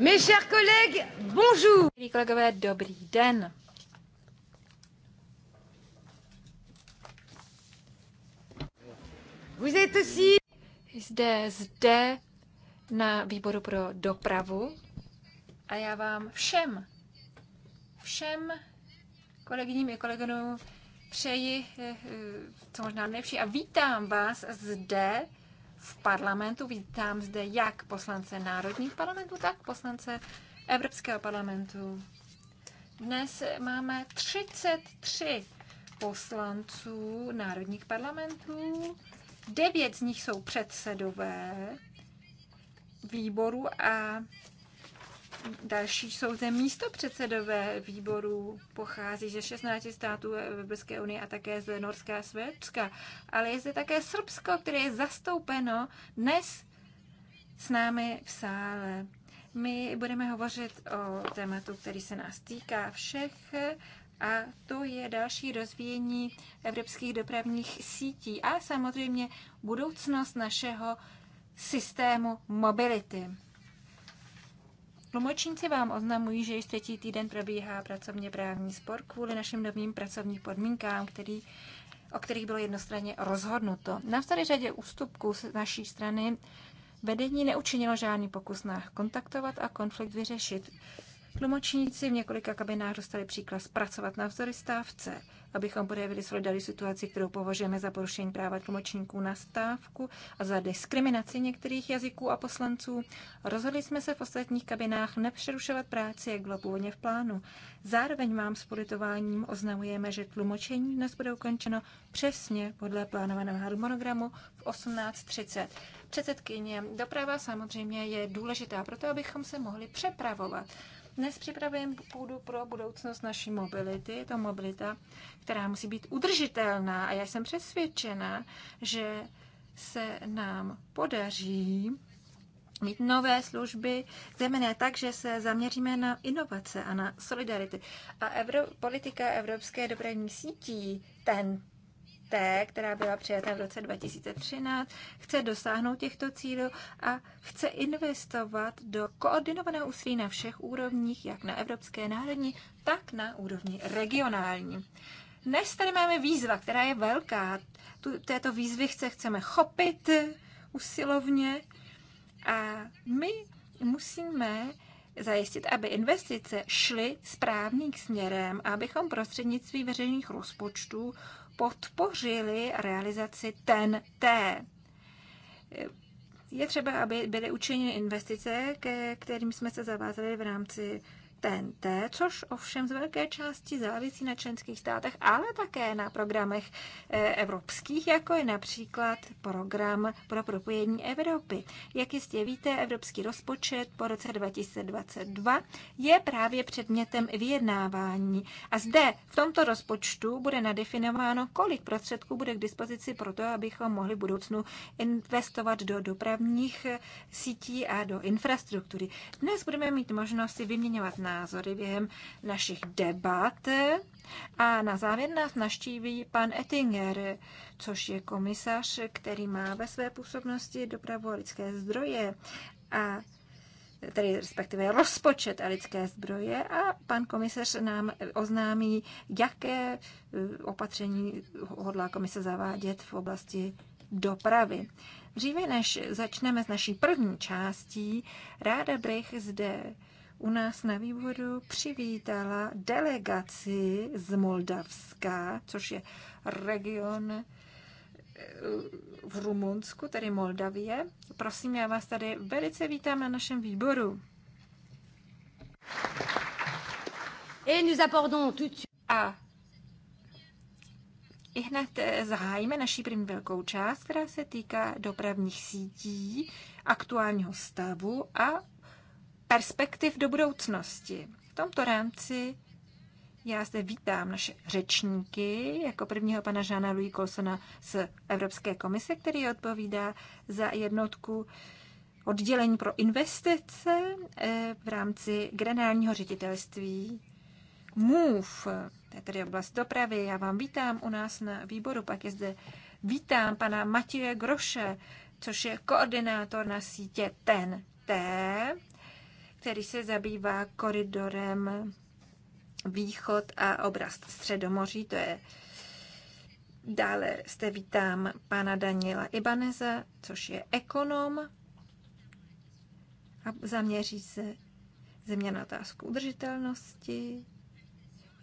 Mes chers collègues, bonjour. kolegové, dobrý den. Vous êtes aussi... Zde, zde na výboru pro dopravu a já vám všem, všem kolegyním i kolegům přeji eh, eh, co možná nejlepší a vítám vás zde v parlamentu. Vítám zde jak poslance národních parlamentů, tak poslance Evropského parlamentu. Dnes máme 33 poslanců národních parlamentů, devět z nich jsou předsedové výboru a Další jsou zde místo předsedové výborů, pochází ze 16 států Evropské unie a také z Norska a Svédska. Ale je zde také Srbsko, které je zastoupeno dnes s námi v sále. My budeme hovořit o tématu, který se nás týká všech, a to je další rozvíjení evropských dopravních sítí a samozřejmě budoucnost našeho systému mobility. Tlumočníci vám oznamují, že již třetí týden probíhá pracovně právní spor kvůli našim novým pracovním podmínkám, který, o kterých bylo jednostranně rozhodnuto. Na řadě ústupků z naší strany Vedení neučinilo žádný pokus na kontaktovat a konflikt vyřešit. Tlumočníci v několika kabinách dostali příklad pracovat vzory stávce. Abychom projevili solidaritu situaci, kterou považujeme za porušení práva tlumočníků na stávku a za diskriminaci některých jazyků a poslanců, rozhodli jsme se v ostatních kabinách nepřerušovat práci, jak bylo původně v plánu. Zároveň vám s politováním oznamujeme, že tlumočení dnes bude ukončeno přesně podle plánovaného harmonogramu v 18.30. Předsedkyně, doprava samozřejmě je důležitá proto, abychom se mohli přepravovat. Dnes připravujeme půdu pro budoucnost naší mobility. Je to mobilita, která musí být udržitelná a já jsem přesvědčena, že se nám podaří mít nové služby, zejména tak, že se zaměříme na inovace a na solidarity. A Evro, politika Evropské dopravní sítí, ten T, která byla přijata v roce 2013, chce dosáhnout těchto cílů a chce investovat do koordinovaného úsilí na všech úrovních, jak na evropské národní, tak na úrovni regionální. Dnes tady máme výzva, která je velká. Tu, této výzvy chce, chceme chopit usilovně a my musíme zajistit, aby investice šly správným směrem, abychom prostřednictvím veřejných rozpočtů podpořili realizaci TEN-T. Je třeba, aby byly učiněny investice, ke kterým jsme se zavázali v rámci TNT, což ovšem z velké části závisí na členských státech, ale také na programech eh, evropských, jako je například program pro propojení Evropy. Jak jistě víte, evropský rozpočet po roce 2022 je právě předmětem vyjednávání. A zde v tomto rozpočtu bude nadefinováno, kolik prostředků bude k dispozici pro to, abychom mohli v budoucnu investovat do dopravních sítí a do infrastruktury. Dnes budeme mít možnost si vyměňovat na názory během našich debat. A na závěr nás naštíví pan Ettinger, což je komisař, který má ve své působnosti dopravu a lidské zdroje. A tedy respektive rozpočet a lidské zdroje a pan komisař nám oznámí, jaké eh, opatření hodlá komise zavádět v oblasti dopravy. Dříve než začneme s naší první částí, ráda bych zde u nás na výboru přivítala delegaci z Moldavska, což je region eh, v Rumunsku, tedy Moldavie. Prosím, já vás tady velice vítám na našem výboru. A i hned eh, zahájíme naší první velkou část, která se týká dopravních sítí, aktuálního stavu a perspektiv do budoucnosti. V tomto rámci já zde vítám naše řečníky, jako prvního pana Žána Louis Colsona z Evropské komise, který odpovídá za jednotku oddělení pro investice eh, v rámci generálního ředitelství MOVE, to je tedy oblast dopravy. Já vám vítám u nás na výboru, pak je zde vítám pana Matěje Groše, což je koordinátor na sítě TEN-T který se zabývá koridorem východ a obraz Středomoří, to je Dále zde vítám pana Daniela Ibaneza, což je ekonom a zaměří se země na otázku udržitelnosti.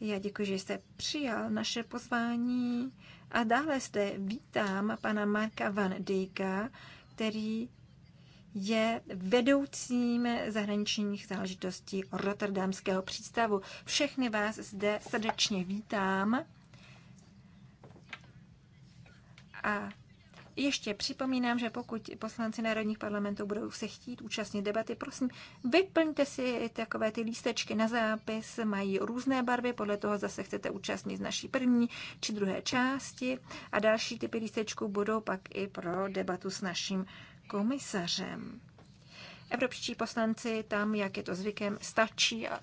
Já děkuji, že jste přijal naše pozvání. A dále zde vítám pana Marka Van Dýka, který je vedoucím zahraničních záležitostí Rotterdamského přístavu. Všechny vás zde srdečně vítám. A ještě připomínám, že pokud poslanci národních parlamentů budou se chtít účastnit debaty, prosím, vyplňte si takové ty lístečky na zápis, mají různé barvy, podle toho zase chcete účastnit z naší první či druhé části a další typy lístečků budou pak i pro debatu s naším komisařem. Evropští poslanci tam, jak je to zvykem, stačí a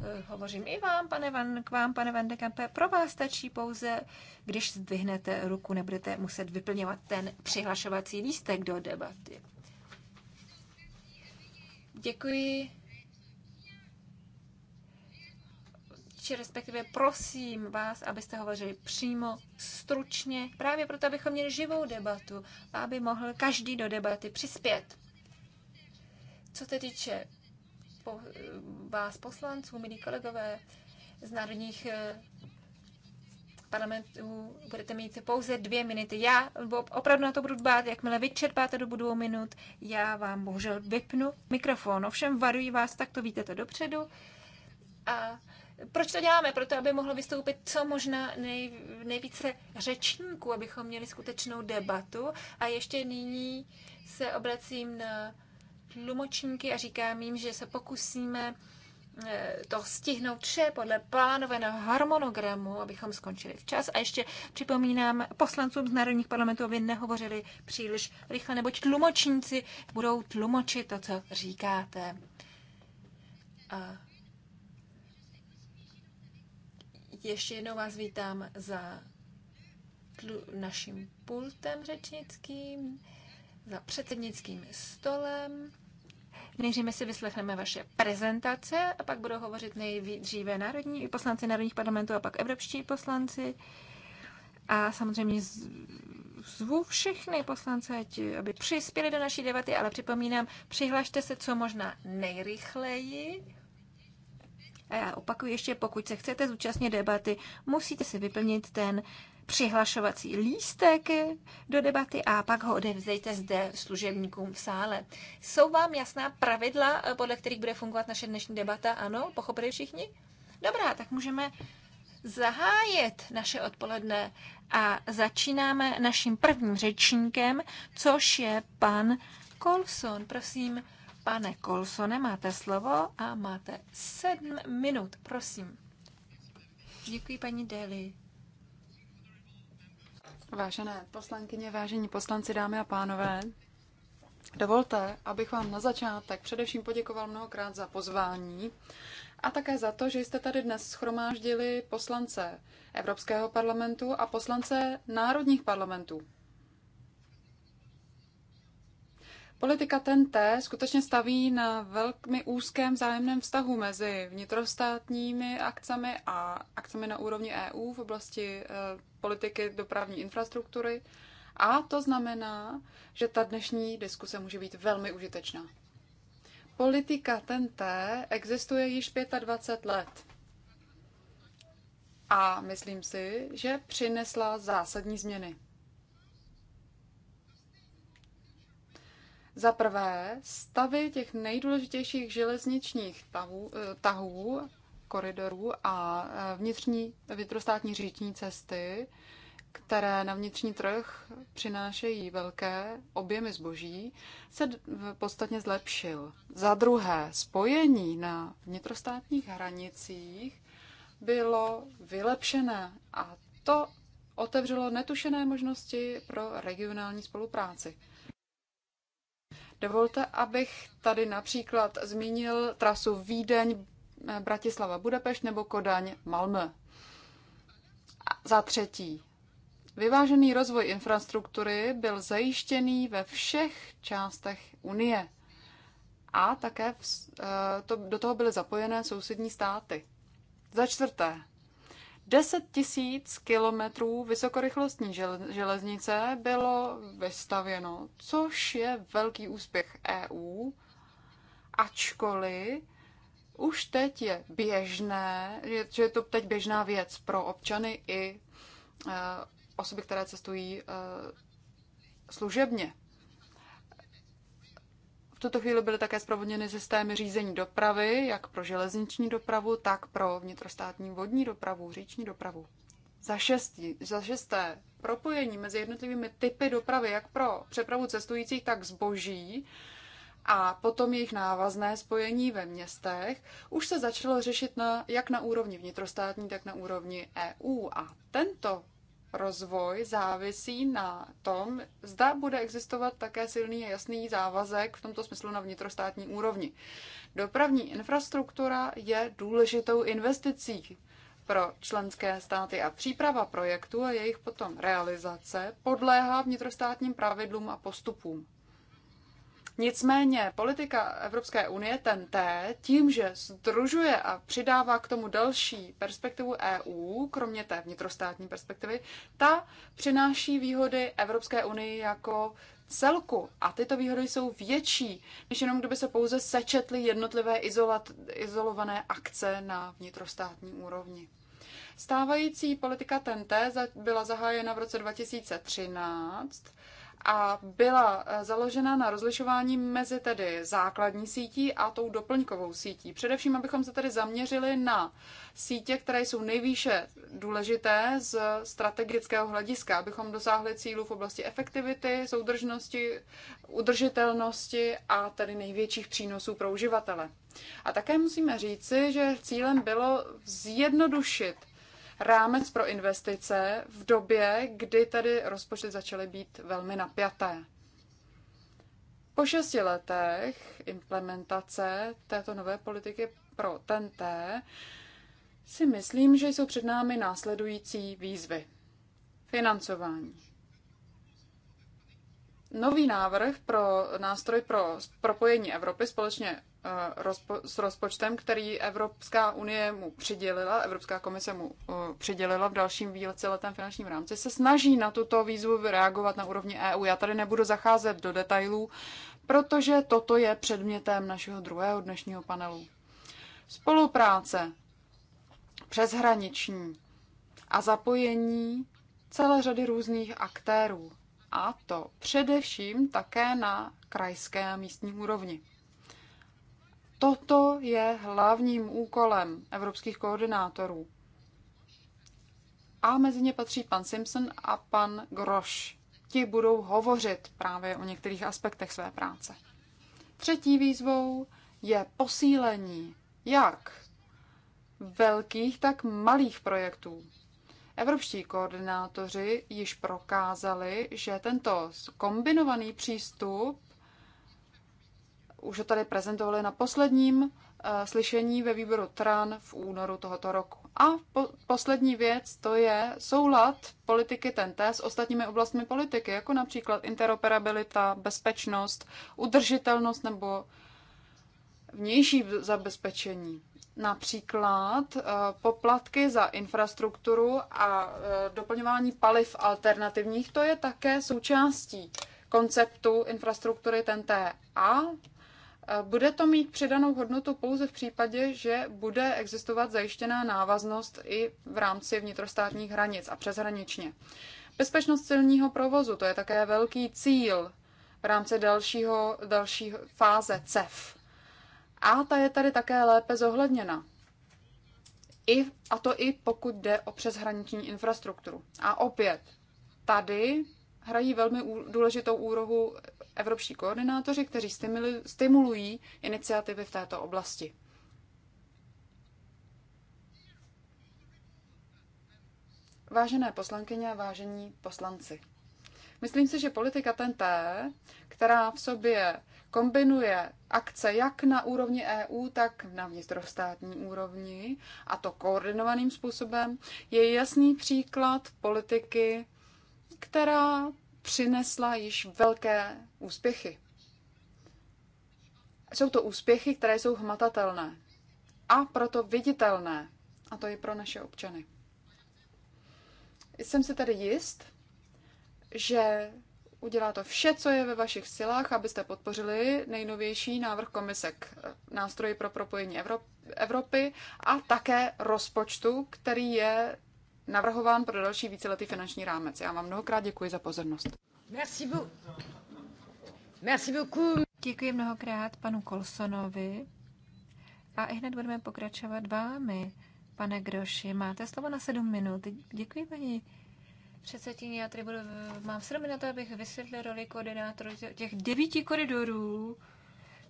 e, hovořím i vám, pane Van, k vám, pane Van de Kampe, pro vás stačí pouze, když zdvihnete ruku, nebudete muset vyplňovat ten přihlašovací lístek do debaty. Děkuji. či respektive prosím vás, abyste hovořili přímo, stručně, právě proto, abychom měli živou debatu a aby mohl každý do debaty přispět. Co se týče po, vás poslanců, milí kolegové z národních eh, parlamentů, budete mít pouze dvě minuty. Já opravdu na to budu dbát, jakmile vyčerpáte dobu dvou minut, já vám bohužel vypnu mikrofon. Ovšem varuji vás, tak to víte to dopředu. A proč to děláme? Proto, aby mohlo vystoupit co možná nej, nejvíce řečníků, abychom měli skutečnou debatu. A ještě nyní se obracím na tlumočníky a říkám jim, že se pokusíme eh, to stihnout vše podle plánovaného harmonogramu, abychom skončili včas. A ještě připomínám poslancům z národních parlamentů, aby nehovořili příliš rychle, neboť tlumočníci budou tlumočit to, co říkáte. A Ještě jednou vás vítám za naším pultem řečnickým, za předsednickým stolem. Nejdříve si vyslechneme vaše prezentace a pak budou hovořit nejdříve národní poslanci národních parlamentů a pak evropští poslanci. A samozřejmě zvu všechny poslance, aby přispěli do naší debaty, ale připomínám, přihlašte se co možná nejrychleji. A já opakuji ještě, pokud se chcete zúčastnit debaty, musíte si vyplnit ten přihlašovací lístek do debaty a pak ho odevzdejte zde služebníkům v sále. Jsou vám jasná pravidla, podle kterých bude fungovat naše dnešní debata? Ano, pochopili všichni? Dobrá, tak můžeme zahájit naše odpoledne a začínáme naším prvním řečníkem, což je pan Colson. Prosím, Pane Kolsone, máte slovo a máte sedm minut, prosím. Děkuji, paní Deli. Vážené poslankyně, vážení poslanci, dámy a pánové, dovolte, abych vám na začátek především poděkoval mnohokrát za pozvání a také za to, že jste tady dnes schromáždili poslance Evropského parlamentu a poslance národních parlamentů. Politika TNT skutečně staví na velmi úzkém vzájemném vztahu mezi vnitrostátními akcemi a akcemi na úrovni EU v oblasti e, politiky dopravní infrastruktury. A to znamená, že ta dnešní diskuse může být velmi užitečná. Politika TNT existuje již 25 let. A myslím si, že přinesla zásadní změny. Za prvé, stavy těch nejdůležitějších železničních tahů, eh, tahů koridorů a eh, vnitřní vnitrostátní říční cesty, které na vnitřní trh přinášejí velké objemy zboží, se podstatně zlepšil. Za druhé, spojení na vnitrostátních hranicích bylo vylepšené a to otevřelo netušené možnosti pro regionální spolupráci. Dovolte, abych tady například zmínil trasu Vídeň, Bratislava, Budapešť nebo Kodaň, Malmö. Za třetí, vyvážený rozvoj infrastruktury byl zajištěný ve všech částech Unie a také v, e, to, do toho byly zapojené sousední státy. Za čtvrté, 10 tisíc kilometrů vysokorychlostní železnice bylo vystavěno, což je velký úspěch EU, ačkoliv už teď je běžné, že je to teď běžná věc pro občany i eh, osoby, které cestují eh, služebně. V tuto chvíli byly také zprovodněny systémy řízení dopravy, jak pro železniční dopravu, tak pro vnitrostátní vodní dopravu, říční dopravu. Za, šestí, za šesté, propojení mezi jednotlivými typy dopravy, jak pro přepravu cestujících, tak zboží, a potom jejich návazné spojení ve městech už se začalo řešit na, jak na úrovni vnitrostátní, tak na úrovni EU. A tento rozvoj závisí na tom, zda bude existovat také silný a jasný závazek v tomto smyslu na vnitrostátní úrovni. Dopravní infrastruktura je důležitou investicí pro členské státy a příprava projektů a jejich potom realizace podléhá vnitrostátním pravidlům a postupům. Nicméně politika Evropské unie, ten T, tím, že združuje a přidává k tomu další perspektivu EU, kromě té vnitrostátní perspektivy, ta přináší výhody Evropské unii jako celku. A tyto výhody jsou větší, než jenom kdyby se pouze sečetly jednotlivé izolat, izolované akce na vnitrostátní úrovni. Stávající politika TNT byla zahájena v roce 2013 a byla eh, založena na rozlišování mezi tedy základní sítí a tou doplňkovou sítí. Především, abychom se tedy zaměřili na sítě, které jsou nejvýše důležité z strategického hlediska, abychom dosáhli cílů v oblasti efektivity, soudržnosti, udržitelnosti a tedy největších přínosů pro uživatele. A také musíme říci, že cílem bylo zjednodušit rámec pro investice v době, kdy tady rozpočty začaly být velmi napjaté. Po šesti letech implementace této nové politiky pro TNT si myslím, že jsou před námi následující výzvy. Financování. Nový návrh pro nástroj pro propojení Evropy společně Eh, rozpo- s rozpočtem, který Evropská unie mu přidělila, Evropská komise mu eh, přidělila v dalším víceletém finančním rámci, se snaží na tuto výzvu reagovat na úrovni EU. Já tady nebudu zacházet do detailů, protože toto je předmětem našeho druhého dnešního panelu. Spolupráce přeshraniční a zapojení celé řady různých aktérů, a to především také na krajské a místní úrovni toto je hlavním úkolem evropských koordinátorů. A mezi ně patří pan Simpson a pan Groš. Ti budou hovořit právě o některých aspektech své práce. Třetí výzvou je posílení jak velkých, tak malých projektů. Evropští koordinátoři již prokázali, že tento kombinovaný přístup už ho tady prezentovali na posledním eh, slyšení ve výboru TRAN v únoru tohoto roku. A po, poslední věc, to je soulad politiky TNT s ostatními oblastmi politiky, jako například interoperabilita, bezpečnost, udržitelnost nebo vnější zabezpečení. Například eh, poplatky za infrastrukturu a eh, doplňování paliv alternativních, to je také součástí konceptu infrastruktury TNT. A Eh, bude to mít přidanou hodnotu pouze v případě, že bude existovat zajištěná návaznost i v rámci vnitrostátních hranic a přeshraničně. Bezpečnost silního provozu, to je také velký cíl v rámci dalšího, další fáze CEF. A ta je tady také lépe zohledněna. I, a to i pokud jde o přeshraniční infrastrukturu. A opět, tady hrají velmi důležitou úrohu evropští koordinátoři, kteří stimulují iniciativy v této oblasti. Vážené poslankyně a vážení poslanci, myslím si, že politika TNT, která v sobě kombinuje akce jak na úrovni EU, tak na vnitrostátní úrovni, a to koordinovaným způsobem, je jasný příklad politiky která přinesla již velké úspěchy. Jsou to úspěchy, které jsou hmatatelné a proto viditelné, a to i pro naše občany. Jsem si tedy jist, že udělá to vše, co je ve vašich silách, abyste podpořili nejnovější návrh komise k eh, nástroji pro propojení Evropy a také rozpočtu, který je navrhován pro další víceletý finanční rámec. Já vám mnohokrát děkuji za pozornost. Merci beaucoup. Merci beaucoup. Děkuji mnohokrát panu Kolsonovi. A i hned budeme pokračovat vámi, pane Groši. Máte slovo na sedm minut. Děkuji, paní předsedkyně. Já tady budu, mám sedm minut, abych vysvětlil roli koordinátorů těch devíti koridorů,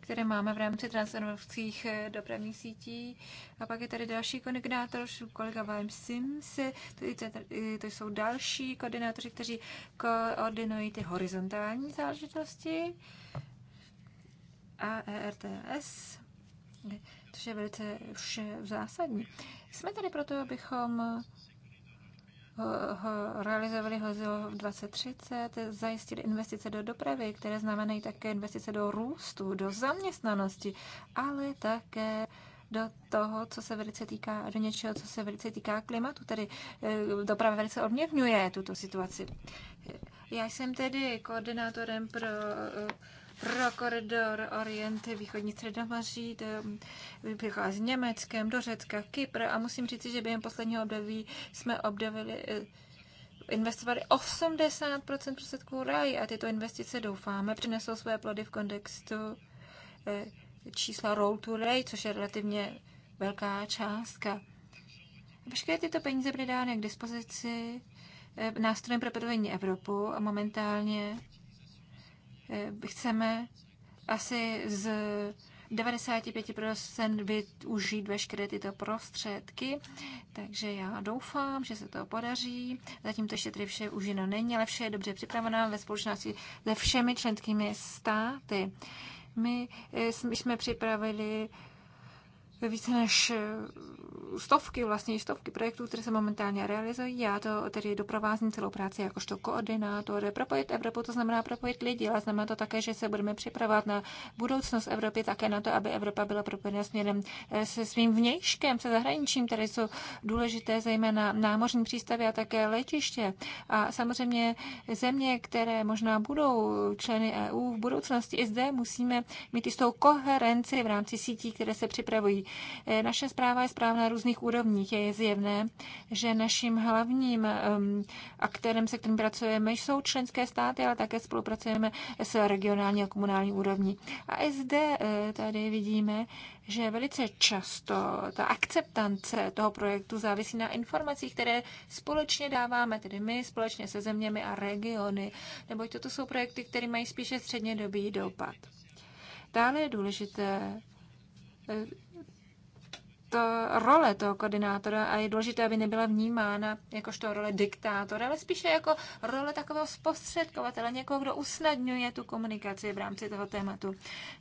které máme v rámci transevropských eh, dopravních sítí. A pak je tady další koordinátor, kolega Valim Sims, eh, to jsou další koordinátoři, kteří koordinují ty horizontální záležitosti a ERTS, eh, což je velice už zásadní. Jsme tady proto, abychom realizovali v 2030, zajistili investice do dopravy, které znamenají také investice do růstu, do zaměstnanosti, ale také do toho, co se velice týká, do něčeho, co se velice týká klimatu, tedy eh, doprava velice odměvňuje tuto situaci. Já jsem tedy koordinátorem pro eh, pro koridor Orient, východní středomaří, to vychází s Německem, do Řecka, Kypr a musím říct, že během posledního období jsme obdavili eh, investovali 80% prostředků ráji a tyto investice, doufáme, přinesou své plody v kontextu eh, čísla Roll to ray, což je relativně velká částka. Všechny tyto peníze byly dány k dispozici eh, nástrojem pro Evropu a momentálně Eh, chceme asi z 95% využít veškeré tyto prostředky, takže já doufám, že se to podaří. Zatím to ještě tedy vše užino není, ale vše je dobře připravená ve společnosti se všemi členskými státy. My eh, jsme připravili více než stovky, vlastně stovky projektů, které se momentálně realizují. Já to tedy doprovázím celou práci jakožto koordinátor. Propojit Evropu, to znamená propojit lidi, ale znamená to také, že se budeme připravovat na budoucnost Evropy, také na to, aby Evropa byla propojena směrem eh, se svým vnějškem, se zahraničím, které jsou důležité, zejména námořní přístavy a také letiště. A samozřejmě země, které možná budou členy EU v budoucnosti, i zde musíme mít jistou koherenci v rámci sítí, které se připravují. Eh, naše zpráva je správná růz různých úrovních. Je zjevné, že naším hlavním um, aktérem, se kterým pracujeme, jsou členské státy, ale také spolupracujeme s regionální a komunální úrovní. A i zde eh, tady vidíme, že velice často ta akceptance toho projektu závisí na informacích, které společně dáváme, tedy my společně se zeměmi a regiony, neboť toto jsou projekty, které mají spíše střednědobý dopad. Dále je důležité eh, to role toho koordinátora a je důležité, aby nebyla vnímána jakožto role diktátora, ale spíše jako role takového zprostředkovatele, někoho, kdo usnadňuje tu komunikaci v rámci toho tématu.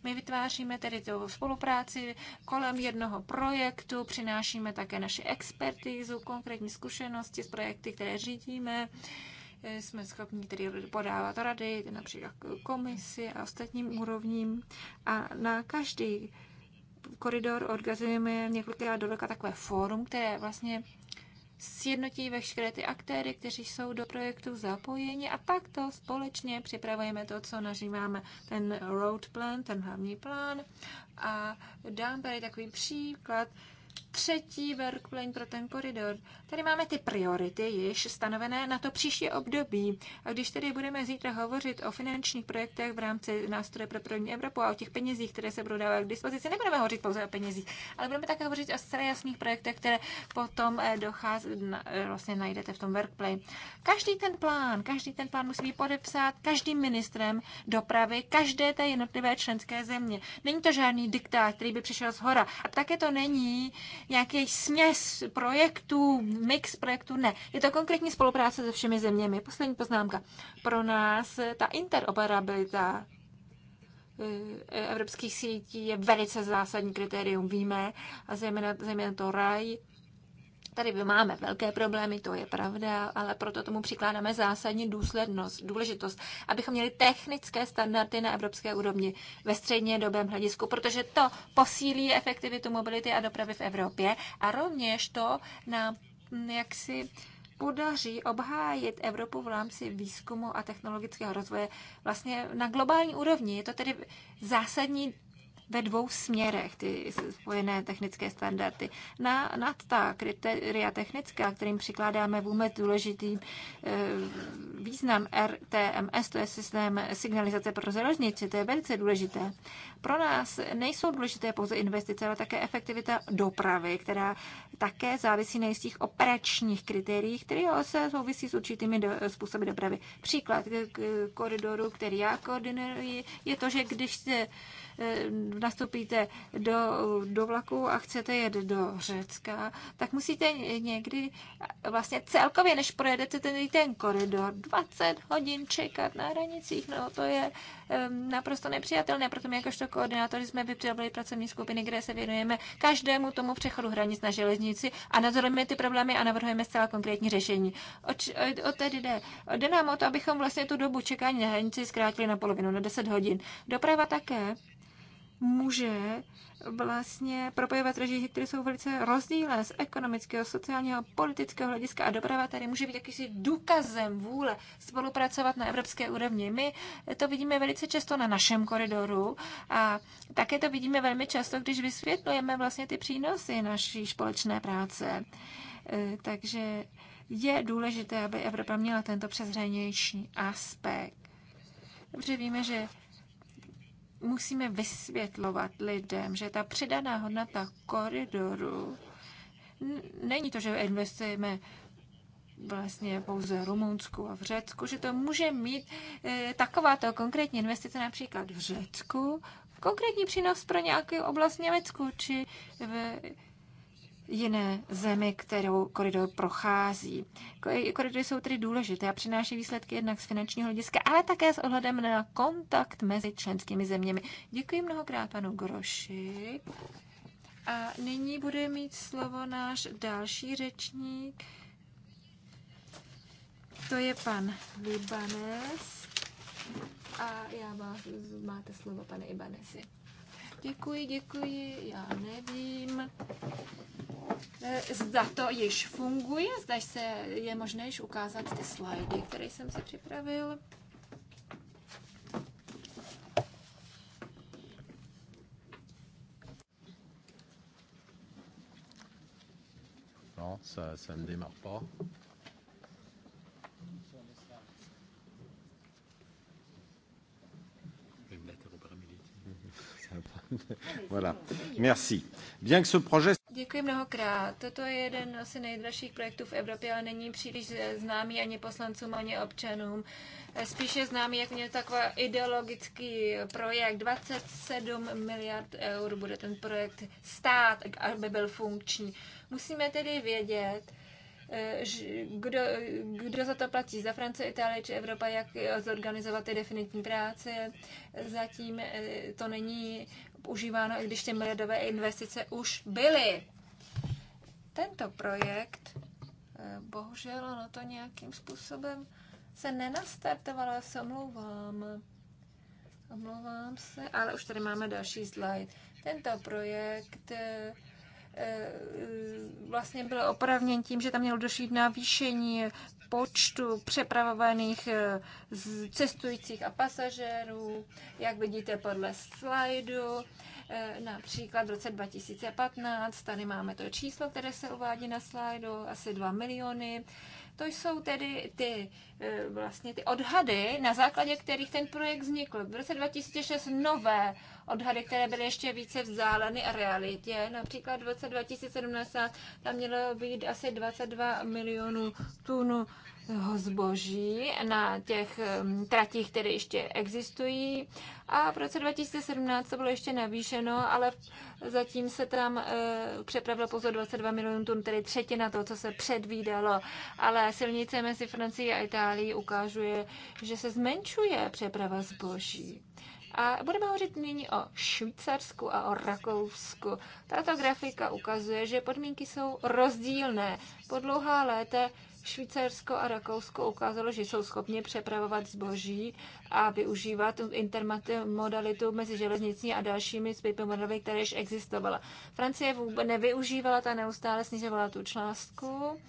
My vytváříme tedy tu spolupráci kolem jednoho projektu, přinášíme také naši expertizu, konkrétní zkušenosti z projekty, které řídíme jsme schopni tedy podávat rady, například komisi a ostatním úrovním. A na každý koridor organizujeme několikrát do roka takové fórum, které vlastně sjednotí veškeré ty aktéry, kteří jsou do projektu zapojeni a takto společně připravujeme to, co nazýváme ten road plan, ten hlavní plán. A dám tady takový příklad třetí workplane pro ten koridor. Tady máme ty priority již stanovené na to příští období. A když tedy budeme zítra hovořit o finančních projektech v rámci nástroje pro první Evropu a o těch penězích, které se budou dávat k dispozici, nebudeme hovořit pouze o penězích, ale budeme také hovořit o zcela jasných projektech, které potom eh, dochází, eh, vlastně najdete v tom workplay. Každý ten plán, každý ten plán musí být podepsat každým ministrem dopravy každé té jednotlivé členské země. Není to žádný diktát, který by přišel z hora. A také to není nějaký směs projektů, mix projektů, ne. Je to konkrétní spolupráce se všemi zeměmi. Poslední poznámka. Pro nás ta interoperabilita eh, evropských sítí je velice zásadní kritérium, víme, a zejména, zejména to RAI, Tady máme velké problémy, to je pravda, ale proto tomu přikládáme zásadní důslednost, důležitost, abychom měli technické standardy na evropské úrovni ve dobém hledisku, protože to posílí efektivitu mobility a dopravy v Evropě a rovněž to nám mm, jaksi podaří obhájit Evropu v rámci výzkumu a technologického rozvoje vlastně na globální úrovni. Je to tedy zásadní ve dvou směrech, ty spojené technické standardy. Na, nad ta kritéria technická, kterým přikládáme vůbec důležitý eh, význam RTMS, to je systém signalizace pro železnici, to je velice důležité. Pro nás nejsou důležité pouze investice, ale také efektivita dopravy, která také závisí na jistých operačních kritériích, které se souvisí s určitými do, způsoby dopravy. Příklad k, koridoru, který já koordinuji, je to, že když se Eh, nastoupíte do, do vlaku a chcete jet do Řecka, tak musíte někdy eh, vlastně celkově, než projedete ten, ten koridor, 20 hodin čekat na hranicích. No to je um, naprosto nepřijatelné, proto my jakožto koordinátory jsme vypřebovali pracovní skupiny, kde se věnujeme každému tomu přechodu hranic na železnici a nadzorujeme ty problémy a navrhujeme zcela konkrétní řešení. o tedy jde. Jde nám o to, abychom vlastně tu dobu čekání na hranici zkrátili na polovinu, na 10 hodin. Doprava také může vlastně propojovat režii, které jsou velice rozdílné z ekonomického, sociálního, politického hlediska a doprava tady může být jakýsi důkazem vůle spolupracovat na evropské úrovni. My to vidíme velice často na našem koridoru a také to vidíme velmi často, když vysvětlujeme vlastně ty přínosy naší společné práce. E, takže je důležité, aby Evropa měla tento přezřenější aspekt. Dobře víme, že musíme vysvětlovat lidem, že ta přidaná hodnota koridoru není to, že investujeme vlastně pouze v Rumunsku a v Řecku, že to může mít e, takováto konkrétní investice například v Řecku, konkrétní přínos pro nějaký oblast Německu či v jiné zemi, kterou koridor prochází. Koridory jsou tedy důležité a přináší výsledky jednak z finančního hlediska, ale také s ohledem na kontakt mezi členskými zeměmi. Děkuji mnohokrát panu Groši. A nyní bude mít slovo náš další řečník. To je pan Libanes. A já vás, máte slovo, pane Ibanesi. Děkuji, děkuji, já nevím. E, zda to již funguje, zda se je možné již ukázat ty slajdy, které jsem si připravil. No, ça, ça ne démarre pas. voilà. Merci. Bien que ce projet... Děkuji mnohokrát. Toto je jeden asi nejdražších projektů v Evropě, ale není příliš známý ani poslancům, ani občanům. Spíše známý jako mě takový ideologický projekt. 27 miliard eur bude ten projekt stát, aby byl funkční. Musíme tedy vědět, eh, kdo, kdo za to platí, za Francii, Itálii, či Evropa, jak zorganizovat ty definitní práce. Zatím eh, to není Používáno, i když ty miliardové investice už byly. Tento projekt, eh, bohužel, ono to nějakým způsobem se nenastartovalo, já se omlouvám. Omlouvám se, ale už tady máme další slide. Tento projekt eh, eh, vlastně byl opravněn tím, že tam mělo došít navýšení počtu přepravovaných eh, cestujících a pasažérů, jak vidíte podle slajdu, eh, například v roce 2015, tady máme to číslo, které se uvádí na slajdu, asi 2 miliony to jsou tedy ty, eh, vlastně ty odhady, na základě kterých ten projekt vznikl. V roce 2006 nové odhady, které byly ještě více vzdáleny a realitě. Například v roce 2017 tam mělo být asi 22 milionů tun zboží na těch mm, tratích, které ještě existují. A v roce 2017 to bylo ještě navýšeno, ale zatím se tam eh, přepravilo pouze 22 milionů tun, tedy třetina toho, co se předvídalo. Ale silnice mezi Francií a Itálií ukazuje, že se zmenšuje přeprava zboží. A budeme hovořit nyní o Švýcarsku a o Rakousku. Tato grafika ukazuje, že podmínky jsou rozdílné. Po dlouhá léta Švýcarsko a Rakousko ukázalo, že jsou schopni přepravovat zboží a využívat intermodalitu mezi železnicí a dalšími zbytky modely, které již existovala. Francie vůbec nevyužívala ta neustále snižovala tu částku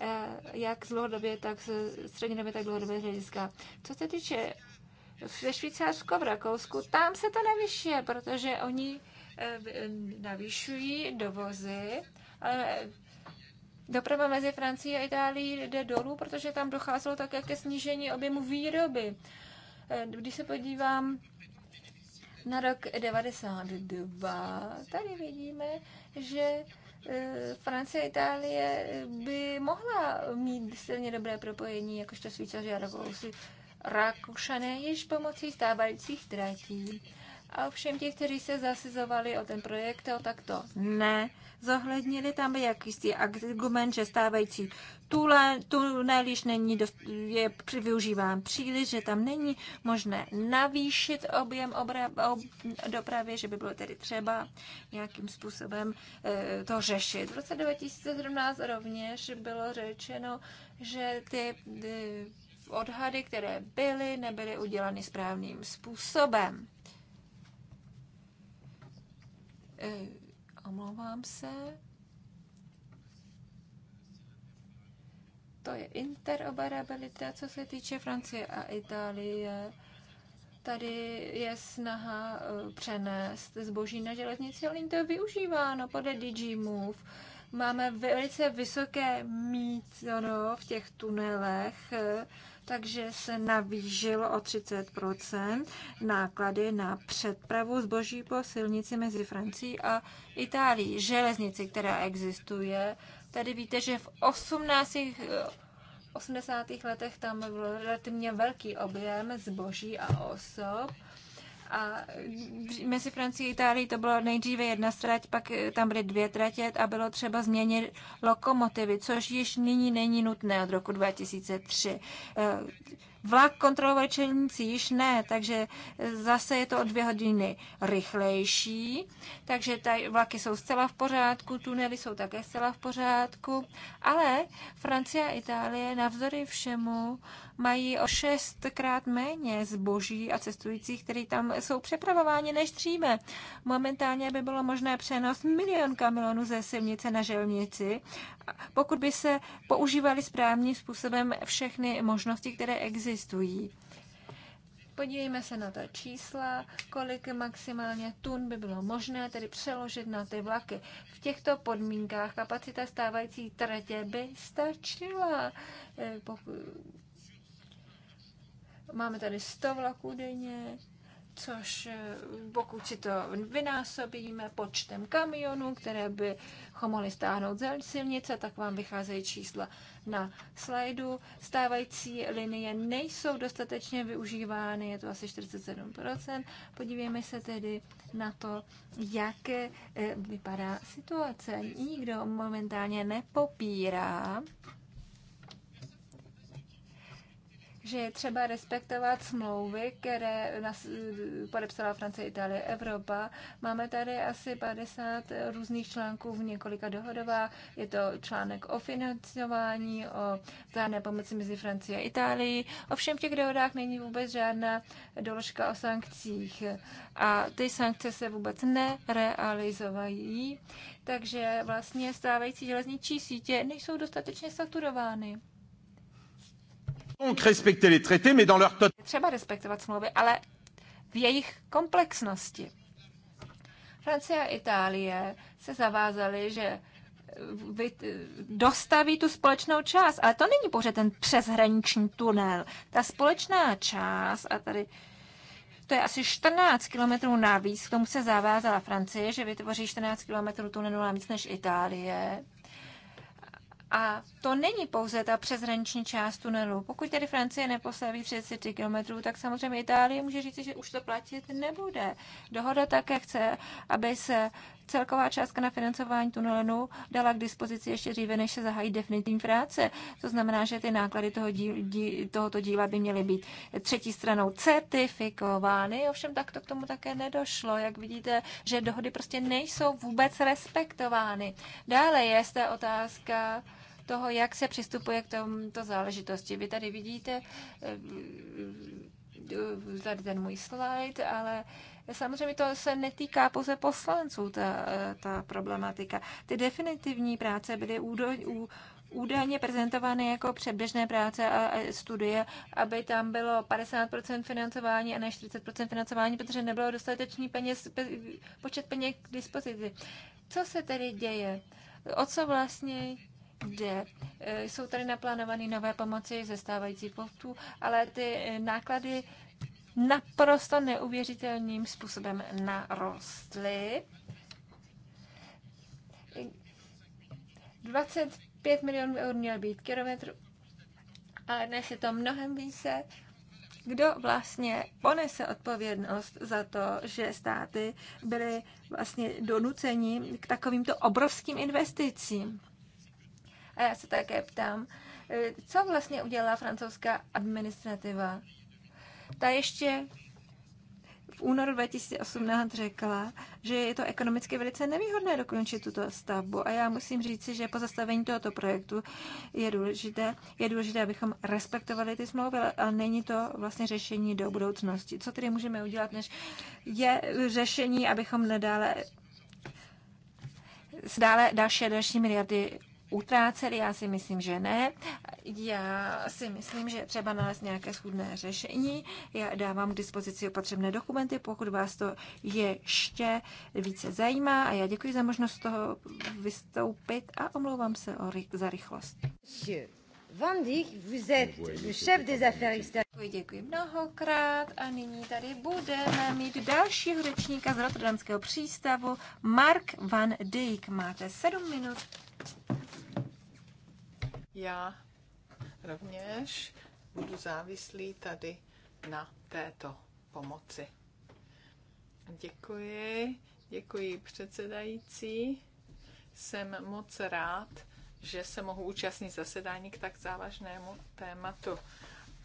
eh, jak z dlouhodobě, tak z střednědobě, tak dlouhodobě hlediska. Co se týče ve Švýcarsku, v Rakousku, tam se to nevyšuje, protože oni eh, eh, navýšují dovozy, ale Doprava mezi Francií a Itálií jde dolů, protože tam docházelo také ke snížení objemu výroby. Eh, když se podívám na rok 92, tady vidíme, že eh, Francie a Itálie by mohla mít silně dobré propojení, jakožto svíčaři a Rakousi. Rakušané již pomocí stávajících tratí a všem těch, kteří se zasizovali o ten projekt, o to ne, zohlednili tam jakýsi argument, že stávající tule, tunel již není dost, je využíván příliš, že tam není možné navýšit objem obra, ob, dopravy, že by bylo tedy třeba nějakým způsobem e, to řešit. V roce 2017 rovněž bylo řečeno, že ty e, odhady, které byly, nebyly udělány správným způsobem. Eh, omlouvám se. To je interoperabilita, co se týče Francie a Itálie. Tady je snaha eh, přenést zboží na železnici, ale to je využíváno podle DigiMove. Máme velice vysoké mítono v těch tunelech, eh, takže se navýšilo o 30 náklady na přepravu zboží po silnici mezi Francií a Itálií, železnici, která existuje. Tady víte, že v 18 80. Eh, letech tam byl relativně velký objem zboží a osob a mezi Francií a Itálií to bylo nejdříve jedna trať, pak eh, tam byly dvě tratě a bylo třeba změnit lokomotivy, což již nyní není nutné od roku 2003. Eh, vlak kontrolovali čelníci již ne, takže eh, zase je to o dvě hodiny rychlejší, takže tady vlaky jsou zcela v pořádku, tunely jsou také zcela v pořádku, ale Francie a Itálie navzdory všemu mají o šestkrát méně zboží a cestujících, kteří tam jsou přepravováni než dříve. Momentálně by bylo možné přenos milion kamionů ze silnice na želnici, pokud by se používaly správným způsobem všechny možnosti, které existují. Podívejme se na ta čísla, kolik maximálně tun by bylo možné tedy přeložit na ty vlaky. V těchto podmínkách kapacita stávající tratě by stačila. Eh, pokud Máme tady 100 vlaků denně, což eh, pokud si to vynásobíme počtem kamionů, které ho mohli stáhnout ze silnice, tak vám vycházejí čísla na slajdu. Stávající linie nejsou dostatečně využívány, je to asi 47%. Podívejme se tedy na to, jak eh, vypadá situace. Nikdo momentálně nepopírá, že je třeba respektovat smlouvy, které nas, podepsala Francie, Itálie, Evropa. Máme tady asi 50 různých článků v několika dohodovách. Je to článek o financování, o vzájemné pomoci mezi Francií a Itálií. Ovšem v těch dohodách není vůbec žádná doložka o sankcích a ty sankce se vůbec nerealizovají, takže vlastně stávající železniční sítě nejsou dostatečně saturovány. Třeba respektovat smlouvy, ale v jejich komplexnosti. Francie a Itálie se zavázaly, že dostaví tu společnou část, ale to není pouze ten přeshraniční tunel. Ta společná část, a tady to je asi 14 kilometrů navíc, k tomu se zavázala Francie, že vytvoří 14 kilometrů tunelu navíc než Itálie. A to není pouze ta přeshraniční část tunelu. Pokud tedy Francie nepostaví 30 km, tak samozřejmě Itálie může říct, že už to platit nebude. Dohoda také chce, aby se celková částka na financování tunelu dala k dispozici ještě dříve, než se zahají definitivní práce. To znamená, že ty náklady toho díl, dí, tohoto díla by měly být třetí stranou certifikovány, ovšem tak to k tomu také nedošlo. Jak vidíte, že dohody prostě nejsou vůbec respektovány. Dále je zde otázka, toho, jak se přistupuje k tomto záležitosti. Vy tady vidíte eh, tady ten můj slide, ale samozřejmě to se netýká pouze poslanců, ta, ta problematika. Ty definitivní práce byly údajně údajně prezentovány jako předběžné práce a studie, aby tam bylo 50% financování a ne 40% financování, protože nebylo dostatečný peněz, počet peněz k dispozici. Co se tedy děje? O co vlastně kde e, jsou tady naplánovány nové pomoci ze stávající postů, ale ty náklady naprosto neuvěřitelným způsobem narostly. 25 milionů eur měl být kilometr, ale dnes je to mnohem více. Kdo vlastně ponese odpovědnost za to, že státy byly vlastně donuceni k takovýmto obrovským investicím? A já se také ptám, eh, co vlastně udělala francouzská administrativa? Ta ještě v únoru 2018 řekla, že je to ekonomicky velice nevýhodné dokončit tuto stavbu. A já musím říci, že po zastavení tohoto projektu je důležité, je důležité, abychom respektovali ty smlouvy, ale není to vlastně řešení do budoucnosti. Co tedy můžeme udělat, než je řešení, abychom nedále dále další a další miliardy utráceli. Já si myslím, že ne. Já si myslím, že třeba nalézt nějaké schůdné řešení. Já dávám k dispozici potřebné dokumenty, pokud vás to ještě více zajímá. A já děkuji za možnost toho vystoupit a omlouvám se za rychlost. Van Dijk, vous êtes chef des affaires Děkuji mnohokrát a nyní tady budeme mít dalšího řečníka z Rotterdamského přístavu, Mark Van Dijk. Máte sedm minut. Já rovněž budu závislý tady na této pomoci. Děkuji, děkuji předsedající. Jsem moc rád, že se mohu účastnit zasedání k tak závažnému tématu.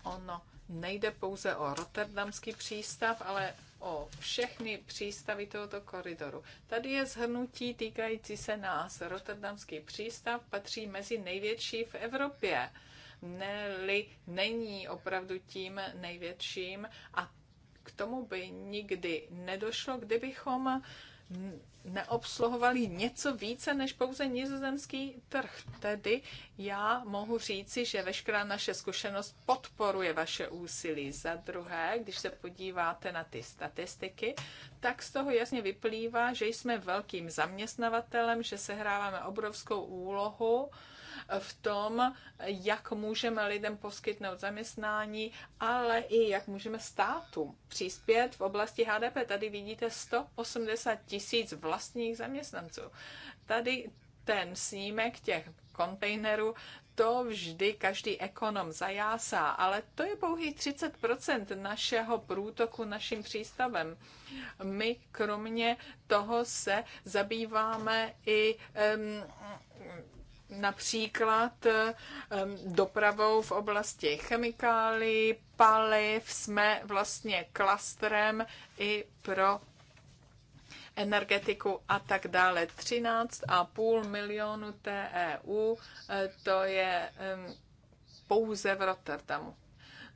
Ono nejde pouze o rotterdamský přístav, ale o všechny přístavy tohoto koridoru. Tady je zhrnutí týkající se nás. Rotterdamský přístav patří mezi největší v Evropě. Neli není opravdu tím největším a k tomu by nikdy nedošlo, kdybychom neobsluhovali něco více než pouze nizozemský trh. Tedy já mohu říci, že veškerá naše zkušenost podporuje vaše úsilí. Za druhé, když se podíváte na ty statistiky, tak z toho jasně vyplývá, že jsme velkým zaměstnavatelem, že sehráváme obrovskou úlohu v tom, jak můžeme lidem poskytnout zaměstnání, ale i jak můžeme státu přispět v oblasti HDP. Tady vidíte 180 tisíc vlastních zaměstnanců. Tady ten snímek těch kontejnerů, to vždy každý ekonom zajásá, ale to je pouhý 30% našeho průtoku naším přístavem. My kromě toho se zabýváme i um, například eh, dopravou v oblasti chemikálií, paliv, jsme vlastně klastrem i pro energetiku a tak dále. 13,5 milionu TEU, eh, to je pouze v Rotterdamu.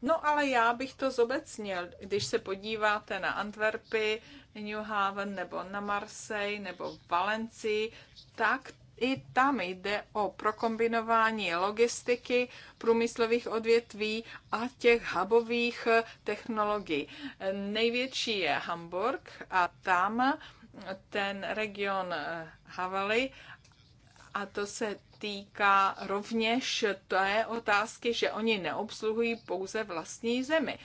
No ale já bych to zobecnil, když se podíváte na Antwerpy, New Haven nebo na Marseille nebo Valencii, tak i tam jde o prokombinování logistiky, průmyslových odvětví a těch hubových eh, technologií. Největší je Hamburg a tam ten region eh, Havaly a to se týká rovněž té otázky, že oni neobsluhují pouze vlastní zemi.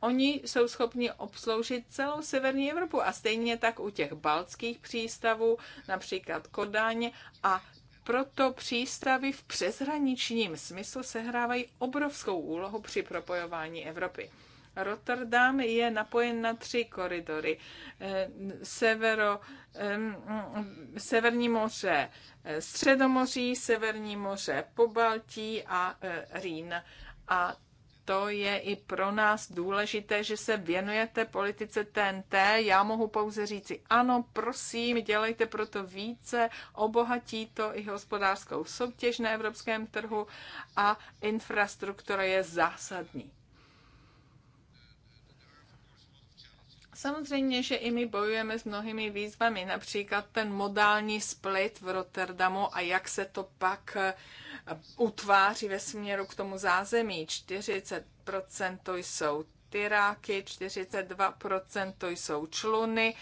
Oni jsou schopni obsloužit celou severní Evropu a stejně tak u těch baltských přístavů, například Kodaň a proto přístavy v přeshraničním smyslu sehrávají obrovskou úlohu při propojování Evropy. Rotterdam je napojen na tři koridory. Eh, severo, Severní moře, eh, Středomoří, Severní moře, Pobaltí a eh, Rýn. A to je i pro nás důležité, že se věnujete politice TNT. Já mohu pouze říci ano, prosím, dělejte proto více, obohatí to i hospodářskou soutěž na evropském trhu a infrastruktura je zásadní. Samozřejmě, že i my bojujeme s mnohými výzvami, například ten modální split v Rotterdamu a jak se to pak uh, utváří ve směru k tomu zázemí. 40% to jsou tyráky, 42% to jsou čluny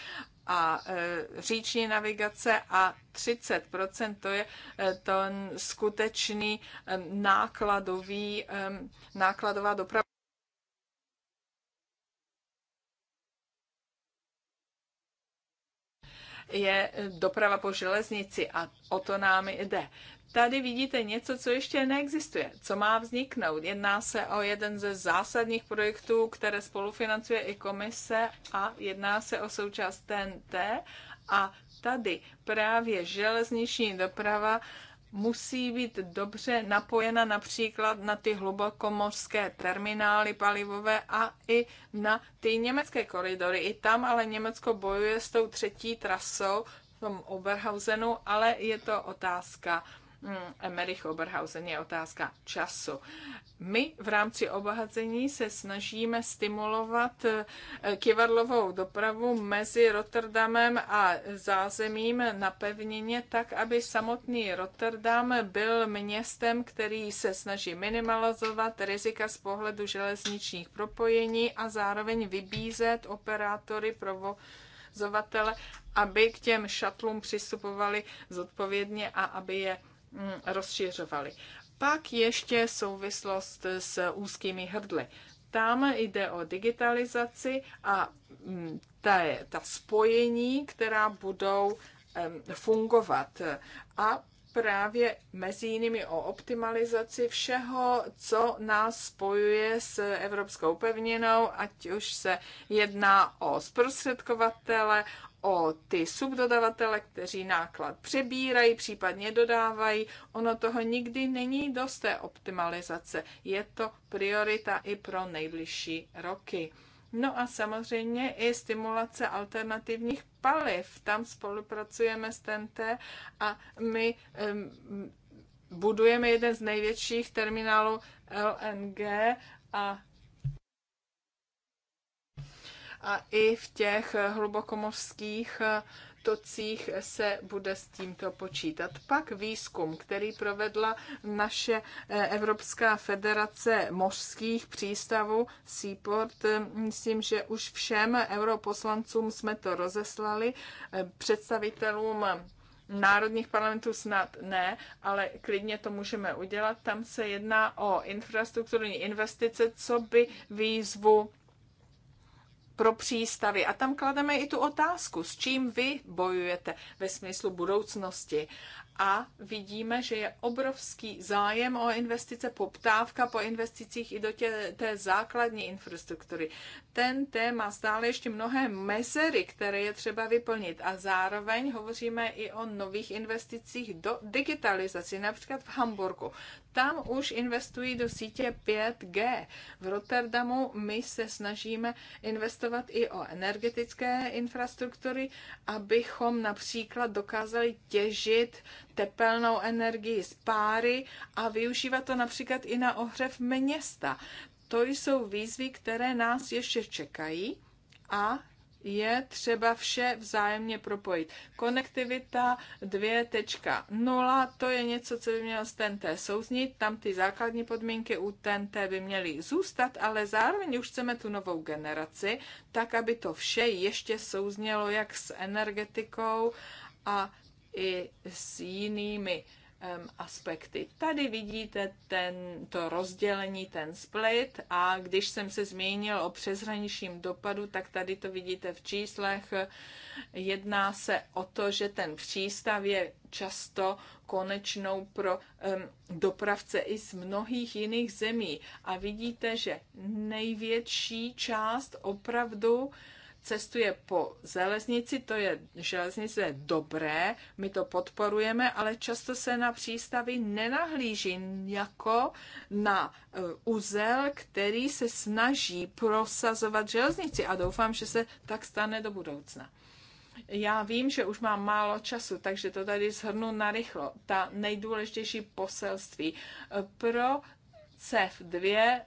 a e, říční navigace a 30% to je e, ten skutečný e, nákladový, e, nákladová doprava. je e, doprava po železnici a o to nám jde. Tady vidíte něco, co ještě neexistuje, co má vzniknout. Jedná se o jeden ze zásadních projektů, které spolufinancuje i komise a jedná se o součást TNT. A tady právě železniční doprava musí být dobře napojena například na ty hlubokomorské terminály palivové a i na ty německé koridory. I tam ale Německo bojuje s tou třetí trasou v tom Oberhausenu, ale je to otázka Mm, Emerich Oberhausen je otázka času. My v rámci obohacení se snažíme stimulovat eh, kivadlovou dopravu mezi Rotterdamem a zázemím na pevnině tak, aby samotný Rotterdam byl městem, který se snaží minimalizovat rizika z pohledu železničních propojení a zároveň vybízet operátory provo provozovatele, aby k těm šatlům přistupovali zodpovědně a aby je Mm, rozšiřovaly. Pak ještě souvislost s úzkými hrdly. Tam jde o digitalizaci a mm, ta, ta spojení, která budou fungovat. A právě mezi jinými o optimalizaci všeho, co nás spojuje s evropskou pevninou, ať už se jedná o zprostředkovatele, o ty subdodavatele, kteří náklad přebírají, případně dodávají. Ono toho nikdy není dost té optimalizace. Je to priorita i pro nejbližší roky. No a samozřejmě i stimulace alternativních paliv. Tam spolupracujeme s TNT a my um, budujeme jeden z největších terminálů LNG a a i v těch hlubokomořských tocích se bude s tímto počítat. Pak výzkum, který provedla naše eh, Evropská federace mořských přístavů Seaport. Myslím, že už všem europoslancům jsme to rozeslali, eh, představitelům národních parlamentů snad ne, ale klidně to můžeme udělat. Tam se jedná o infrastrukturní investice, co by výzvu pro přístavy. A tam klademe i tu otázku, s čím vy bojujete ve smyslu budoucnosti a vidíme, že je obrovský zájem o investice, poptávka po investicích i do tě, té základní infrastruktury. Ten téma stále ještě mnohé mezery, které je třeba vyplnit a zároveň hovoříme i o nových investicích do digitalizace, například v Hamburgu. Tam už investují do sítě 5G. V Rotterdamu my se snažíme investovat i o energetické infrastruktury, abychom například dokázali těžit tepelnou energii z páry a využívat to například i na ohřev města. To jsou výzvy, které nás ještě čekají a je třeba vše vzájemně propojit. Konektivita 2.0, to je něco, co by mělo z TNT souznit, tam ty základní podmínky u TNT by měly zůstat, ale zároveň už chceme tu novou generaci, tak aby to vše ještě souznělo jak s energetikou a i s jinými um, aspekty. Tady vidíte ten, to rozdělení, ten split a když jsem se zmínil o přeshraničním dopadu, tak tady to vidíte v číslech. Jedná se o to, že ten přístav je často konečnou pro um, dopravce i z mnohých jiných zemí. A vidíte, že největší část opravdu uh, cestuje po železnici, to je železnice dobré, my to podporujeme, ale často se na přístavy nenahlíží jako na e, uzel, který se snaží prosazovat železnici a doufám, že se tak stane do budoucna. Já vím, že už mám málo času, takže to tady shrnu narychlo. Ta nejdůležitější poselství e, pro CEF 2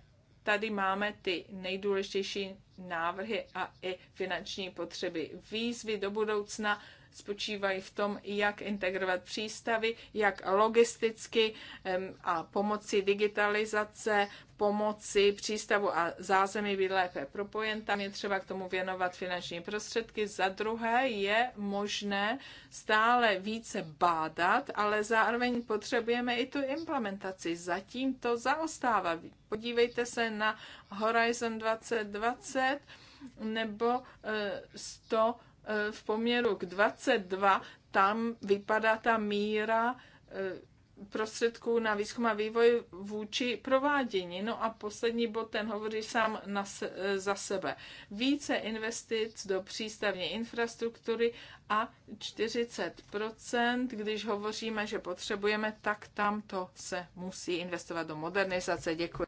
Tady máme ty nejdůležitější návrhy a i finanční potřeby. Výzvy do budoucna spočívají v tom, jak integrovat přístavy, jak logisticky a pomocí digitalizace, pomoci přístavu a zázemí být lépe propojen. Tam je třeba k tomu věnovat finanční prostředky. Za druhé je možné stále více bádat, ale zároveň potřebujeme i tu implementaci. Zatím to zaostává. Podívejte se na Horizon 2020 nebo 100 eh, Eh, v poměru k 22, tam vypadá ta míra eh, prostředků na výzkum a vývoj vůči provádění. No a poslední bod, ten hovoří sám na se, eh, za sebe. Více investic do přístavní infrastruktury a 40%, když hovoříme, že potřebujeme, tak tam to se musí investovat do modernizace. Děkuji.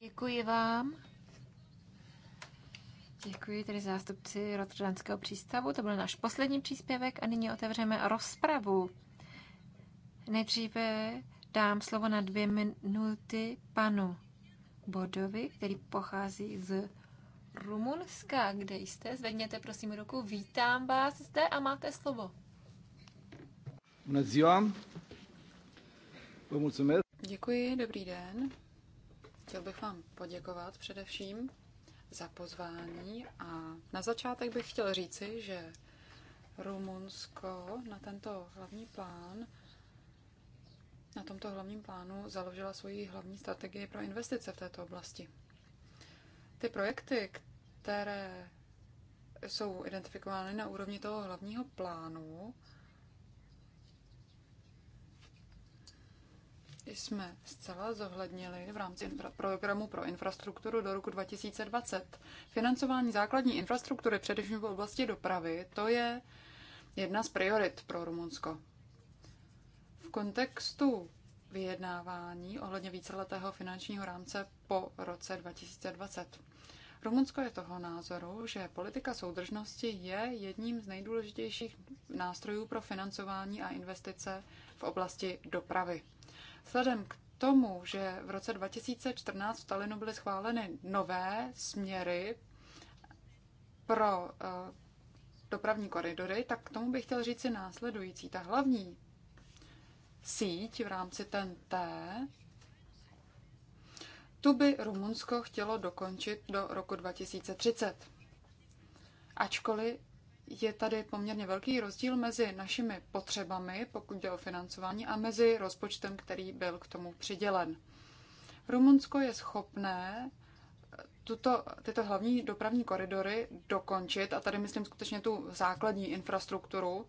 Děkuji vám Děkuji tedy zástupci Rotterdamského přístavu. To byl náš poslední příspěvek a nyní otevřeme rozpravu. Nejdříve dám slovo na dvě minuty panu Bodovi, který pochází z Rumunska. Kde jste? Zvedněte prosím ruku. Vítám vás zde a máte slovo. Děkuji, dobrý den. Chtěl bych vám poděkovat především za pozvání a na začátek bych chtěl říci, že Rumunsko na tento hlavní plán na tomto hlavním plánu založila svoji hlavní strategii pro investice v této oblasti. Ty projekty, které jsou identifikovány na úrovni toho hlavního plánu, jsme zcela zohlednili v rámci programu pro infrastrukturu do roku 2020. Financování základní infrastruktury, především v oblasti dopravy, to je jedna z priorit pro Rumunsko. V kontextu vyjednávání ohledně víceletého finančního rámce po roce 2020. Rumunsko je toho názoru, že politika soudržnosti je jedním z nejdůležitějších nástrojů pro financování a investice v oblasti dopravy. Vzhledem k tomu, že v roce 2014 v Talinu byly schváleny nové směry pro eh, dopravní koridory, tak k tomu bych chtěl říct si následující. Ta hlavní síť v rámci TNT, tu by Rumunsko chtělo dokončit do roku 2030. Ačkoliv je tady poměrně velký rozdíl mezi našimi potřebami, pokud jde o financování, a mezi rozpočtem, který byl k tomu přidělen. Rumunsko je schopné eh, tuto, tyto hlavní dopravní koridory dokončit, a tady myslím skutečně tu základní infrastrukturu,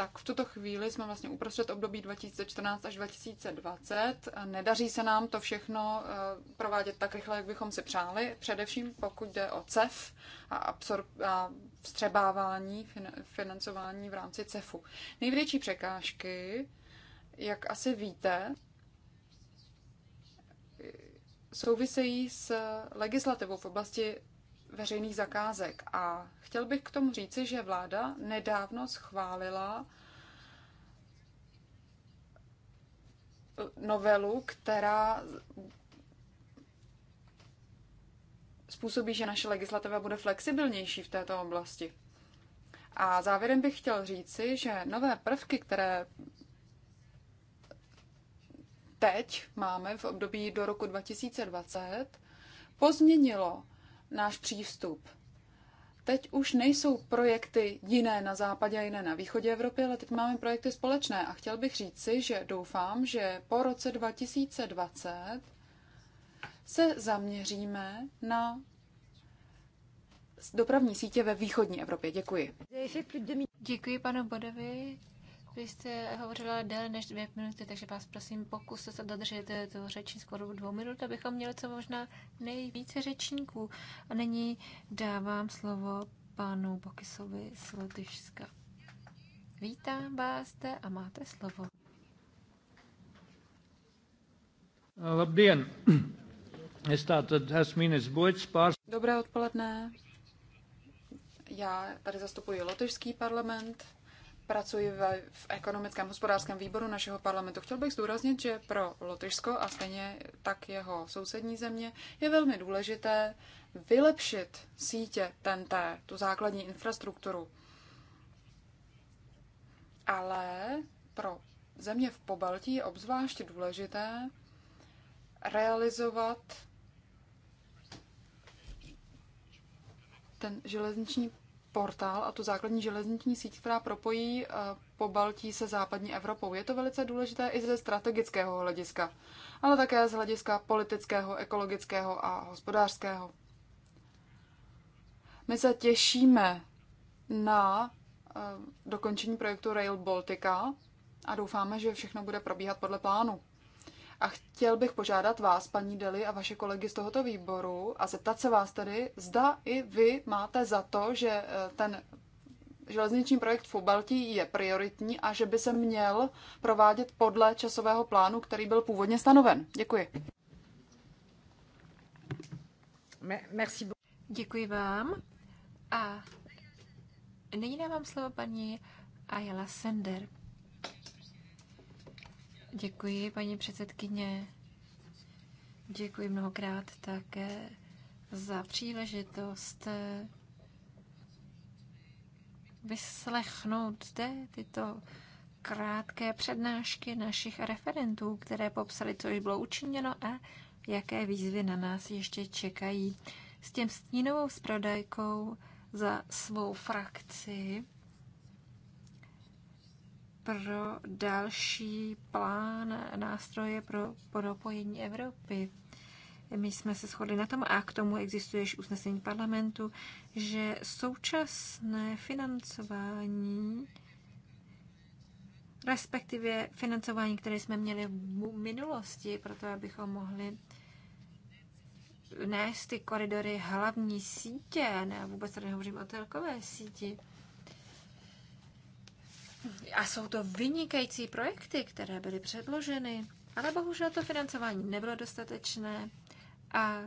tak v tuto chvíli jsme vlastně uprostřed období 2014 až 2020. Nedaří se nám to všechno eh, provádět tak rychle, jak bychom si přáli, především pokud jde o CEF a, absorb- a vstřebávání financování v rámci CEFu. Největší překážky, jak asi víte, eh, souvisejí s legislativou v oblasti veřejných zakázek. A chtěl bych k tomu říci, že vláda nedávno schválila eh, novelu, která způsobí, že naše legislativa bude flexibilnější v této oblasti. A závěrem bych chtěl říci, že nové prvky, které teď máme v období do roku 2020, pozměnilo náš přístup. Teď už nejsou projekty jiné na západě a jiné na východě Evropy, ale teď máme projekty společné. A chtěl bych říci, že doufám, že po roce 2020 se zaměříme na dopravní sítě ve východní Evropě. Děkuji. Děkuji panu Bodovi. Vy jste hovořila déle než dvě minuty, takže vás prosím, pokuste se dodržet tu řečnickou dobu dvou minut, abychom měli co možná nejvíce řečníků. A nyní dávám slovo panu Bokisovi z Lotyšska. Vítám vás zde a máte slovo. Dobré odpoledne. Já tady zastupuji Lotyšský parlament pracuji ve, v ekonomickém hospodářském výboru našeho parlamentu. Chtěl bych zdůraznit, že pro Lotyšsko a stejně tak jeho sousední země je velmi důležité vylepšit sítě TNT, tu základní infrastrukturu. Ale pro země v Pobaltí je obzvláště důležité realizovat ten železniční portál a tu základní železniční síť, která propojí eh, po Baltí se západní Evropou. Je to velice důležité i ze strategického hlediska, ale také z hlediska politického, ekologického a hospodářského. My se těšíme na eh, dokončení projektu Rail Baltica a doufáme, že všechno bude probíhat podle plánu. A chtěl bych požádat vás, paní Deli a vaše kolegy z tohoto výboru a zeptat se vás tedy, zda i vy máte za to, že eh, ten železniční projekt v Ubaltí je prioritní a že by se měl provádět podle časového plánu, který byl původně stanoven. Děkuji. Merci. Děkuji vám. A nyní dávám slovo paní Ayala Sender. Děkuji, paní předsedkyně. Děkuji mnohokrát také za příležitost eh, vyslechnout zde tyto krátké přednášky našich referentů, které popsali, co již bylo učiněno a jaké výzvy na nás ještě čekají. S tím stínovou zpravodajkou za svou frakci pro další plán nástroje pro propojení Evropy. My jsme se shodli na tom, a k tomu existuje již usnesení parlamentu, že současné financování, respektive financování, které jsme měli v minulosti, proto abychom mohli nést ty koridory hlavní sítě, ne vůbec tady nehovořím o telkové síti, a jsou to vynikající projekty, které byly předloženy, ale bohužel to financování nebylo dostatečné a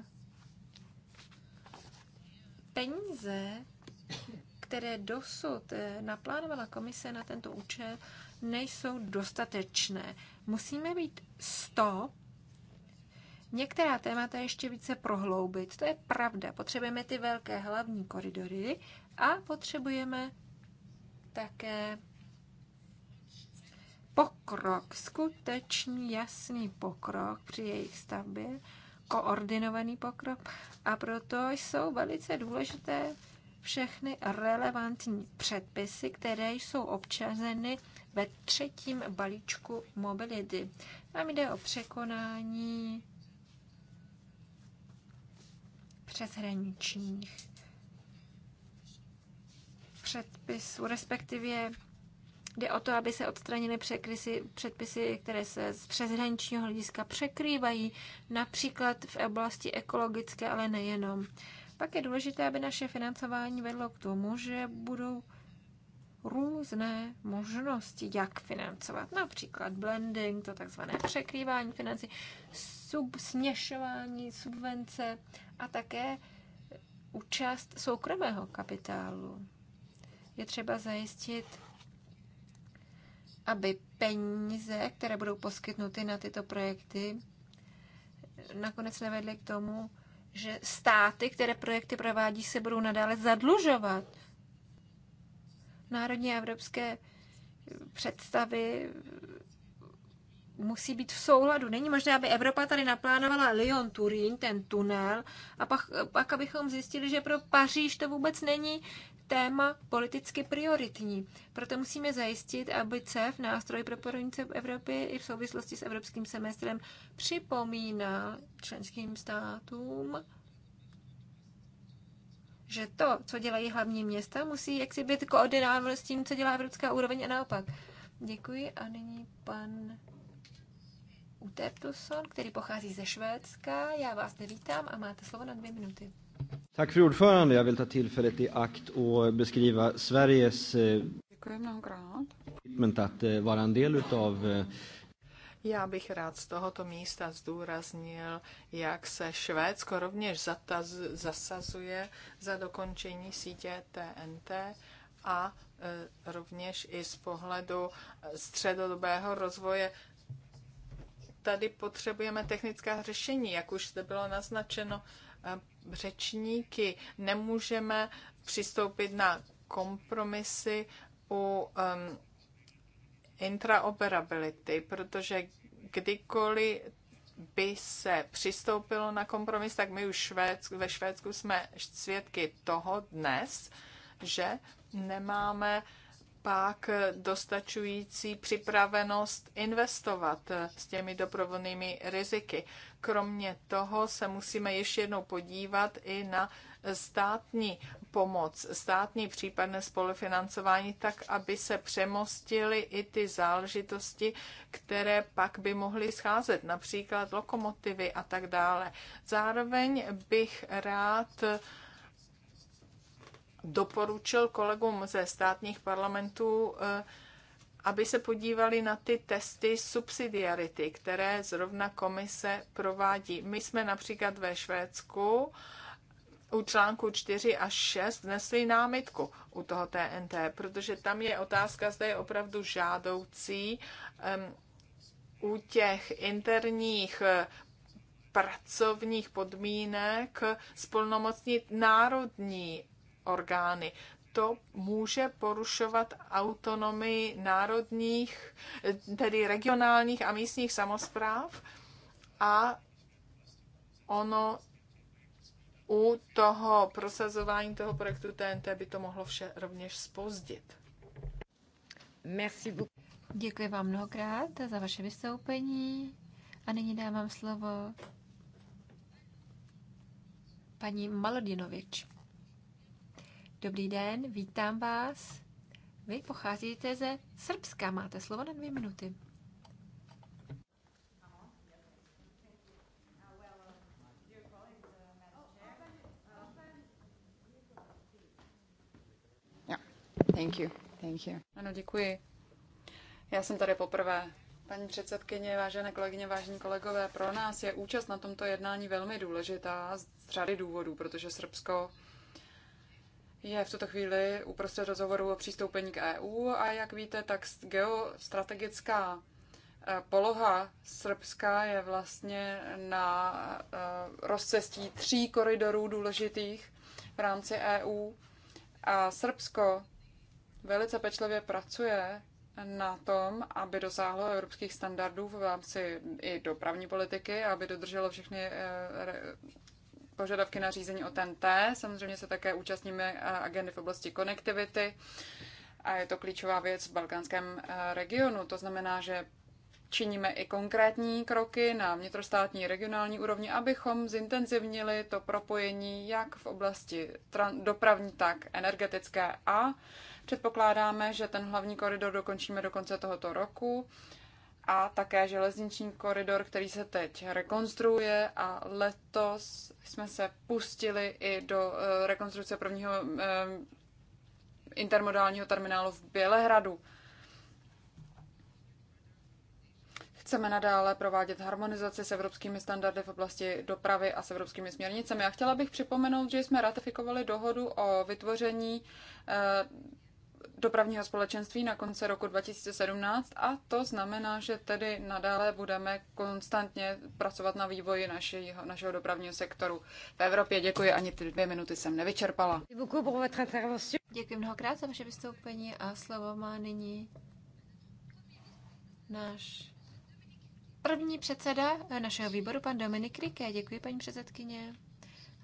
peníze, které dosud eh, naplánovala komise na tento účel, nejsou dostatečné. Musíme být 100 Některá témata ještě více prohloubit, to je pravda. Potřebujeme ty velké hlavní koridory a potřebujeme také pokrok, skutečný jasný pokrok při jejich stavbě, koordinovaný pokrok a proto jsou velice důležité všechny relevantní předpisy, které jsou občazeny ve třetím balíčku mobility. Tam jde o překonání přeshraničních předpisů, respektive Jde o to, aby se odstranily překrysy, předpisy, které se z přeshraničního hlediska překrývají, například v oblasti ekologické, ale nejenom. Pak je důležité, aby naše financování vedlo k tomu, že budou různé možnosti, jak financovat. Například blending, to takzvané překrývání financí, sub, směšování, subvence a také účast soukromého kapitálu. Je třeba zajistit aby peníze, které budou poskytnuty na tyto projekty, nakonec nevedly k tomu, že státy, které projekty provádí, se budou nadále zadlužovat. Národní a evropské představy musí být v souladu. Není možné, aby Evropa tady naplánovala Lyon Turín, ten tunel, a pak, pak abychom zjistili, že pro Paříž to vůbec není téma politicky prioritní. Proto musíme zajistit, aby CEF, nástroj pro porodnice v Evropě, i v souvislosti s evropským semestrem připomínal členským státům, že to, co dělají hlavní města, musí jaksi být koordinováno s tím, co dělá evropská úroveň a naopak. Děkuji a nyní pan Utertusson, který pochází ze Švédska. Já vás nevítám a máte slovo na dvě minuty. Tak, fru ordförande. Jag vill ta tillfället i akt och beskriva Sveriges commitment eh, att eh, vara en del utav eh, já bych rád z tohoto místa zdůraznil, jak se Švédsko rovněž zasazuje za dokončení sítě TNT a rovněž i z pohledu středodobého rozvoje tady potřebujeme technická řešení, jak už zde bylo naznačeno eh, řečníky. Nemůžeme přistoupit na kompromisy u um, eh, intraoperability, protože kdykoliv by se přistoupilo na kompromis, tak my už Švédsku, ve Švédsku jsme svědky toho dnes, že nemáme uh, pak dostačující připravenost investovat s těmi doprovodnými riziky. Kromě toho se musíme ještě jednou podívat i na státní pomoc, státní případné spolufinancování, tak aby se přemostily i ty záležitosti, které pak by mohly scházet, například lokomotivy a tak dále. Zároveň bych rád doporučil kolegům ze státních parlamentů, eh, aby se podívali na ty testy subsidiarity, které zrovna komise provádí. My jsme například ve Švédsku u článku 4 až 6 nesli námitku u toho TNT, protože tam je otázka, zda je opravdu žádoucí um, u těch interních eh, pracovních podmínek splnomocnit národní orgány. To může porušovat autonomii národních, tedy regionálních a místních samozpráv a ono u toho prosazování toho projektu TNT by to mohlo vše rovněž spozdit. Merci Děkuji vám mnohokrát za vaše vystoupení a nyní dávám slovo paní Malodinovič. Dobrý den, vítám vás. Vy pocházíte ze Srbska, máte slovo na dvě minuty. Thank you. Thank you. Ano, děkuji. Já jsem tady poprvé. Paní předsedkyně, vážené kolegyně, vážení kolegové, pro nás je účast na tomto jednání velmi důležitá z řady důvodů, protože Srbsko je v tuto chvíli uprostřed rozhovoru o přistoupení k EU a jak víte, tak geostrategická eh, poloha Srbska je vlastně na eh, rozcestí tří koridorů důležitých v rámci EU a Srbsko velice pečlivě pracuje na tom, aby dosáhlo evropských standardů v rámci i dopravní politiky, aby dodrželo všechny eh, požadavky na řízení o TNT. Samozřejmě se také účastníme eh, agendy v oblasti konektivity a je to klíčová věc v balkánském eh, regionu. To znamená, že činíme i konkrétní kroky na vnitrostátní regionální úrovni, abychom zintenzivnili to propojení jak v oblasti dopravní, tak energetické a předpokládáme, že ten hlavní koridor dokončíme do konce tohoto roku a také železniční koridor, který se teď rekonstruuje a letos jsme se pustili i do eh, rekonstrukce prvního eh, intermodálního terminálu v Bělehradu. Chceme nadále provádět harmonizaci s evropskými standardy v oblasti dopravy a s evropskými směrnicemi. A chtěla bych připomenout, že jsme ratifikovali dohodu o vytvoření eh, dopravního společenství na konci roku 2017 a to znamená, že tedy nadále budeme konstantně pracovat na vývoji našeho, našeho dopravního sektoru v Evropě. Děkuji, ani ty dvě minuty jsem nevyčerpala. Děkuji mnohokrát za vaše vystoupení a slovo má nyní náš první předseda našeho výboru, pan Dominik Rike. Děkuji, paní předsedkyně.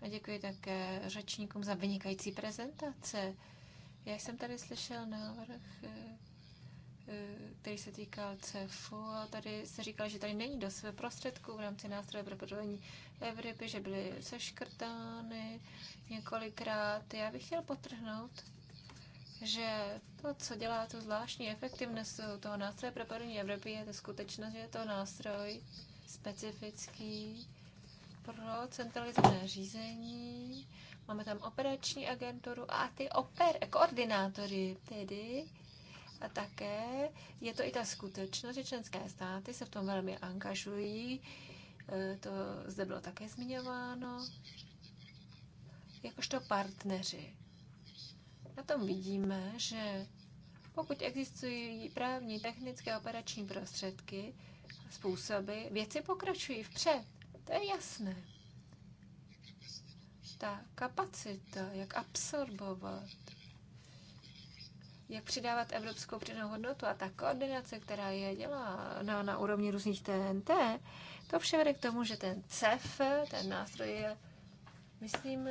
A děkuji také řečníkům za vynikající prezentace. Já jsem tady slyšel návrh, eh, eh, který se týkal CEFu a tady se říkal, že tady není dost prostředků v rámci nástroje pro budování Evropy, že byly seškrtány několikrát. Já bych chtěl potrhnout, že to, co dělá tu zvláštní efektivnost toho nástroje pro první Evropy, je to skutečnost, že je to nástroj specifický pro centralizované řízení, Máme tam operační agenturu a ty oper, koordinátoři tedy. A také je to i ta skutečnost, že členské státy se v tom velmi angažují. E, to zde bylo také zmiňováno. Jakožto partneři. Na tom vidíme, že pokud existují právní, technické, operační prostředky, způsoby, věci pokračují vpřed. To je jasné ta kapacita, jak absorbovat, jak přidávat evropskou přidanou hodnotu a ta koordinace, která je dělá na, na úrovni různých TNT, to vše vede k tomu, že ten CEF, ten nástroj je, myslím,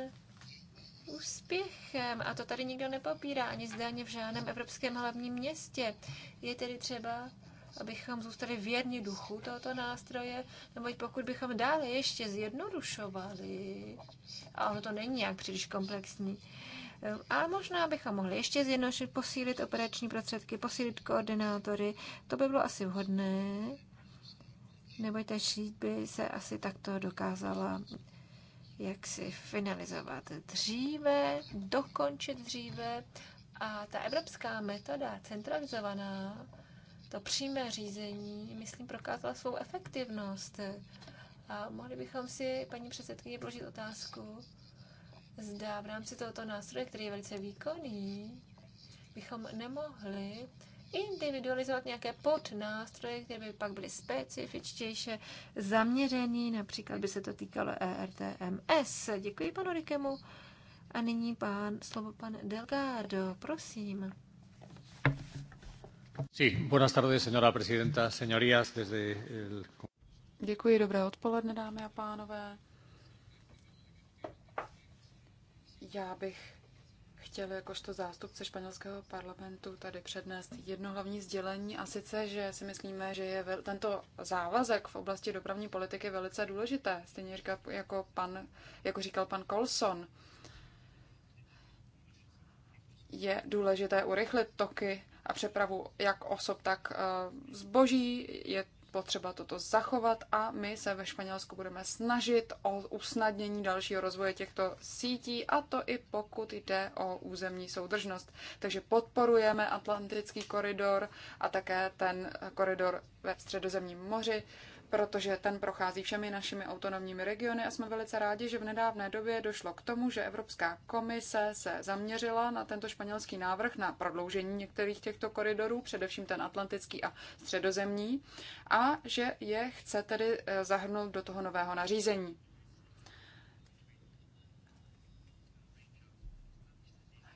úspěchem a to tady nikdo nepopírá, ani zdáně v žádném evropském hlavním městě. Je tedy třeba abychom zůstali věrni duchu tohoto nástroje, neboť pokud bychom dále ještě zjednodušovali, a ono to není nějak příliš komplexní, eh, a možná bychom mohli ještě zjednodušit, posílit operační prostředky, posílit koordinátory, to by bylo asi vhodné, neboť ta šít by se asi takto dokázala jak si finalizovat dříve, dokončit dříve. A ta evropská metoda, centralizovaná, to přímé řízení, myslím, prokázala svou efektivnost. A mohli bychom si, paní předsedkyně, položit otázku, zda v rámci tohoto nástroje, který je velice výkonný, bychom nemohli individualizovat nějaké podnástroje, které by pak byly specifičtější, zaměřený, například by se to týkalo ERTMS. Děkuji panu Rikemu. A nyní pán, slovo pan Delgado, prosím. Děkuji, dobré odpoledne, dámy a pánové. Já bych chtěl jakožto zástupce španělského parlamentu tady přednést jedno hlavní sdělení a sice, že si myslíme, že je tento závazek v oblasti dopravní politiky velice důležité, stejně říká, jako, pan, jako říkal pan Colson. Je důležité urychlit toky a přepravu jak osob, tak eh, zboží. Je potřeba toto zachovat a my se ve Španělsku budeme snažit o usnadnění dalšího rozvoje těchto sítí a to i pokud jde o územní soudržnost. Takže podporujeme Atlantický koridor a také ten eh, koridor ve Středozemním moři protože ten prochází všemi našimi autonomními regiony a jsme velice rádi, že v nedávné době došlo k tomu, že Evropská komise se zaměřila na tento španělský návrh na prodloužení některých těchto koridorů, především ten atlantický a středozemní, a že je chce tedy eh, zahrnout do toho nového nařízení.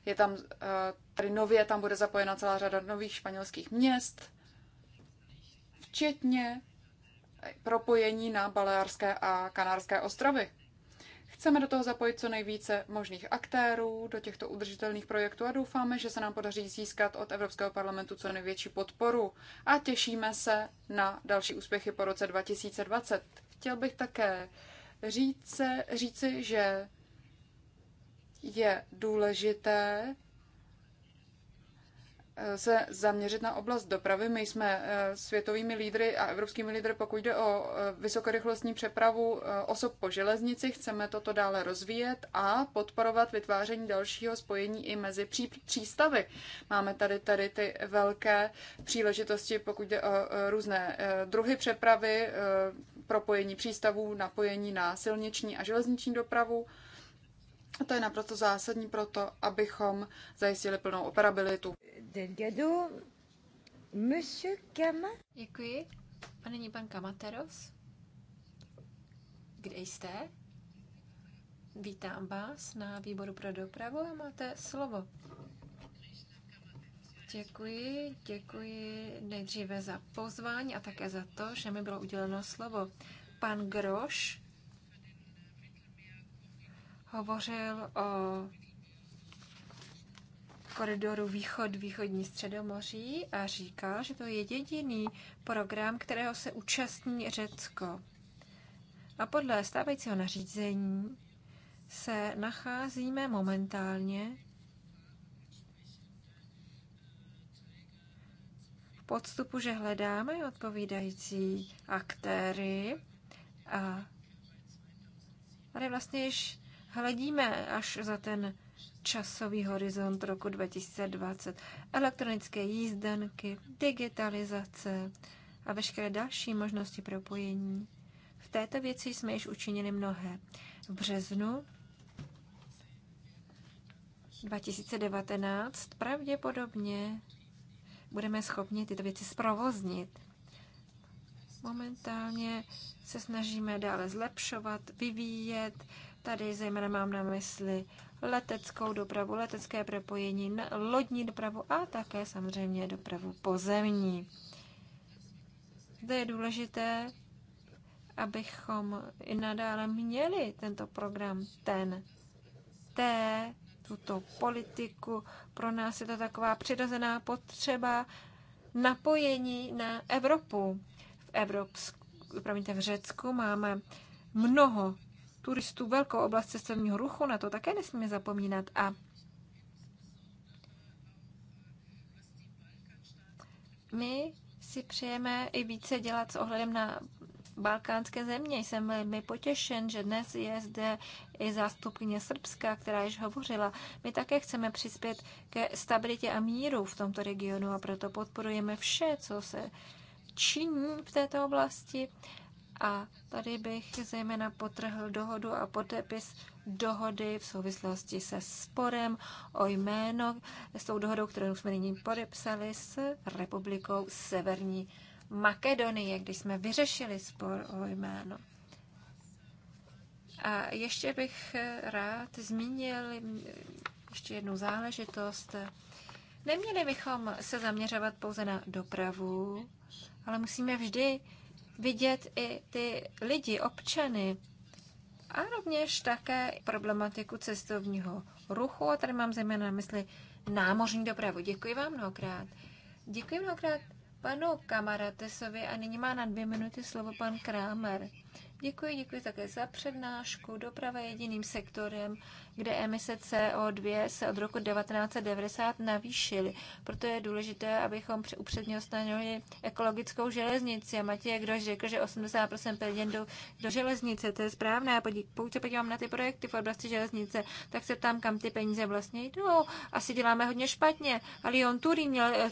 Je tam, eh, tady nově tam bude zapojena celá řada nových španělských měst, včetně propojení na Balearské a Kanárské ostrovy. Chceme do toho zapojit co nejvíce možných aktérů do těchto udržitelných projektů a doufáme, že se nám podaří získat od Evropského parlamentu co největší podporu a těšíme se na další úspěchy po roce 2020. Chtěl bych také říct říci, že je důležité se zaměřit na oblast dopravy. My jsme eh, světovými lídry a evropskými lídry, pokud jde o eh, vysokorychlostní přepravu eh, osob po železnici. Chceme toto dále rozvíjet a podporovat vytváření dalšího spojení i mezi pří, přístavy. Máme tady tady ty velké příležitosti, pokud jde o různé druhy přepravy, propojení přístavů, napojení na silniční a železniční dopravu. A to je naprosto zásadní pro to, abychom zajistili plnou operabilitu. Delgado, Monsieur Kama. Děkuji. A není pan Kamateros. Kde jste? Vítám vás na výboru pro dopravu a máte slovo. Děkuji, děkuji nejdříve za pozvání a také za to, že mi bylo uděleno slovo. Pan Groš hovořil o koridoru východ-východní středomoří a říkal, že to je jediný program, kterého se účastní Řecko. A podle stávajícího nařízení se nacházíme momentálně v podstupu, že hledáme odpovídající aktéry a tady vlastně již hledíme až za ten časový horizont roku 2020. Elektronické jízdenky, digitalizace a veškeré další možnosti propojení. V této věci jsme již učinili mnohé. V březnu 2019 pravděpodobně budeme schopni tyto věci zprovoznit. Momentálně se snažíme dále zlepšovat, vyvíjet, Tady zejména mám na mysli leteckou dopravu, letecké propojení, lodní dopravu a také samozřejmě dopravu pozemní. Zde je důležité, abychom i nadále měli tento program ten, té, tuto politiku. Pro nás je to taková přirozená potřeba napojení na Evropu. V, Evropsku, promiňte, v Řecku máme mnoho turistů, velkou oblast cestovního ruchu, na to také nesmíme zapomínat. A my si přejeme i více dělat s ohledem na balkánské země. Jsem velmi potěšen, že dnes je zde i zástupkyně Srbska, která již hovořila. My také chceme přispět ke stabilitě a míru v tomto regionu a proto podporujeme vše, co se činí v této oblasti. A tady bych zejména potrhl dohodu a podepis dohody v souvislosti se sporem o jméno s tou dohodou, kterou jsme nyní podepsali s Republikou Severní Makedonie, když jsme vyřešili spor o jméno. A ještě bych rád zmínil ještě jednu záležitost. Neměli bychom se zaměřovat pouze na dopravu, ale musíme vždy vidět i ty lidi, občany a rovněž také problematiku cestovního ruchu. A tady mám zejména na mysli námořní dopravu. Děkuji vám mnohokrát. Děkuji mnohokrát panu Kamaratesovi a nyní má na dvě minuty slovo pan Krámer. Děkuji, děkuji také za přednášku. Doprava je jediným sektorem, kde emise CO2 se od roku 1990 navýšily. Proto je důležité, abychom upřednostnili ekologickou železnici. A Matěj kdo řekl, že 80% peněz do, do železnice. To je správné. Pokud se podívám na ty projekty v oblasti železnice, tak se tam, kam ty peníze vlastně jdou. Asi děláme hodně špatně. A Lyon Turín měl eh,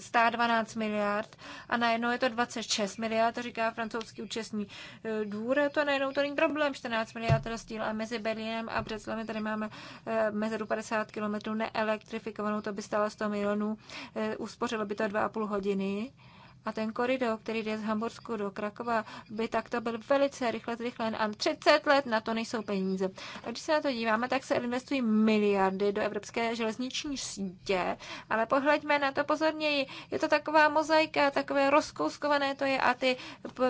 stát 12 miliard a najednou je to 26 miliard, to říká francouzský účastník Eh, dvůr, to najednou to není problém. 14 miliard rozdíl a mezi Berlínem a Břeclami tady máme eh, mezeru 50 kilometrů neelektrifikovanou, to by stalo 100 milionů, eh, uspořilo by to 2,5 hodiny. A ten koridor, který jde z Hamburgsku do Krakova, by takto byl velice rychle zrychlen a 30 let na to nejsou peníze. A když se na to díváme, tak se investují miliardy do evropské železniční sítě, ale pohleďme na to pozorněji. Je to taková mozaika, takové rozkouskované to je a ty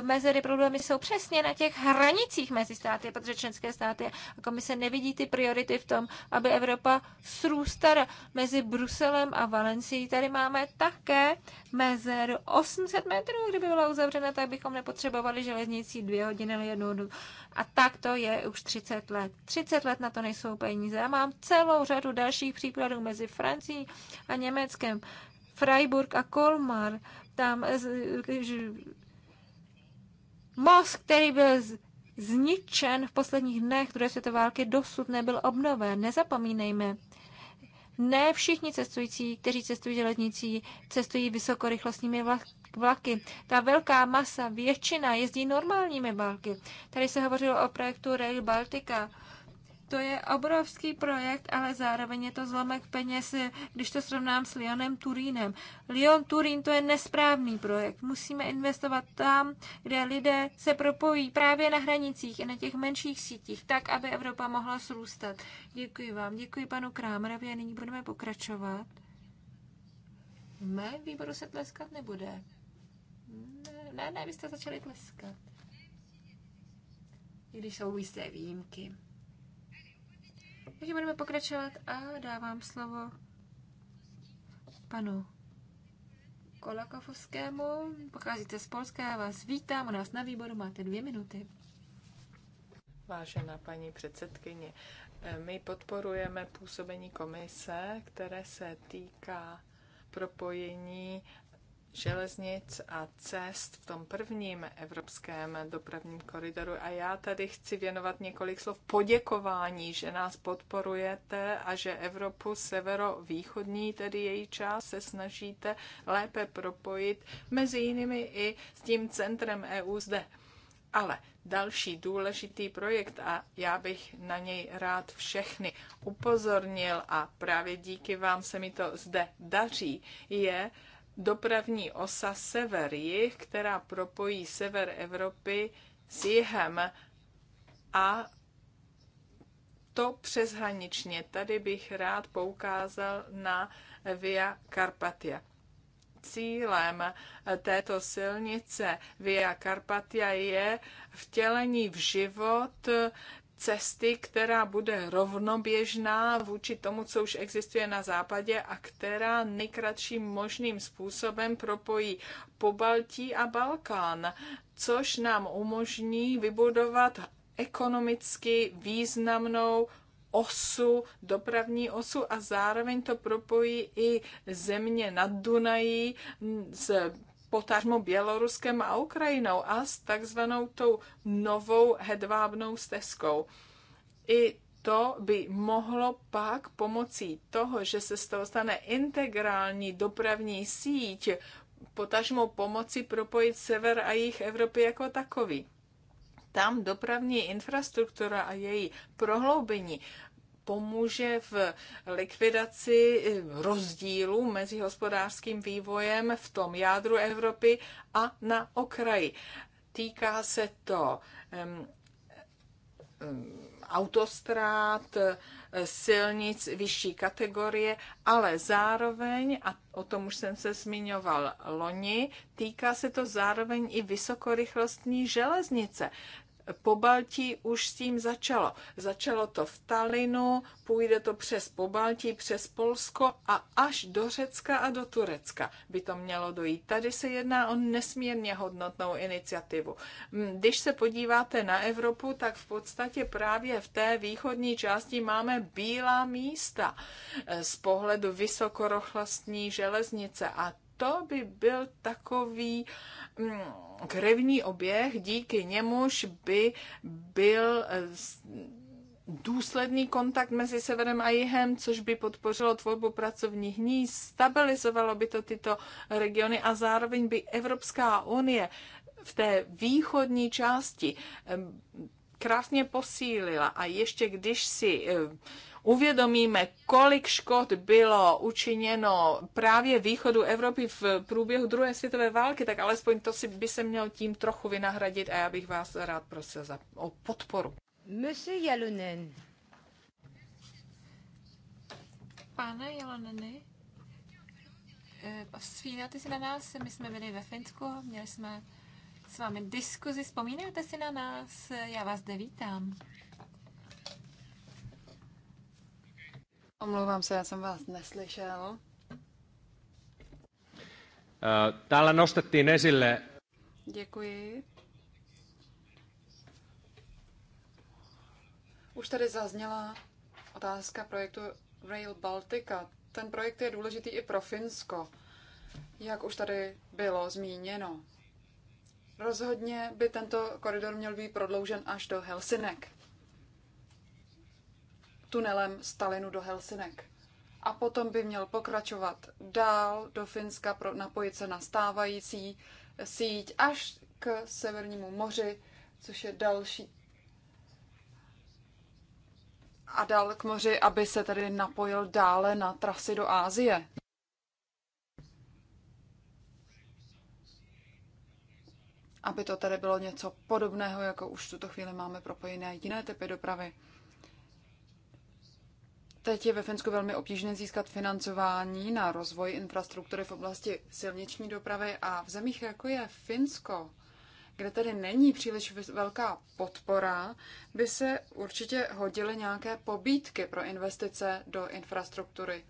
mezery problémy jsou přesně na těch hranicích mezi státy, protože členské státy a komise nevidí ty priority v tom, aby Evropa srůstala mezi Bruselem a Valencií. Tady máme také mezer 8 800 metrů, kdyby byla uzavřena, tak bychom nepotřebovali železnicí dvě hodiny nebo jednu hodinu. A tak to je už 30 let. 30 let na to nejsou peníze. Já mám celou řadu dalších příkladů mezi Francií a Německem. Freiburg a Kolmar, tam most, který byl zničen v posledních dnech druhé světové války, dosud nebyl obnoven. Nezapomínejme, ne všichni cestující, kteří cestují železnicí, cestují vysokorychlostními vlaky vlaky. Ta velká masa, většina jezdí normálními vlaky. Tady se hovořilo o projektu Rail Baltica. To je obrovský projekt, ale zároveň je to zlomek peněz, když to srovnám s Lyonem Turínem. Lyon Turín to je nesprávný projekt. Musíme investovat tam, kde lidé se propojí právě na hranicích i na těch menších sítích, tak, aby Evropa mohla zrůstat. Děkuji vám, děkuji panu Krámerovi a nyní budeme pokračovat. V mém výboru se tleskat nebude. Ne, ne, ne, vy jste začali tleskat. I když jsou jisté výjimky. Takže budeme pokračovat a dávám slovo panu Kolakovskému. Pocházíte z Polska, já vás vítám u nás na výboru, máte dvě minuty. Vážená paní předsedkyně, my podporujeme působení komise, které se týká propojení železnic a cest v tom prvním evropském dopravním koridoru. A já tady chci věnovat několik slov poděkování, že nás podporujete a že Evropu severovýchodní, tedy její část, se snažíte lépe propojit mezi jinými i s tím centrem EU zde. Ale další důležitý projekt a já bych na něj rád všechny upozornil a právě díky vám se mi to zde daří, je dopravní osa sever-jih, která propojí sever Evropy s jihem a to přeshraničně. Tady bych rád poukázal na Via Carpatia. Cílem této silnice Via Carpatia je vtělení v život cesty, která bude rovnoběžná vůči tomu, co už existuje na západě a která nejkratším možným způsobem propojí Pobaltí a Balkán, což nám umožní vybudovat ekonomicky významnou osu, dopravní osu a zároveň to propojí i země nad Dunají s potažmo Běloruskem a Ukrajinou a s takzvanou tou novou hedvábnou stezkou. I to by mohlo pak pomocí toho, že se z toho stane integrální dopravní síť, potažmo pomoci propojit sever a jich Evropy jako takový. Tam dopravní infrastruktura a její prohloubení pomůže v likvidaci rozdílu mezi hospodářským vývojem v tom jádru Evropy a na okraji. Týká se to um, um, autostrát, silnic vyšší kategorie, ale zároveň, a o tom už jsem se zmiňoval loni, týká se to zároveň i vysokorychlostní železnice. Pobaltí už s tím začalo. Začalo to v Talinu, půjde to přes Pobaltí, přes Polsko a až do Řecka a do Turecka by to mělo dojít. Tady se jedná o nesmírně hodnotnou iniciativu. Mm, když se podíváte na Evropu, tak v podstatě právě v té východní části máme bílá místa eh, z pohledu vysokorochlastní železnice a to by byl takový Hmm, krevní oběh, díky němuž by byl eh, důsledný kontakt mezi severem a jihem, což by podpořilo tvorbu pracovních míst, stabilizovalo by to tyto regiony a zároveň by Evropská unie v té východní části eh, krásně posílila. A ještě když si eh, uvědomíme, kolik škod bylo učiněno právě východu Evropy v průběhu druhé světové války, tak alespoň to si by se měl tím trochu vynahradit a já bych vás rád prosil za, o podporu. Monsieur Jalonen. Pane Jaloneny, eh, vzpomínáte si na nás? My jsme byli ve Finsku, měli jsme s vámi diskuzi. Vzpomínáte si na nás? Já vás zde vítám. Omlouvám se, já jsem vás neslyšel. Täällä nostettiin esille... Děkuji. Už tady zazněla otázka projektu Rail Baltica. Ten projekt je důležitý i pro Finsko, jak už tady bylo zmíněno. Rozhodně by tento koridor měl být prodloužen až do Helsinek tunelem Stalinu do Helsinek. A potom by měl pokračovat dál do Finska, pro, napojit se na stávající síť až k Severnímu moři, což je další a dál k moři, aby se tedy napojil dále na trasy do Ázie. Aby to tedy bylo něco podobného, jako už v tuto chvíli máme propojené jiné typy dopravy. Teď je ve Finsku velmi obtížné získat financování na rozvoj infrastruktury v oblasti silniční dopravy a v zemích, jako je Finsko, kde tedy není příliš velká podpora, by se určitě hodily nějaké pobídky pro investice do infrastruktury.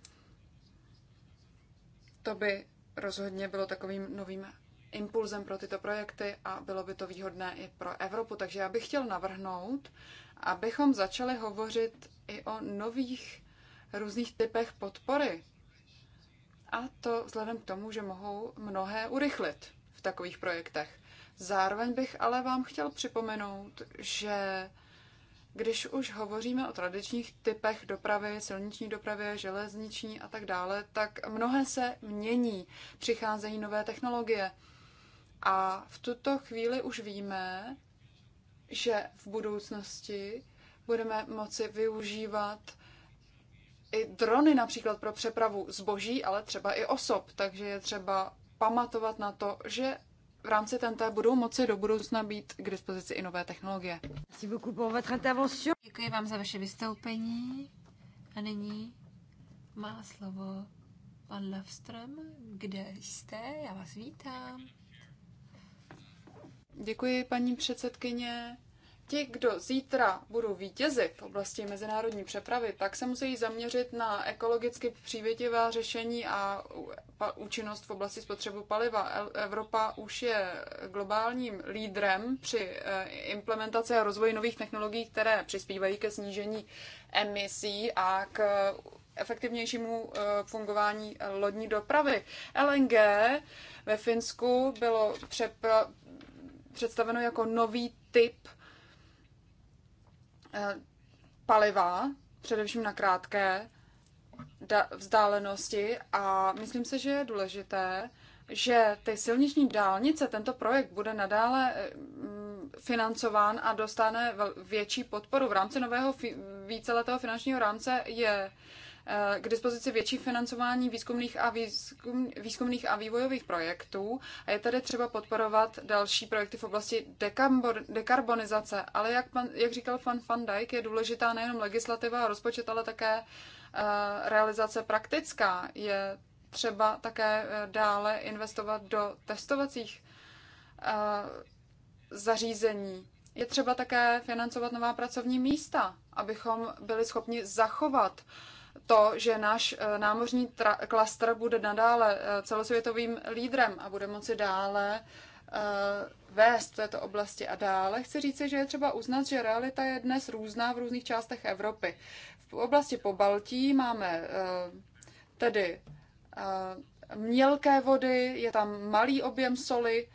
To by rozhodně bylo takovým novým impulzem pro tyto projekty a bylo by to výhodné i pro Evropu. Takže já bych chtěl navrhnout, abychom začali hovořit i o nových různých typech podpory. A to vzhledem k tomu, že mohou mnohé urychlit v takových projektech. Zároveň bych ale vám chtěl připomenout, že když už hovoříme o tradičních typech dopravy, silniční dopravy, železniční a tak dále, tak mnohé se mění. Přicházejí nové technologie. A v tuto chvíli už víme, že v budoucnosti budeme moci využívat i drony například pro přepravu zboží, ale třeba i osob. Takže je třeba pamatovat na to, že v rámci TNT budou moci do budoucna být k dispozici i nové technologie. Děkuji vám za vaše vystoupení. A nyní má slovo pan Lavström. Kde jste? Já vás vítám. Děkuji, paní předsedkyně ti, kdo zítra budou vítězi v oblasti mezinárodní přepravy, tak se musí zaměřit na ekologicky přívětivá řešení a účinnost v oblasti spotřebu paliva. Evropa už je globálním lídrem při eh, implementaci a rozvoji nových technologií, které přispívají ke snížení emisí a k efektivnějšímu eh, fungování lodní dopravy. LNG ve Finsku bylo představeno jako nový typ Eh, paliva, především na krátké vzdálenosti a myslím se, že je důležité, že ty silniční dálnice, tento projekt bude nadále eh, mm, financován a dostane větší podporu. V rámci nového víceletého finančního rámce je Eh, k dispozici větší financování výzkumných a, výzkum, výzkumných a vývojových projektů a je tady třeba podporovat další projekty v oblasti dekarbonizace. Ale jak, pan, jak říkal pan Van Dijk, je důležitá nejenom legislativa a rozpočet, ale také eh, realizace praktická. Je třeba také eh, dále investovat do testovacích zařízení. Je třeba také financovat nová pracovní místa, abychom byli schopni zachovat uh, to, že náš eh, námořní klastr bude nadále eh, celosvětovým lídrem a bude moci dále eh, vést v této oblasti a dále. Chci říci, že je třeba uznat, že realita je dnes různá v různých částech Evropy. V oblasti po Baltí máme tedy mělké vody, je tam malý objem soli,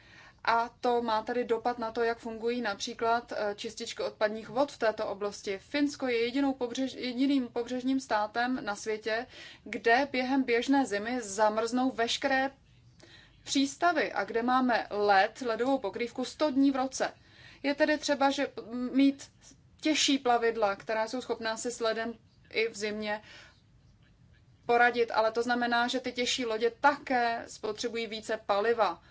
a to má tady dopad na to, jak fungují například e, čističky odpadních vod v této oblasti. Finsko je jedinou pobřež, jediným pobřežním státem na světě, kde během běžné zimy zamrznou veškeré přístavy a kde máme led, ledovou pokrývku 100 dní v roce. Je tedy třeba že mít těžší plavidla, která jsou schopná si s ledem i v zimě poradit, ale to znamená, že ty těžší lodě také spotřebují více paliva.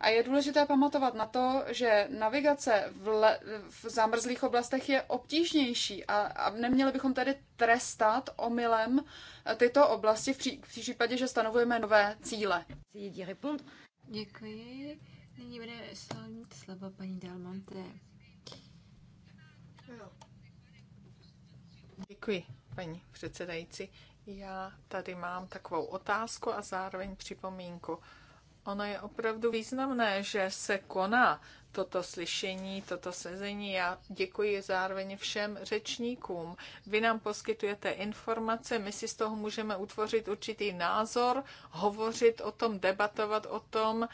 A je důležité pamatovat na to, že navigace v, le, v zamrzlých oblastech je obtížnější a, a neměli bychom tedy trestat omylem tyto oblasti v, pří, v případě, že stanovujeme nové cíle. Děkuji. Nyní bude mít slovo paní Dalmonte. Děkuji, paní předsedající. Já tady mám takovou otázku a zároveň připomínku. Ono je opravdu významné, že se koná toto slyšení, toto sezení. Já děkuji zároveň všem řečníkům. Vy nám poskytujete informace, my si z toho můžeme utvořit určitý názor, hovořit o tom, debatovat o tom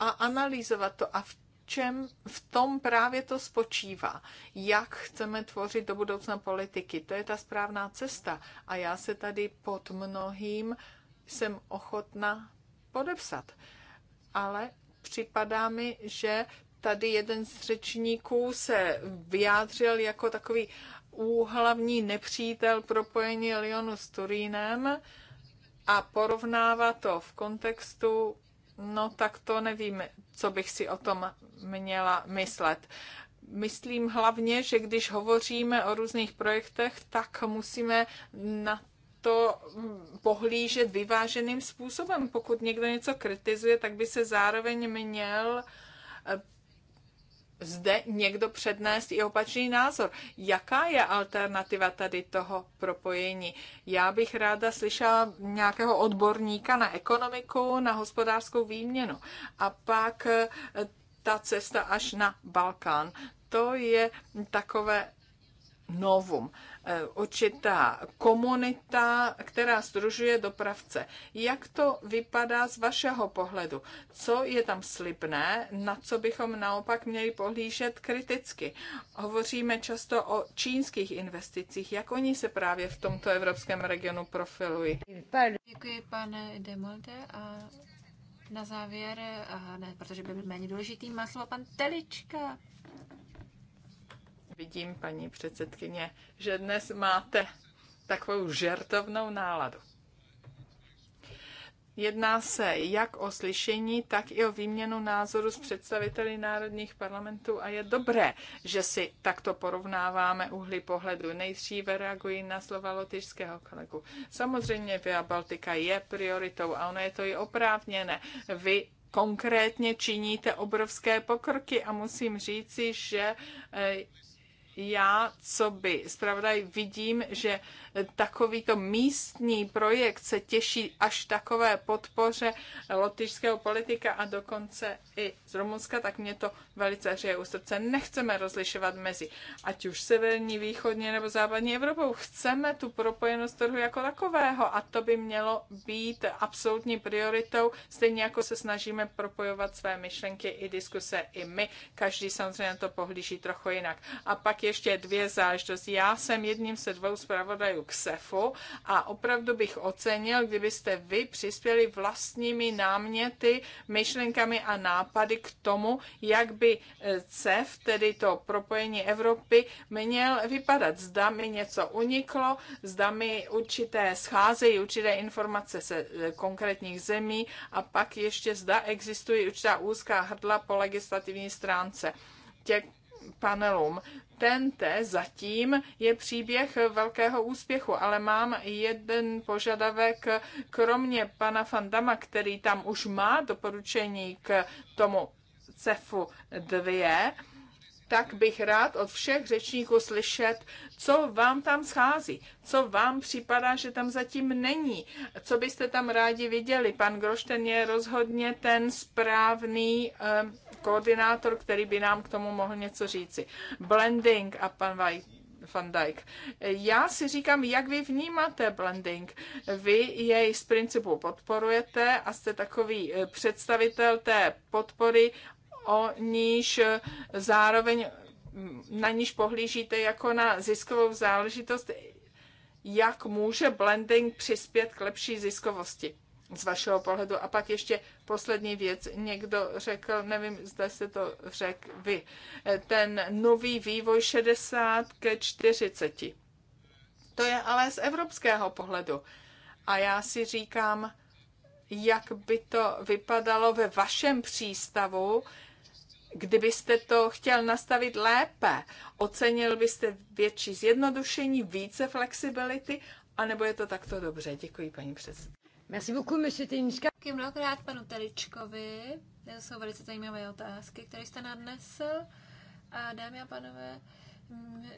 a analyzovat to. A v čem v tom právě to spočívá. Jak chceme tvořit do budoucna politiky. To je ta správná cesta. A já se tady pod mnohým jsem ochotna podepsat ale připadá mi, že tady jeden z řečníků se vyjádřil jako takový úhlavní nepřítel propojení Lyonu s Turínem a porovnává to v kontextu, no tak to nevím, co bych si o tom měla myslet. Myslím hlavně, že když hovoříme o různých projektech, tak musíme na to pohlížet vyváženým způsobem. Pokud někdo něco kritizuje, tak by se zároveň měl eh, zde někdo přednést i opačný názor. Jaká je alternativa tady toho propojení? Já bych ráda slyšela nějakého odborníka na ekonomiku, na hospodářskou výměnu. A pak eh, ta cesta až na Balkán. To je takové novum, eh, určitá komunita, která združuje dopravce. Jak to vypadá z vašeho pohledu? Co je tam slibné, na co bychom naopak měli pohlížet kriticky? Hovoříme často o čínských investicích. Jak oni se právě v tomto evropském regionu profilují? Děkuji, pane Demolde. A na závěr, eh, a ne, protože by byl méně důležitý, má slovo pan Telička. Vidím, paní předsedkyně, že dnes máte takovou žertovnou náladu. Jedná se jak o slyšení, tak i o výměnu názoru s představiteli národních parlamentů a je dobré, že si takto porovnáváme uhly pohledu. Nejdříve reagují na slova lotyšského kolegu. Samozřejmě Via Baltika je prioritou a ono je to i oprávněné. Vy konkrétně činíte obrovské pokroky a musím říci, že eh, já, co by zpravodaj, vidím, že takovýto místní projekt se těší až takové podpoře lotyšského politika a dokonce i z Rumunska, tak mě to velice řeje u srdce. Nechceme rozlišovat mezi ať už severní, východní nebo západní Evropou. Chceme tu propojenost trhu jako takového a to by mělo být absolutní prioritou, stejně jako se snažíme propojovat své myšlenky i diskuse i my. Každý samozřejmě na to pohlíží trochu jinak. A pak ještě dvě záležitosti. Já jsem jedním se dvou zpravodajů k SEFu a opravdu bych ocenil, kdybyste vy přispěli vlastními náměty, myšlenkami a nápady k tomu, jak by eh, CEF, tedy to propojení Evropy, měl vypadat. Zda mi něco uniklo, zda mi určité scházejí, určité informace se eh, konkrétních zemí a pak ještě zda existují určitá úzká hrdla po legislativní stránce. Těch panelům. Tente zatím je příběh velkého úspěchu, ale mám jeden požadavek, kromě pana Fandama, který tam už má doporučení k tomu CEFu 2, tak bych rád od všech řečníků slyšet, co vám tam schází, co vám připadá, že tam zatím není, co byste tam rádi viděli. Pan Grošten je rozhodně ten správný um, koordinátor, který by nám k tomu mohl něco říci. Blending a pan White. Van Dijk. Já si říkám, jak vy vnímáte blending. Vy jej z principu podporujete a jste takový eh, představitel té podpory o níž zároveň na níž pohlížíte jako na ziskovou záležitost, jak může blending přispět k lepší ziskovosti z vašeho pohledu. A pak ještě poslední věc. Někdo řekl, nevím, zda se to řekl vy, ten nový vývoj 60 ke 40. To je ale z evropského pohledu. A já si říkám, jak by to vypadalo ve vašem přístavu, Kdybyste to chtěl nastavit lépe, ocenil byste větší zjednodušení, více flexibility, anebo je to takto dobře? Děkuji, paní předsedkyně. Merci beaucoup, monsieur Tenička. Děkuji mnohokrát panu Teličkovi. To jsou velice zajímavé otázky, které jste nadnesl. A dámy a pánové, mm,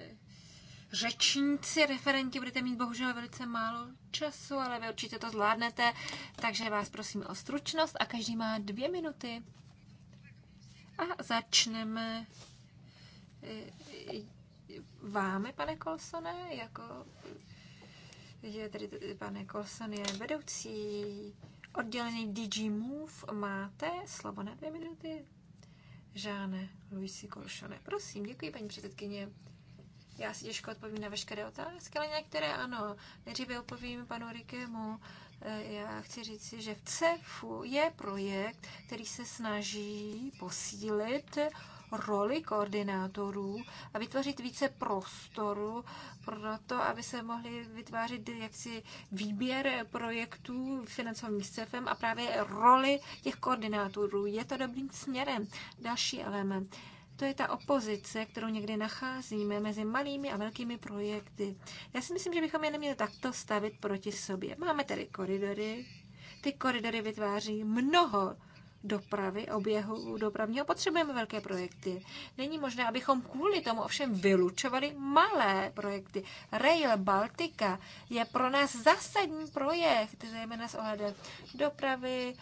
řečníci, referenti, budete mít bohužel velice málo času, ale vy určitě to zvládnete, takže vás prosím o stručnost a každý má dvě minuty. A začneme e, e, vámi, pane Kolsone, jako je tedy, pane Kolson je vedoucí oddělení DG Move. Máte slovo na dvě minuty? Žáne Luisi Kolšone. Prosím, děkuji, paní předsedkyně. Já si těžko odpovím na veškeré otázky, ale některé ano. Nejdříve odpovím panu Rikemu. Eh, já chci říct, že v CEFu je projekt, který se snaží posílit roli koordinátorů a vytvořit více prostoru pro to, aby se mohli vytvářet jaksi výběr projektů financovaných CEFem a právě roli těch koordinátorů. Je to dobrým směrem. Další element to je ta opozice, kterou někdy nacházíme mezi malými a velkými projekty. Já si myslím, že bychom je neměli takto stavit proti sobě. Máme tady koridory. Ty koridory vytváří mnoho dopravy, oběhu dopravního, potřebujeme velké projekty. Není možné, abychom kvůli tomu ovšem vylučovali malé projekty. Rail Baltica je pro nás zásadní projekt, zejména s ohledem dopravy,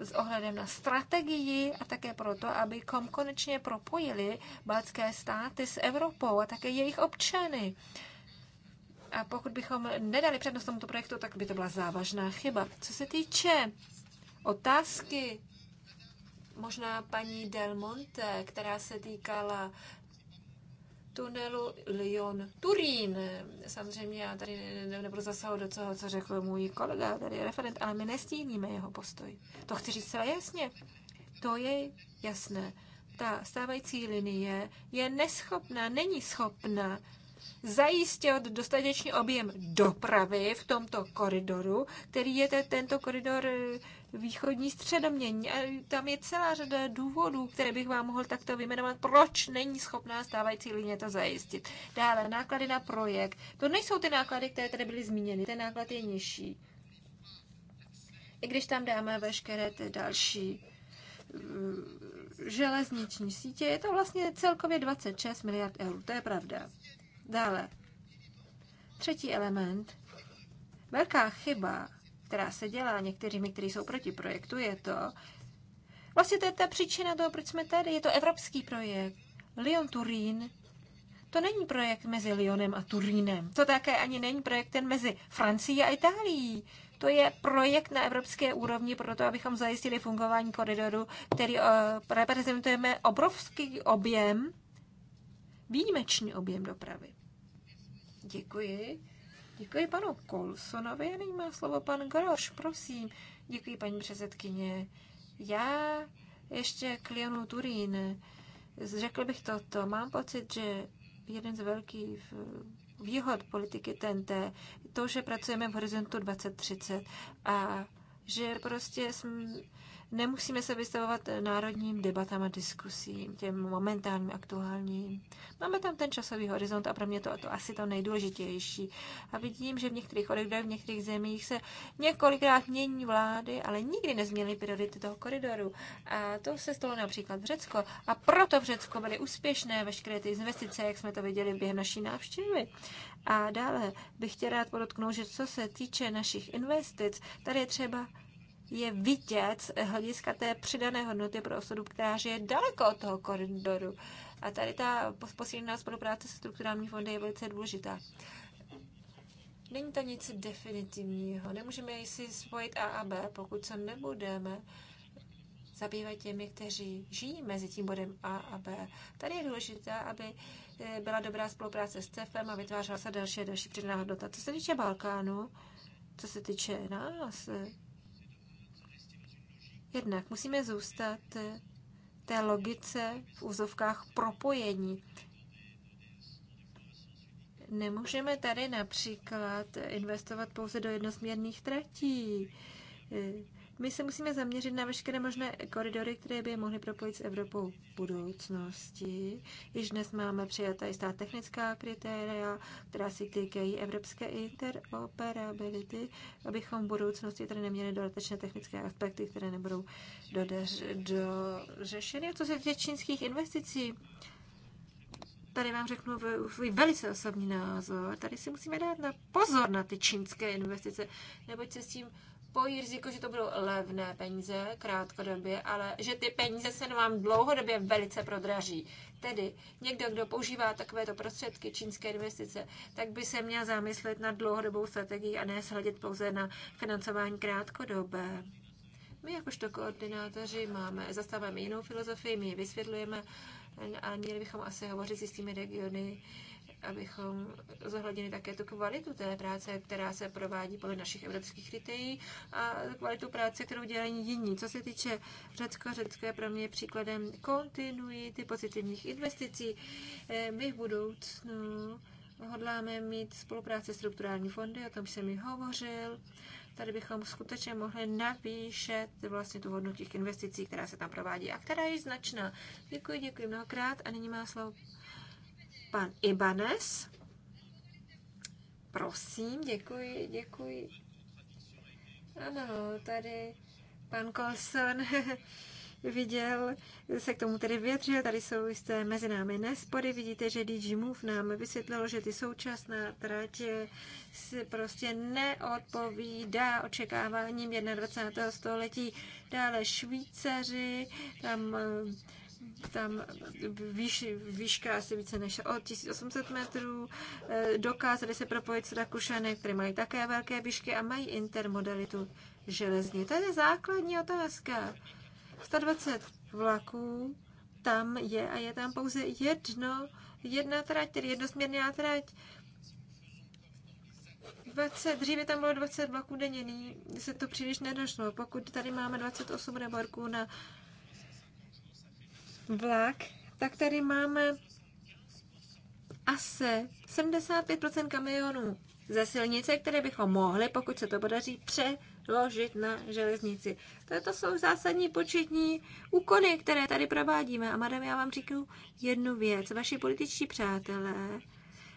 s ohledem na strategii a také proto, abychom konečně propojili baltské státy s Evropou a také jejich občany. A pokud bychom nedali přednost tomuto projektu, tak by to byla závažná chyba. Co se týče otázky možná paní Del Monte, která se týkala tunelu Lyon-Turín. Samozřejmě já tady nebudu zasahovat do toho, co řekl můj kolega, tady je referent, ale my nestíníme jeho postoj. To chci říct celé jasně. To je jasné. Ta stávající linie je neschopná, není schopná zajistit dostatečný objem dopravy v tomto koridoru, který je tento koridor východní středomění. A tam je celá řada důvodů, které bych vám mohl takto vyjmenovat, proč není schopná stávající linie to zajistit. Dále náklady na projekt. To nejsou ty náklady, které tady byly zmíněny. Ten náklad je nižší. I když tam dáme veškeré ty další eh, železniční sítě, je to vlastně celkově 26 miliard eur. To je pravda. Dále. Třetí element. Velká chyba která se dělá někteřími, kteří jsou proti projektu, je to, vlastně to je ta příčina toho, proč jsme tady. Je to evropský projekt. Lyon Turín. To není projekt mezi Lyonem a Turínem. To také ani není projekt ten mezi Francií a Itálií. To je projekt na evropské úrovni pro to, abychom zajistili fungování koridoru, který eh, reprezentujeme obrovský objem, výjimečný objem dopravy. Děkuji. Děkuji panu Kolsonovi nyní má slovo pan Groš, prosím. Děkuji, paní předsedkyně. Já ještě k Leonu Turín. Řekl bych toto. Mám pocit, že jeden z velkých eh, výhod politiky TNT je to, že pracujeme v horizontu 2030 a že prostě jsme Nemusíme se vystavovat eh, národním debatám a diskusím, těm momentálním, aktuálním. Máme tam ten časový horizont a pro mě to, to asi to nejdůležitější. A vidím, že v některých koridorech, v některých zemích se několikrát mění vlády, ale nikdy nezměnily priority toho koridoru. A to se stalo například v Řecko. A proto v Řecku byly úspěšné veškeré ty investice, jak jsme to viděli během naší návštěvy. A dále bych chtěla rád podotknout, že co se týče našich investic, tady je třeba je vidět hlediska té přidané hodnoty pro osobu, která žije daleko od toho koridoru. A tady ta posílená spolupráce se strukturální fondy je velice důležitá. Není to nic definitivního. Nemůžeme si spojit A a B, pokud se nebudeme zabývat těmi, kteří žijí mezi tím bodem A a B. Tady je důležité, aby eh, byla dobrá spolupráce s CEFem a vytvářela se další a další přidaná hodnota. Co se týče Balkánu, co se týče nás, Jednak musíme zůstat té logice v úzovkách propojení. Nemůžeme tady například investovat pouze do jednosměrných tratí. My se musíme zaměřit na veškeré možné koridory, které by je mohly propojit s Evropou v budoucnosti. Již dnes máme přijata jistá technická kritéria, která si týkají evropské interoperability, abychom v budoucnosti tady neměli dodatečné technické aspekty, které nebudou dořešeny. A co se týče čínských investicí, tady vám řeknu svůj velice osobní názor. Tady si musíme dát na pozor na ty čínské investice, neboť se s tím pojí riziko, že to budou levné peníze krátkodobě, ale že ty peníze se vám dlouhodobě velice prodraží. Tedy někdo, kdo používá takovéto prostředky čínské investice, tak by se měl zamyslet na dlouhodobou strategii a ne shledět pouze na financování krátkodobé. My jakožto koordinátoři máme, zastáváme jinou filozofii, my ji vysvětlujeme, ale měli bychom asi hovořit s těmi regiony, abychom zohlednili také tu kvalitu té práce, která se provádí podle našich evropských kritérií a kvalitu práce, kterou dělají jiní. Co se týče Řecko, Řecko je pro mě příkladem kontinuity pozitivních investicí. Eh, my v budoucnu hodláme mít spolupráce strukturální fondy, o tom jsem mi hovořil. Tady bychom skutečně mohli navýšet vlastně tu hodnotu těch investicí, která se tam provádí a která je značná. Děkuji, děkuji mnohokrát a nyní má slovo Pan Ibanes. Prosím, děkuji, děkuji. Ano, tady pan Colson viděl, se k tomu tedy vyjadřil, tady jsou jisté mezi námi nespory, vidíte, že DG Move nám vysvětlilo, že ty současná trať si prostě neodpovídá očekáváním 21. století. Dále Švýcaři, tam tam výš, výška asi více než o 1800 metrů. Eh, dokázali se propojit s Rakušany, které mají také velké výšky a mají intermodalitu železní. To je základní otázka. 120 vlaků tam je a je tam pouze jedno, jedna trať, tedy jednosměrná trať. 20, dříve tam bylo 20 vlaků denně, se to příliš nedošlo. Pokud tady máme 28 reborků na vlak, tak tady máme asi 75% kamionů ze silnice, které bychom mohli, pokud se to podaří, přeložit na železnici. To jsou zásadní početní úkony, které tady provádíme. A madam, já vám říkám jednu věc. Vaši političtí přátelé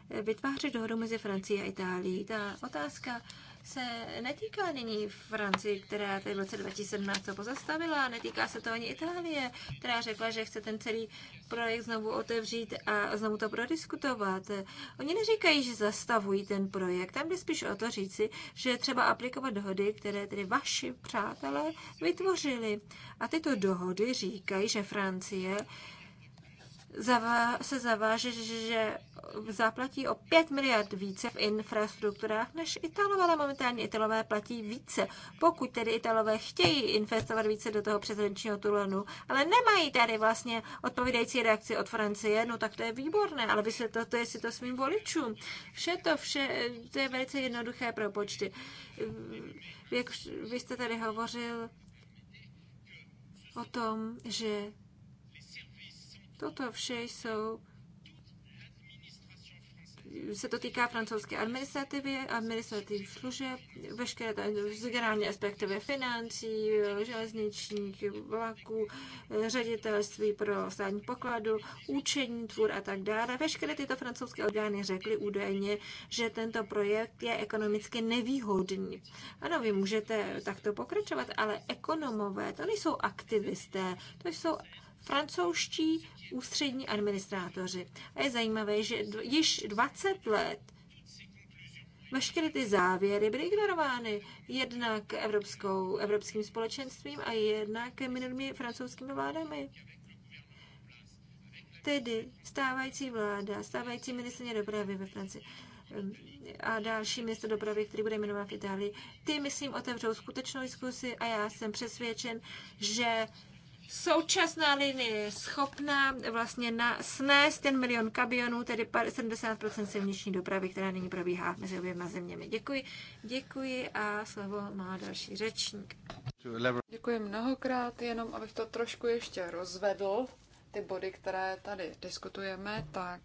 eh, vytváří dohodu mezi Francií a Itálií. Ta otázka se netýká nyní Francii, která tady v roce 2017 to pozastavila, netýká se to ani Itálie, která řekla, že chce ten celý projekt znovu otevřít a znovu to prodiskutovat. Oni neříkají, že zastavují ten projekt, tam jde spíš o to říci, že je třeba aplikovat dohody, které tedy vaši přátelé vytvořili. A tyto dohody říkají, že Francie se zaváže, že zaplatí o 5 miliard více v infrastrukturách než Italové, ale momentálně Italové platí více. Pokud tedy Italové chtějí investovat více do toho přezenčního tulenu, ale nemají tady vlastně odpovídající reakci od Francie, no tak to je výborné, ale vysvětlete to, jestli to svým voličům. Vše to, vše, to je velice jednoduché pro počty. Jak vy jste tady hovořil o tom, že Toto vše jsou se to týká francouzské administrativy, administrativních služeb, veškeré generální ve financí, železničních vlaků, ředitelství pro státní pokladu, účení tvůr a tak dále. Veškeré tyto francouzské orgány řekly údajně, že tento projekt je ekonomicky nevýhodný. Ano, vy můžete takto pokračovat, ale ekonomové to nejsou aktivisté, to jsou francouzští ústřední administrátoři. A je zajímavé, že již 20 let veškeré ty závěry byly ignorovány jednak Evropskou, Evropským společenstvím a jednak minulými francouzskými vládami. Tedy stávající vláda, stávající ministrně dopravy ve Francii ehm, a další město dopravy, který bude jmenovat v Itálii, ty, myslím, otevřou skutečnou diskusi a já jsem přesvědčen, že současná linie je schopná vlastně na, snést ten milion kabionů, tedy 70% silniční dopravy, která nyní probíhá mezi oběma zeměmi. Děkuji, děkuji a slovo má další řečník. Děkuji mnohokrát, jenom abych to trošku ještě rozvedl, ty body, které tady diskutujeme, tak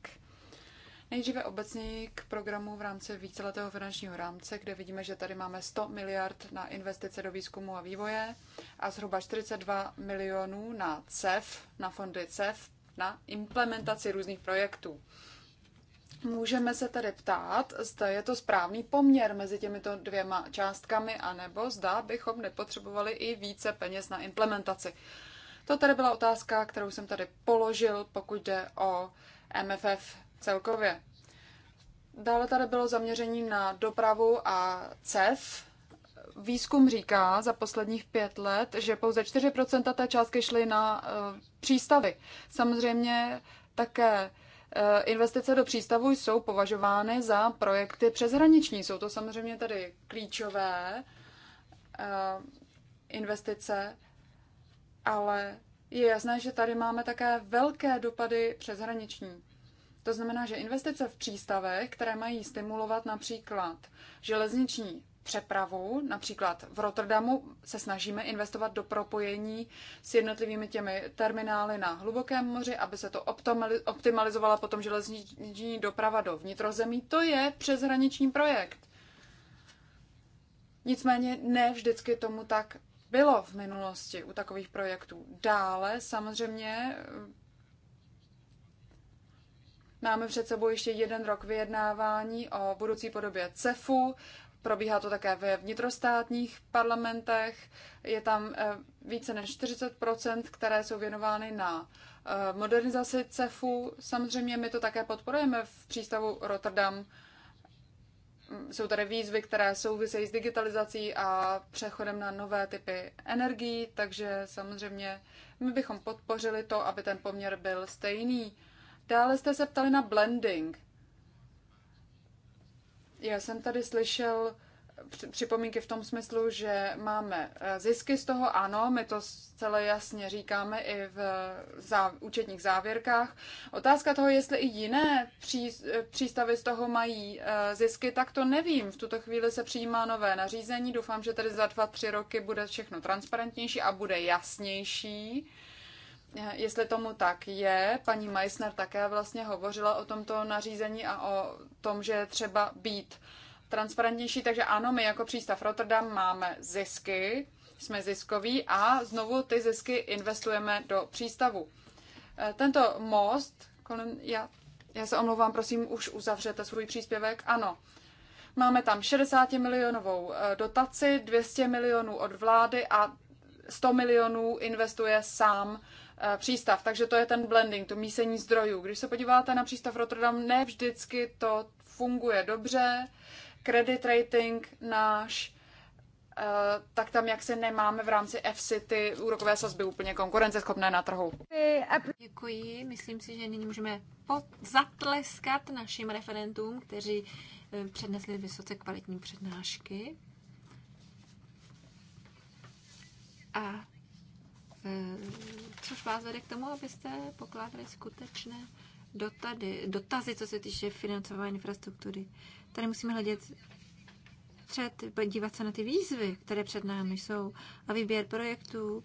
Nejdříve obecně k programu v rámci víceletého finančního rámce, kde vidíme, že tady máme 100 miliard na investice do výzkumu a vývoje a zhruba 42 milionů na CEF, na fondy CEF, na implementaci různých projektů. Můžeme se tedy ptát, zda je to správný poměr mezi těmito dvěma částkami, anebo zda bychom nepotřebovali i více peněz na implementaci. To tady byla otázka, kterou jsem tady položil, pokud jde o MFF celkově. Dále tady bylo zaměření na dopravu a CEF. Výzkum říká za posledních pět let, že pouze 4% té částky šly na uh, přístavy. Samozřejmě také eh, Investice do přístavu jsou považovány za projekty přeshraniční. Jsou to samozřejmě tady klíčové eh, investice, ale je jasné, že tady máme také velké dopady přeshraniční. To znamená, že investice v přístavech, které mají stimulovat například železniční přepravu, například v Rotterdamu se snažíme investovat do propojení s jednotlivými těmi terminály na hlubokém moři, aby se to optimalizovala potom železniční doprava do vnitrozemí. To je přeshraniční projekt. Nicméně ne vždycky tomu tak bylo v minulosti u takových projektů. Dále samozřejmě Máme před sebou ještě jeden rok vyjednávání o budoucí podobě CEFu. Probíhá to také ve vnitrostátních parlamentech. Je tam eh, více než 40 které jsou věnovány na eh, modernizaci CEFu. Samozřejmě my to také podporujeme v přístavu Rotterdam. Jsou tady výzvy, které souvisejí s digitalizací a přechodem na nové typy energií, takže samozřejmě my bychom podpořili to, aby ten poměr byl stejný Dále jste se ptali na blending. Já jsem tady slyšel připomínky v tom smyslu, že máme eh, zisky z toho, ano, my to celé jasně říkáme i v záv- účetních závěrkách. Otázka toho, jestli i jiné pří- eh, přístavy z toho mají eh, zisky, tak to nevím. V tuto chvíli se přijímá nové nařízení. Doufám, že tady za dva, tři roky bude všechno transparentnější a bude jasnější. Jestli tomu tak je, paní Meissner také vlastně hovořila o tomto nařízení a o tom, že je třeba být transparentnější, takže ano, my jako přístav Rotterdam máme zisky, jsme ziskoví a znovu ty zisky investujeme do přístavu. Eh, tento most, kolem, já, já se omlouvám, prosím, už uzavřete svůj příspěvek, ano. Máme tam 60 milionovou eh, dotaci, 200 milionů od vlády a 100 milionů investuje sám Eh, přístav, takže to je ten blending, to mísení zdrojů. Když se podíváte na přístav Rotterdam, ne vždycky to funguje dobře. Credit rating náš, eh, tak tam jak se nemáme v rámci F-City úrokové sazby úplně konkurenceschopné na trhu. Děkuji, myslím si, že nyní můžeme zatleskat našim referentům, kteří eh, přednesli vysoce kvalitní přednášky. A což vás vede k tomu, abyste pokládali skutečné dotady, dotazy, co se týče financování infrastruktury. Tady musíme hledět před, dívat se na ty výzvy, které před námi jsou a výběr projektů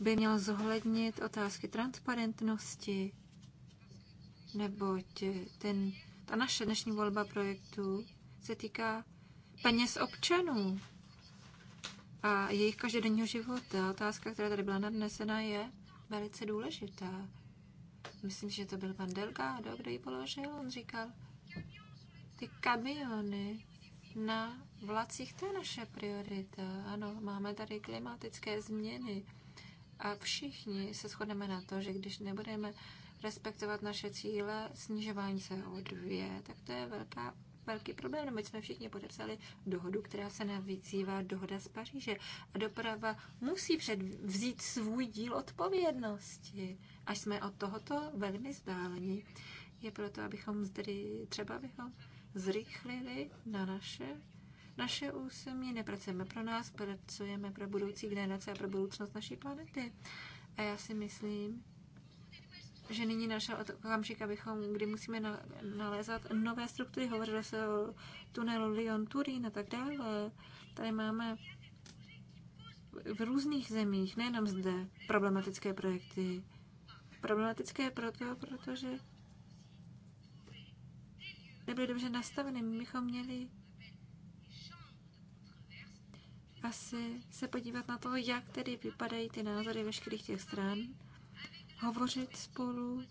by měl zohlednit otázky transparentnosti, neboť ten, ta naše dnešní volba projektů se týká peněz občanů a jejich každodenního života. Otázka, která tady byla nadnesena, je velice důležitá. Myslím, že to byl pan Delgado, kdo ji položil. On říkal, ty kamiony na vlacích, to je naše priorita. Ano, máme tady klimatické změny a všichni se shodneme na to, že když nebudeme respektovat naše cíle snižování CO2, tak to je velká velký problém, no my jsme všichni podepsali dohodu, která se nazývá dohoda z Paříže. A doprava musí vzít svůj díl odpovědnosti, až jsme od tohoto velmi vzdáleni. Je proto, abychom zdry, třeba bychom zrychlili na naše naše úsilí nepracujeme pro nás, pracujeme pro budoucí generace a pro budoucnost naší planety. A já si myslím, že nyní našel okamžik, abychom, kdy musíme nalézat nové struktury. Hovořilo se o tunelu Lyon-Turín a tak dále. Tady máme v různých zemích, nejenom zde, problematické projekty. Problematické proto, protože nebyly dobře nastaveny. My bychom měli asi se podívat na to, jak tedy vypadají ty názory veškerých těch stran hovořit spolu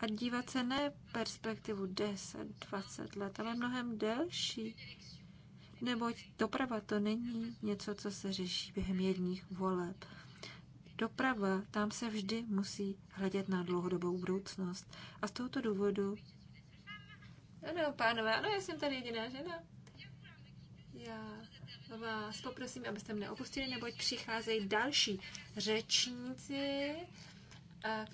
a dívat se ne perspektivu 10, 20 let, ale mnohem delší. Neboť doprava to není něco, co se řeší během jedních voleb. Doprava, tam se vždy musí hledět na dlouhodobou budoucnost. A z tohoto důvodu... Ano, pánové, ano, já jsem tady jediná žena. Já vás poprosím, abyste mě opustili, neboť přicházejí další řečníci,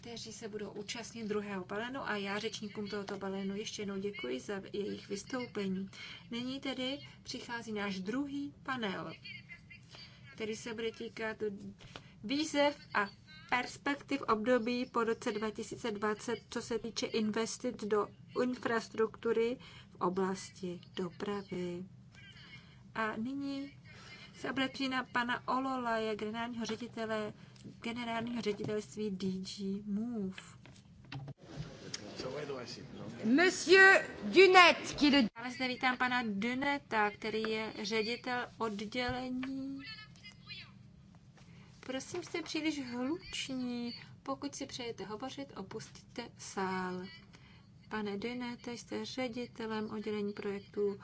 kteří se budou účastnit druhého balenu a já řečníkům tohoto balenu ještě jednou děkuji za jejich vystoupení. Nyní tedy přichází náš druhý panel, který se bude týkat výzev a perspektiv období po roce 2020, co se týče investic do infrastruktury v oblasti dopravy. A nyní se obrací na pana Olola je generálního ředitele generálního ředitelství DG Move. Monsieur Dunet, qui le... Ale zde vítám pana Duneta, který je ředitel oddělení. Prosím, jste příliš hluční. Pokud si přejete hovořit, opustíte sál. Pane Dunete, jste ředitelem oddělení projektů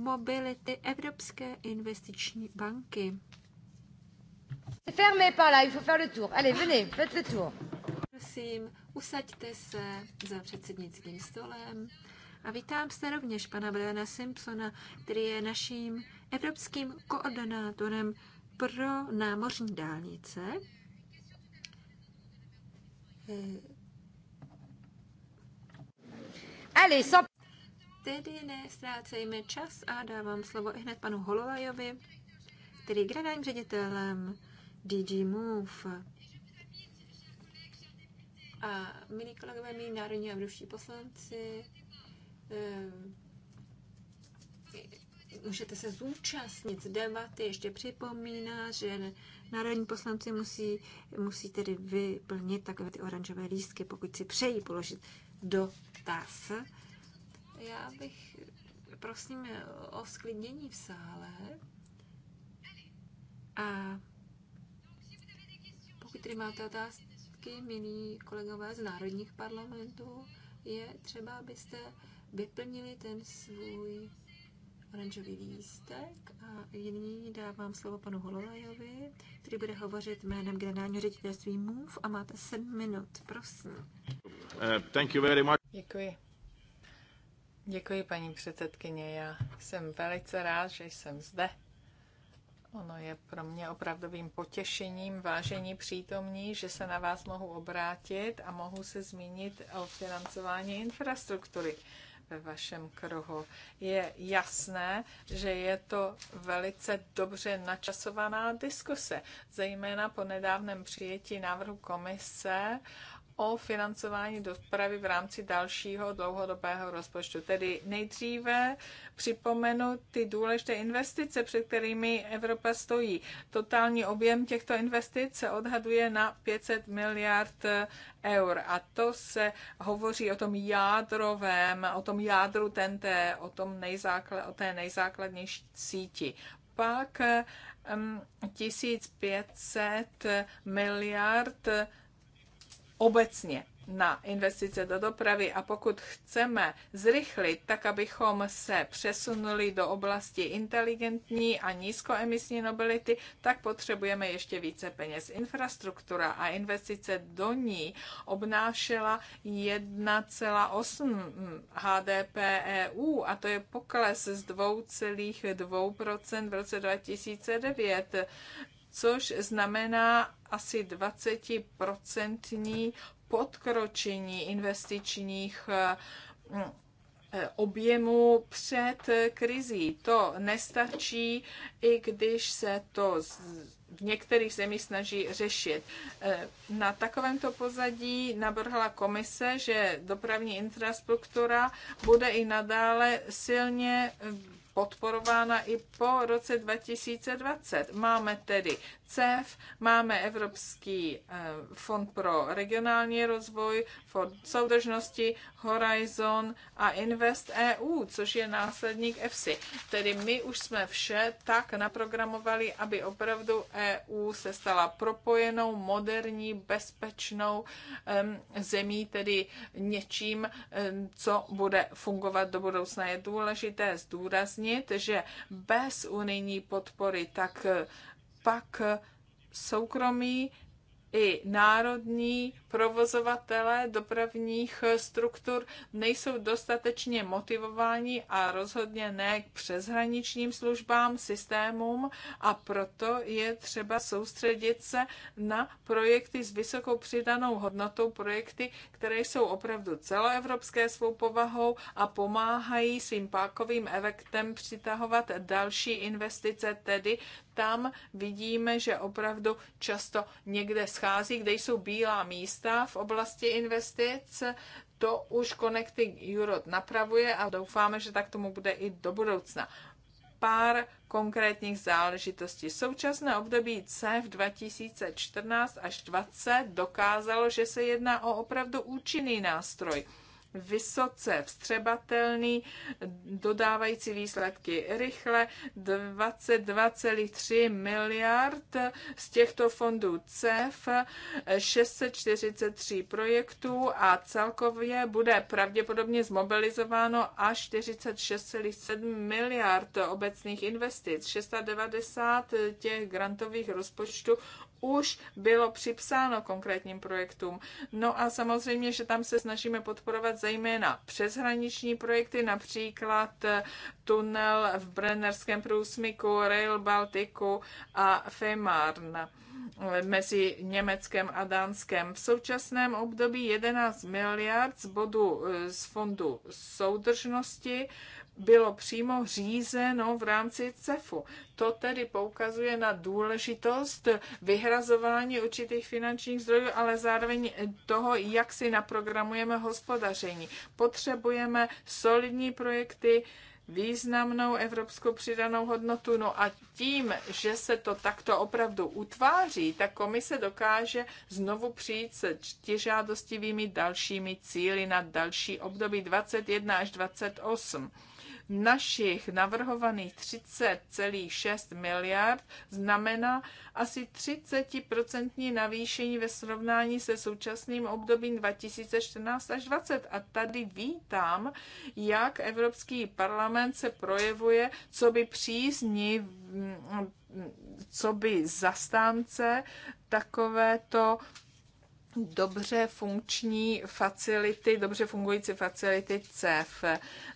mobility Evropské investiční banky. C'est fermé par là, il faut faire le tour. Allez, venez, faites le tour. Prosím, usaďte se za předsednickým stolem. A vítám se rovněž pana Briana Simpsona, který je naším evropským koordinátorem pro námořní dálnice. Allez, sans... Tedy nestrácejme čas a dávám slovo i hned panu Holovajovi, který je generálním ředitelem DG Move. A milí kolegové, milí národní a vruští poslanci, eh, můžete se zúčastnit debaty. Ještě připomíná, že národní poslanci musí, musí tedy vyplnit takové ty oranžové lístky, pokud si přejí položit dotaz. Já bych prosím o sklidnění v sále. A pokud tedy máte otázky, milí kolegové z národních parlamentů, je třeba, abyste vyplnili ten svůj oranžový lístek a nyní dávám slovo panu Hololajovi, který bude hovořit jménem generálního ředitelství MOVE a máte sedm minut, prosím. Uh, thank you very much. Děkuji. Děkuji, paní předsedkyně. Já jsem velice rád, že jsem zde. Ono je pro mě opravdovým potěšením, vážení přítomní, že se na vás mohu obrátit a mohu se zmínit o financování infrastruktury ve vašem kruhu. Je jasné, že je to velice dobře načasovaná diskuse, zejména po nedávném přijetí návrhu komise o financování dopravy v rámci dalšího dlouhodobého rozpočtu. Tedy nejdříve připomenu ty důležité investice, před kterými Evropa stojí. Totální objem těchto investic se odhaduje na 500 miliard eur. A to se hovoří o tom jádrovém, o tom jádru TNT, o, tom nejzáklad, o té nejzákladnější síti. Pak 1500 mm, miliard obecně na investice do dopravy a pokud chceme zrychlit, tak abychom se přesunuli do oblasti inteligentní a nízkoemisní mobility, tak potřebujeme ještě více peněz. Infrastruktura a investice do ní obnášela 1,8 HDP EU a to je pokles z 2,2% v roce 2009 což znamená asi 20% podkročení investičních mm, eh, objemu před krizí. To nestačí, i když se to v některých zemích snaží řešit. Eh, na takovémto pozadí nabrhla komise, že dopravní infrastruktura bude i nadále silně podporována i po roce 2020. Máme tedy CEF, máme Evropský eh, fond pro regionální rozvoj, fond soudržnosti, Horizon a Invest EU, což je následník EFSI. Tedy my už jsme vše tak naprogramovali, aby opravdu EU se stala propojenou, moderní, bezpečnou zemí, tedy něčím, co bude fungovat do budoucna. Je důležité zdůraznit, zdůraznit, že bez unijní podpory tak pak soukromí i národní provozovatelé dopravních struktur nejsou dostatečně motivováni a rozhodně ne k přeshraničním službám, systémům a proto je třeba soustředit se na projekty s vysokou přidanou hodnotou, projekty, které jsou opravdu celoevropské svou povahou a pomáhají svým pákovým efektem přitahovat další investice, tedy tam vidíme, že opravdu často někde schází, kde jsou bílá místa v oblasti investic, to už Connecting Europe napravuje a doufáme, že tak tomu bude i do budoucna. Pár konkrétních záležitostí. Současné období CEF 2014 až 2020 dokázalo, že se jedná o opravdu účinný nástroj vysoce vstřebatelný, dodávající výsledky rychle. 22,3 miliard z těchto fondů e CEF, 643 projektů a celkově bude pravděpodobně zmobilizováno až 46,7 miliard obecných investic. 690 těch grantových rozpočtů už bylo připsáno konkrétním projektům. No a samozřejmě, že tam se snažíme podporovat zejména přeshraniční projekty, například eh, tunel v Brennerském průsmyku, Rail Baltiku a Femarn eh, mezi Německem a Dánskem. V současném období 11 miliard z bodu eh, z fondu soudržnosti bylo přímo řízeno v rámci CEFu. To tedy poukazuje na důležitost vyhrazování určitých finančních zdrojů, ale zároveň toho, jak si naprogramujeme hospodaření. Potřebujeme solidní projekty, významnou evropskou přidanou hodnotu. No a tím, že se to takto opravdu utváří, tak komise dokáže znovu přijít se čtyřádostivými dalšími cíly na další období 21 až 28 našich navrhovaných 30,6 miliard znamená asi 30% navýšení ve srovnání se současným obdobím 2014 až 2020. A tady vítám, jak Evropský parlament se projevuje, co by přízní, co by zastánce takovéto dobře funkční facility, dobře fungující facility CEF.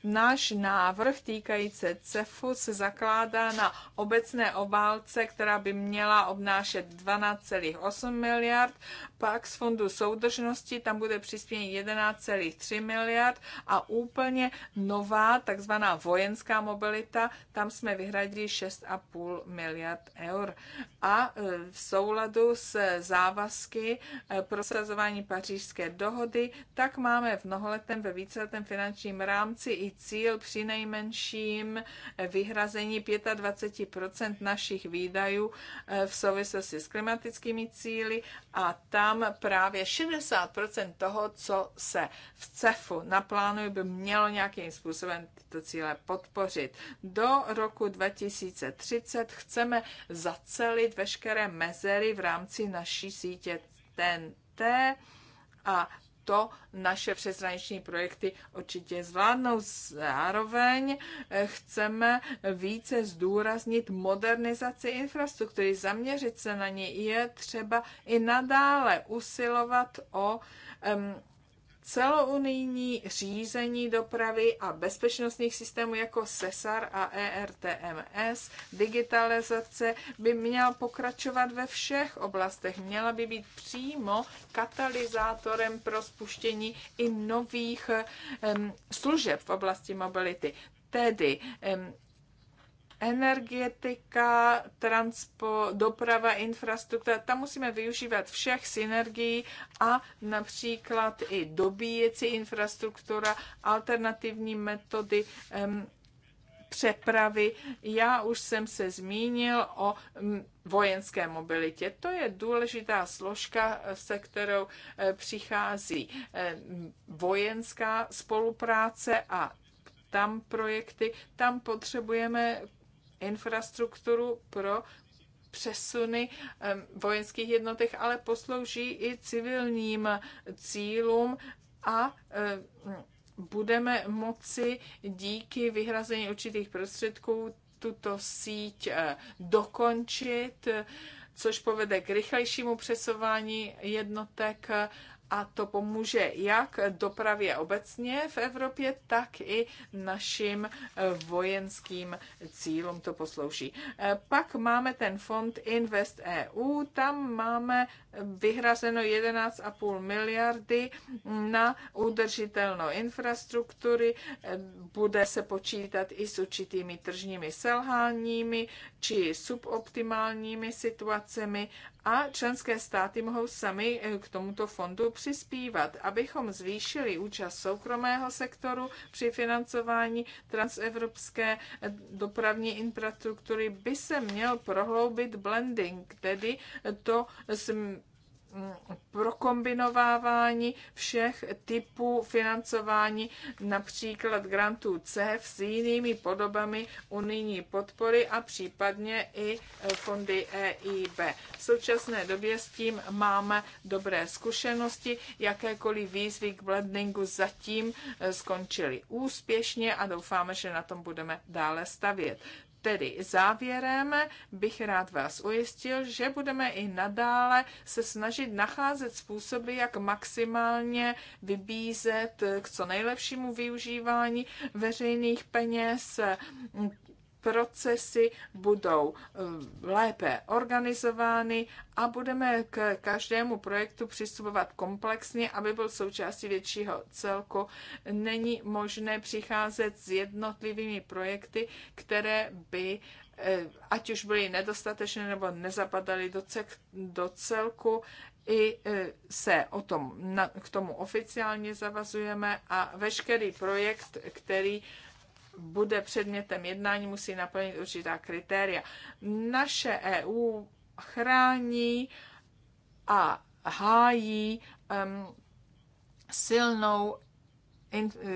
Náš návrh týkající se CEFu se zakládá na obecné obálce, která by měla obnášet 12,8 miliard, pak z fondu soudržnosti tam bude přispění 11,3 miliard a úplně nová takzvaná vojenská mobilita, tam jsme vyhradili 6,5 miliard eur. A e, v souladu s závazky e, pro prosazování pařížské dohody, tak máme v mnoholetém ve víceletém finančním rámci i cíl při nejmenším vyhrazení 25 našich výdajů eh, v souvislosti s klimatickými cíly a tam právě 60 toho, co se v CEFu naplánuje, by mělo nějakým způsobem tyto cíle podpořit. Do roku 2030 chceme zacelit veškeré mezery v rámci naší sítě ten a to naše přeshraniční projekty určitě zvládnou. Zároveň eh, chceme více zdůraznit modernizaci infrastruktury, zaměřit se na ně. Je třeba i nadále usilovat o um, celounijní řízení dopravy a bezpečnostních systémů jako SESAR a ERTMS, digitalizace by měla pokračovat ve všech oblastech. Měla by být přímo katalyzátorem pro spuštění i nových um, služeb v oblasti mobility. Tedy um, energetika, transport, doprava, infrastruktura, tam musíme využívat všech synergií a například i dobíjecí infrastruktura, alternativní metody um, přepravy. Já už jsem se zmínil o vojenské mobilitě. To je důležitá složka, se kterou e, přichází e, vojenská spolupráce a tam projekty, tam potřebujeme infrastrukturu pro přesuny vojenských jednotek, ale poslouží i civilním cílům a budeme moci díky vyhrazení určitých prostředků tuto síť e, dokončit, což povede k rychlejšímu přesování jednotek a to pomůže jak dopravě obecně v Evropě, tak i našim eh, vojenským cílům to poslouží. Eh, pak máme ten fond Invest EU, tam máme vyhrazeno 11,5 miliardy na udržitelnou infrastruktury. Bude se počítat i s určitými tržními selháními či suboptimálními situacemi a členské státy mohou sami eh, k tomuto fondu přispívat. Abychom zvýšili účast soukromého sektoru při financování transevropské eh, dopravní infrastruktury, by se měl prohloubit blending, tedy to prokombinovávání všech typů financování, například grantů CEF s jinými podobami unijní podpory a případně i fondy EIB. V současné době s tím máme dobré zkušenosti. Jakékoliv výzvy k blendingu zatím skončily úspěšně a doufáme, že na tom budeme dále stavět. Tedy závěrem bych rád vás ujistil, že budeme i nadále se snažit nacházet způsoby, jak maximálně vybízet k co nejlepšímu využívání veřejných peněz, procesy budou eh, lépe organizovány a budeme k každému projektu přistupovat komplexně, aby byl součástí většího celku. Není možné přicházet s jednotlivými projekty, které by eh, ať už byly nedostatečné nebo nezapadaly do, do celku, i eh, se o tom, k tomu oficiálně zavazujeme a veškerý projekt, který bude předmětem jednání, musí naplnit určitá kritéria. Naše EU chrání a hájí um, silnou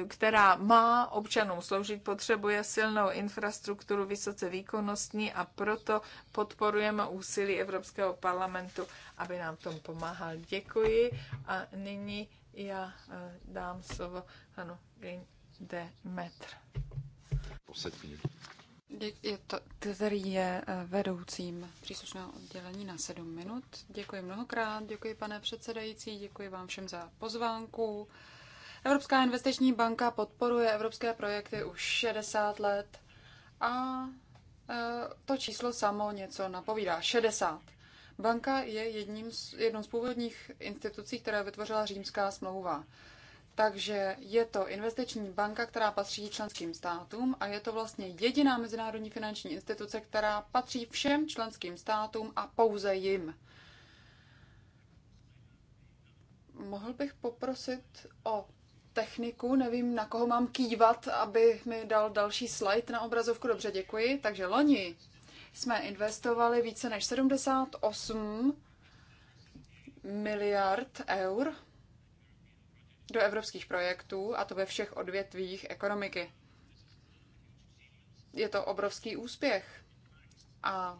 která má občanům sloužit, potřebuje silnou infrastrukturu vysoce výkonnostní a proto podporujeme úsilí Evropského parlamentu, aby nám v tom pomáhal. Děkuji a nyní já eh, dám slovo panu Green de Metr. Je to, který je eh, vedoucím příslušného oddělení na sedm minut. Děkuji mnohokrát, děkuji pane předsedající, děkuji vám všem za pozvánku. Evropská investiční banka podporuje evropské projekty už 60 let a eh, to číslo samo něco napovídá. 60. Banka je jedním z, jednou z původních institucí, která vytvořila římská smlouva. Takže je to investiční banka, která patří členským státům a je to vlastně jediná mezinárodní finanční instituce, která patří všem členským státům a pouze jim. Mohl bych poprosit o techniku, nevím, na koho mám kývat, aby mi dal další slide na obrazovku. Dobře, děkuji. Takže loni jsme investovali více než 78 miliard eur do evropských projektů, a to ve všech odvětvích ekonomiky. Je to obrovský úspěch. A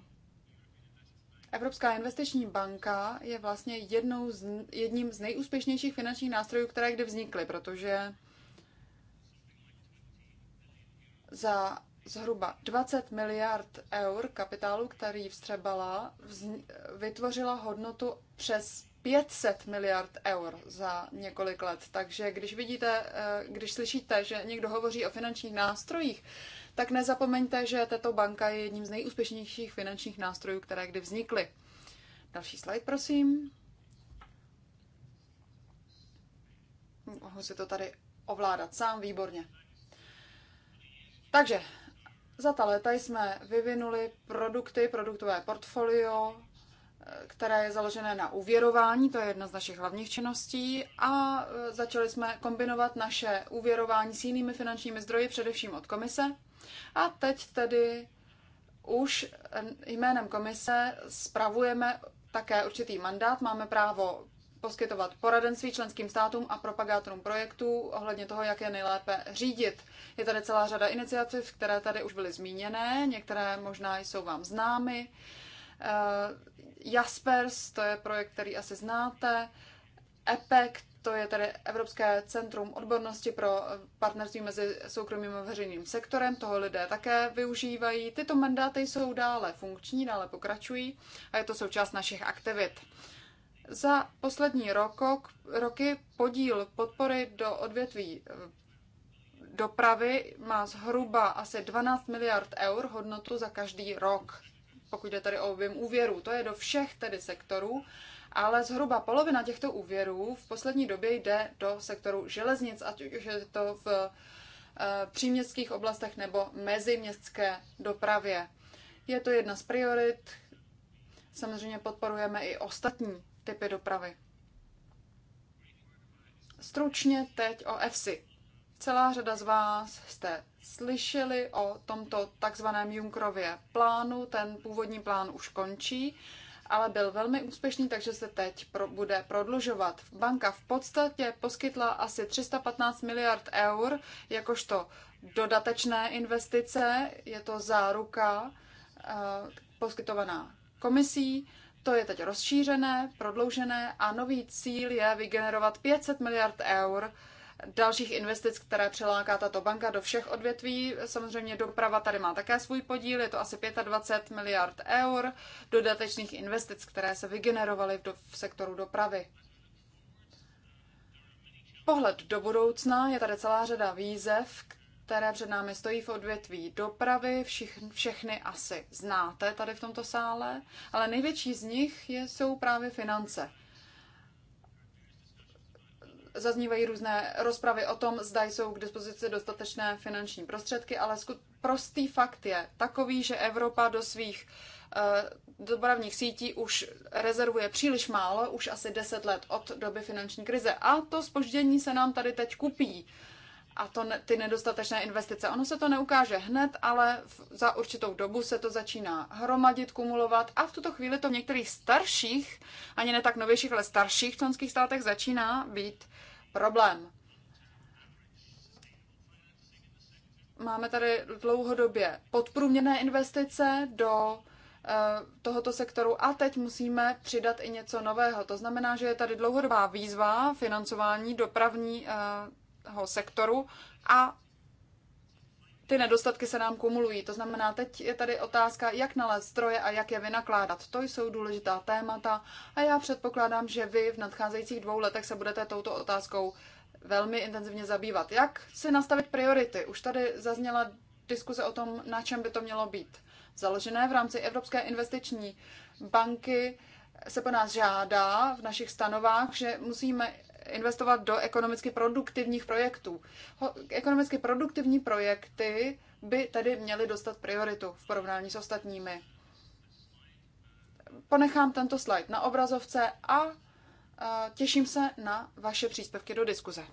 Evropská investiční banka je vlastně jednou z, jedním z nejúspěšnějších finančních nástrojů, které kdy vznikly, protože za zhruba 20 miliard eur kapitálu, který vstřebala, vytvořila hodnotu přes 500 miliard eur za několik let. Takže když vidíte, eh, když slyšíte, že někdo hovoří o finančních nástrojích, tak nezapomeňte, že tato banka je jedním z nejúspěšnějších finančních nástrojů, které kdy vznikly. Další slide, prosím. Mohu si to tady ovládat sám, výborně. Takže za ta léta jsme vyvinuli produkty, produktové portfolio, které je založené na uvěrování, to je jedna z našich hlavních činností, a e, začali jsme kombinovat naše uvěrování s jinými finančními zdroji, především od komise. A teď tedy už e, jménem komise spravujeme také určitý mandát. Máme právo poskytovat poradenství členským státům a propagátorům projektů ohledně toho, jak je nejlépe řídit. Je tady celá řada iniciativ, které tady už byly zmíněné, některé možná jsou vám známy. Eh, Jaspers, to je projekt, který asi znáte, EPEC, to je tedy Evropské centrum odbornosti pro partnerství mezi soukromým a veřejným sektorem, toho lidé také využívají. Tyto mandáty jsou dále funkční, dále pokračují a je to součást našich aktivit. Za poslední rokok, roky podíl podpory do odvětví eh, dopravy má zhruba asi 12 miliard eur hodnotu za každý rok pokud jde tady o objem úvěrů. To je do všech tedy sektorů, ale zhruba polovina těchto úvěrů v poslední době jde do sektoru železnic, ať už je to v eh, příměstských oblastech nebo meziměstské dopravě. Je to jedna z priorit. Samozřejmě podporujeme i ostatní typy dopravy. Stručně teď o EFSI. Celá řada z vás jste slyšeli o tomto takzvaném Junkrově plánu. Ten původní plán už končí, ale byl velmi úspěšný, takže se teď pro, bude prodlužovat. Banka v podstatě poskytla asi 315 miliard eur jakožto dodatečné investice. Je to záruka uh, poskytovaná komisí. To je teď rozšířené, prodloužené a nový cíl je vygenerovat 500 miliard eur uh, dalších investic, které přiláká tato banka do všech odvětví. Samozřejmě doprava tady má také svůj podíl, je to asi 25 miliard eur dodatečných investic, které se vygenerovaly v sektoru dopravy. Pohled do budoucna je tady celá řada výzev, které před námi stojí v odvětví dopravy, všich, všechny asi znáte tady v tomto sále, ale největší z nich je, jsou právě finance zaznívají různé rozpravy o tom, zda jsou k dispozici dostatečné finanční prostředky, ale prostý fakt je takový, že Evropa do svých eh, dopravních sítí už rezervuje příliš málo, už asi 10 let od doby finanční krize. A to spoždění se nám tady teď kupí. A to ne, ty nedostatečné investice. Ono se to neukáže hned, ale v, za určitou dobu se to začíná hromadit, kumulovat a v tuto chvíli to v některých starších, ani ne tak novějších, ale starších členských státech začíná být uh, problém. Máme tady dlouhodobě podprůměrné investice do eh, tohoto sektoru a teď musíme přidat i něco nového. To znamená, že je tady dlouhodobá výzva financování dopravního eh, sektoru a ty nedostatky se nám kumulují. To znamená, teď je tady otázka, jak nalézt stroje a jak je vynakládat. To jsou důležitá témata a já předpokládám, že vy v nadcházejících dvou letech se budete touto otázkou velmi intenzivně zabývat. Jak si nastavit priority? Už tady zazněla diskuze o tom, na čem by to mělo být. Založené v rámci Evropské investiční banky se po nás žádá v našich stanovách, že musíme investovat do ekonomicky produktivních projektů. Ekonomicky produktivní projekty by tady měly dostat prioritu v porovnání s ostatními. Ponechám tento slide na obrazovce a těším se na vaše příspěvky do diskuze.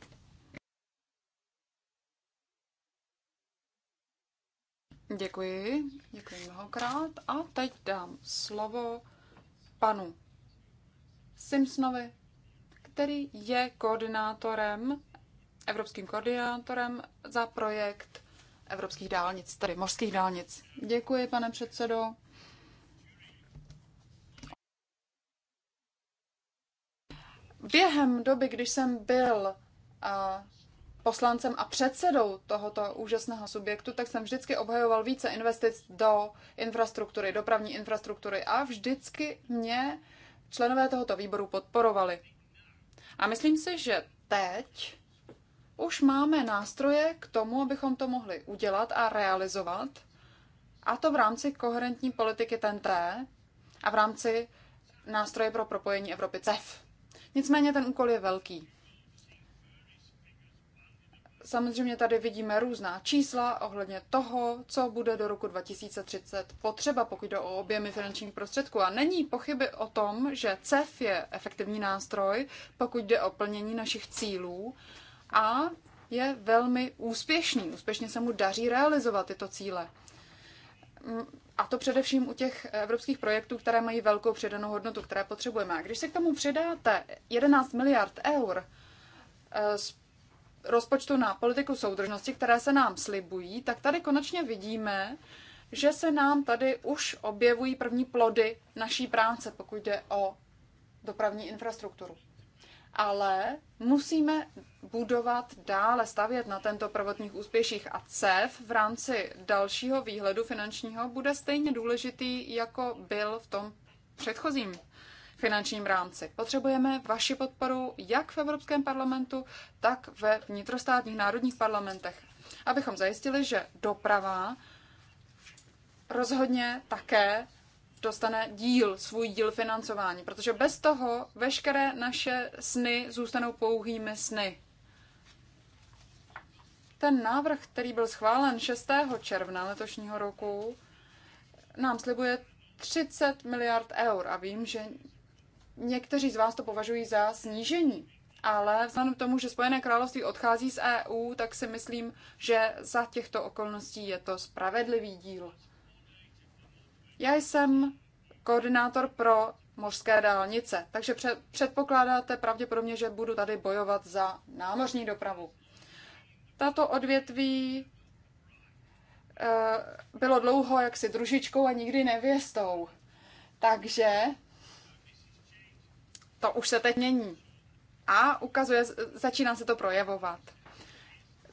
Děkuji, děkuji mnohokrát. A teď dám slovo panu Simpsonovi který je koordinátorem, evropským koordinátorem za projekt evropských dálnic, tedy mořských dálnic. Děkuji, pane předsedo. Během doby, když jsem byl poslancem a předsedou tohoto úžasného subjektu, tak jsem vždycky obhajoval více investic do infrastruktury, dopravní infrastruktury a vždycky mě členové tohoto výboru podporovali. A myslím si, že teď už máme nástroje k tomu, abychom to mohli udělat a realizovat, a to v rámci koherentní politiky TNT a v rámci nástroje pro propojení Evropy CEF. Nicméně ten úkol je velký. Samozřejmě tady vidíme různá čísla ohledně toho, co bude do roku 2030 potřeba, pokud jde o objemy finančních prostředků. A není pochyby o tom, že CEF je efektivní nástroj, pokud jde o plnění našich cílů a je velmi úspěšný. Úspěšně se mu daří realizovat tyto cíle. Mm, a to především u těch evropských projektů, které mají velkou přidanou hodnotu, které potřebujeme. A když se k tomu přidáte 11 miliard eur eh, z rozpočtu na politiku soudržnosti, které se nám slibují, tak tady konečně vidíme, že se nám tady už objevují první plody naší práce, pokud jde o dopravní infrastrukturu. Ale musíme budovat dále, stavět na tento prvotních úspěších a CEF v rámci dalšího výhledu finančního bude stejně důležitý, jako byl v tom předchozím finančním rámci. Potřebujeme vaši podporu jak v Evropském parlamentu, tak ve vnitrostátních národních parlamentech, abychom zajistili, že doprava rozhodně také dostane díl, svůj díl financování, protože bez toho veškeré naše sny zůstanou pouhými sny. Ten návrh, který byl schválen 6. června letošního roku, nám slibuje 30 miliard eur a vím, že Někteří z vás to považují za snížení, ale vzhledem k tomu, že Spojené království odchází z EU, tak si myslím, že za těchto okolností je to spravedlivý díl. Já jsem koordinátor pro mořské dálnice, takže předpokládáte pravděpodobně, že budu tady bojovat za námořní dopravu. Tato odvětví eh, bylo dlouho jaksi družičkou a nikdy nevěstou. Takže to už se teď mění. A ukazuje, začíná se to projevovat.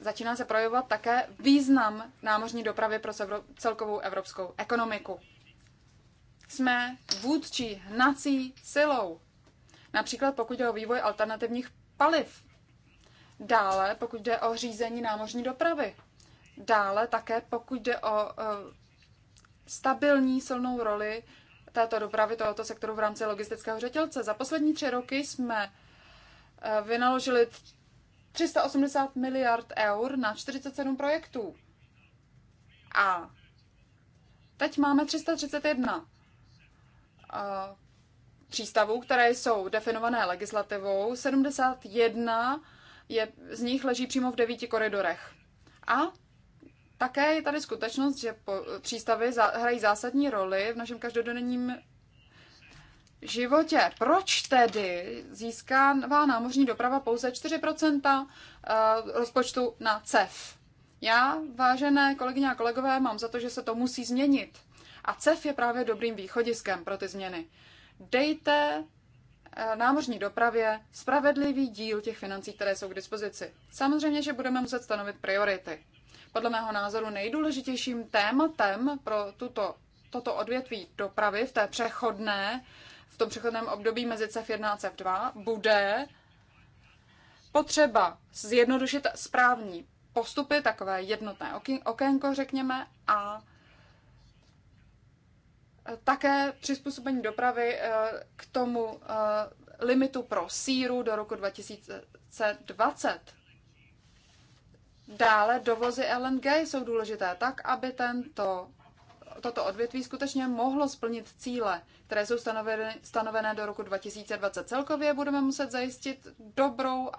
Začíná se projevovat také význam námořní dopravy pro celkovou evropskou ekonomiku. Jsme vůdčí hnací silou. Například pokud jde o vývoj alternativních paliv. Dále pokud jde o řízení námořní dopravy. Dále také pokud jde o eh, stabilní silnou roli této dopravy, tohoto sektoru v rámci logistického řetělce. Za poslední tři roky jsme eh, vynaložili 380 miliard eur na 47 projektů. A teď máme 331 eh, přístavů, které jsou definované legislativou. 71 je, z nich leží přímo v devíti koridorech. A také je tady skutečnost, že po, přístavy za, hrají zásadní roli v našem každodenním životě. Proč tedy získává námořní doprava pouze 4% eh, rozpočtu na CEF? Já, vážené kolegyně a kolegové, mám za to, že se to musí změnit. A CEF je právě dobrým východiskem pro ty změny. Dejte eh, námořní dopravě spravedlivý díl těch financí, které jsou k dispozici. Samozřejmě, že budeme muset stanovit priority podle mého názoru nejdůležitějším tématem pro tuto, toto odvětví dopravy v té přechodné, v tom přechodném období mezi CEF 1 a CEF 2 bude potřeba zjednodušit správní postupy, takové jednotné okénko, řekněme, a také přizpůsobení dopravy eh, k tomu eh, limitu pro síru do roku 2020. Dále dovozy LNG jsou důležité tak, aby tento, toto odvětví skutečně mohlo splnit cíle, které jsou stanovené, stanovené do roku 2020. Celkově budeme muset zajistit dobrou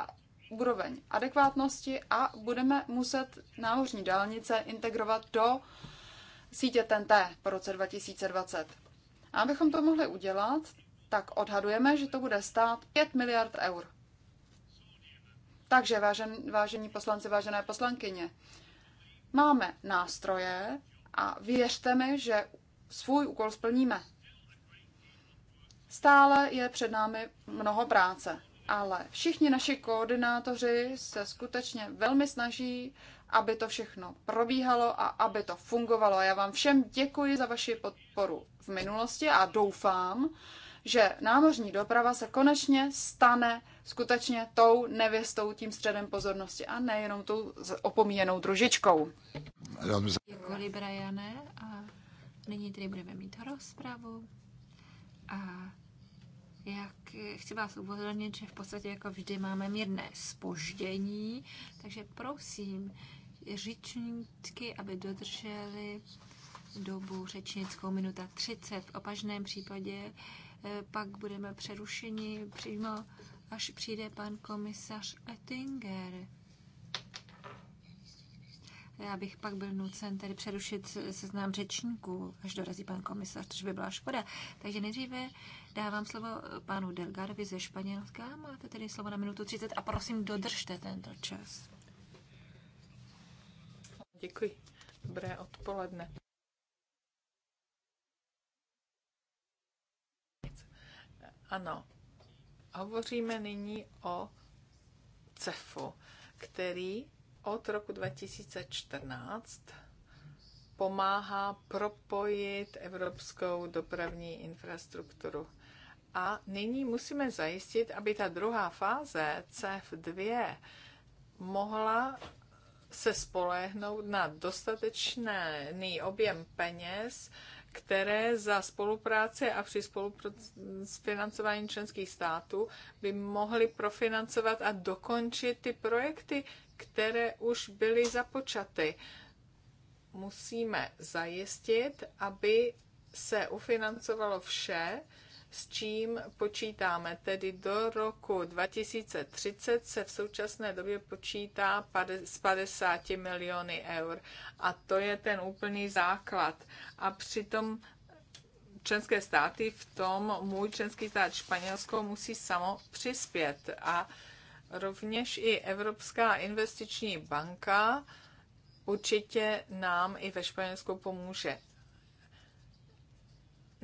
úroveň adekvátnosti a budeme muset námořní dálnice integrovat do sítě TNT po roce 2020. A abychom to mohli udělat, tak odhadujeme, že to bude stát 5 miliard eur. Takže, vážen, vážení poslanci, vážené poslankyně, máme nástroje a věřte mi, že svůj úkol splníme. Stále je před námi mnoho práce, ale všichni naši koordinátoři se skutečně velmi snaží, aby to všechno probíhalo a aby to fungovalo. Já vám všem děkuji za vaši podporu v minulosti a doufám, že námořní doprava se konečně stane skutečně tou nevěstou, tím středem pozornosti a nejenom tou opomíjenou družičkou. Děkuji, Briane. A nyní tedy budeme mít rozpravu. A jak chci vás upozornit, že v podstatě jako vždy máme mírné spoždění, takže prosím řečníky, aby dodrželi dobu řečnickou minuta 30. V opažném případě Eh, pak budeme přerušeni přímo, až přijde pan komisař Oettinger. Já bych pak byl nucen tedy přerušit seznam řečníků, až dorazí pan komisař, což by byla škoda. Takže nejdříve dávám slovo panu Delgarovi ze Španělska. Máte tedy slovo na minutu 30 a prosím, dodržte tento čas. Děkuji. Dobré odpoledne. Ano, hovoříme nyní o CEFu, který od roku 2014 pomáhá propojit evropskou dopravní infrastrukturu. A nyní musíme zajistit, aby ta druhá fáze CEF 2 mohla se spolehnout na dostatečný objem peněz které za spolupráce a při spolufinancování členských států by mohly profinancovat a dokončit ty projekty, které už byly započaty. Musíme zajistit, aby se ufinancovalo vše, s čím počítáme. Tedy do roku 2030 se v současné době počítá s 50 miliony eur. A to je ten úplný základ. A přitom členské státy v tom, můj členský stát Španělsko musí samo přispět. A rovněž i Evropská investiční banka určitě nám i ve Španělsku pomůže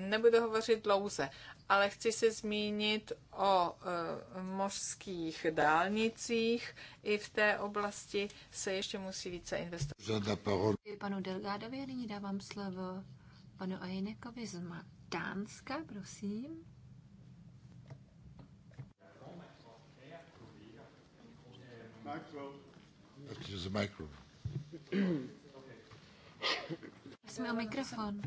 nebudu hovořit dlouze, ale chci se zmínit o e, mořských dálnicích. I v té oblasti se ještě musí více investovat. Panu Delgádovi a nyní dávám slovo panu Ajinekovi z Matánska, prosím. Micro. Use the micro. Jsme o mikrofon.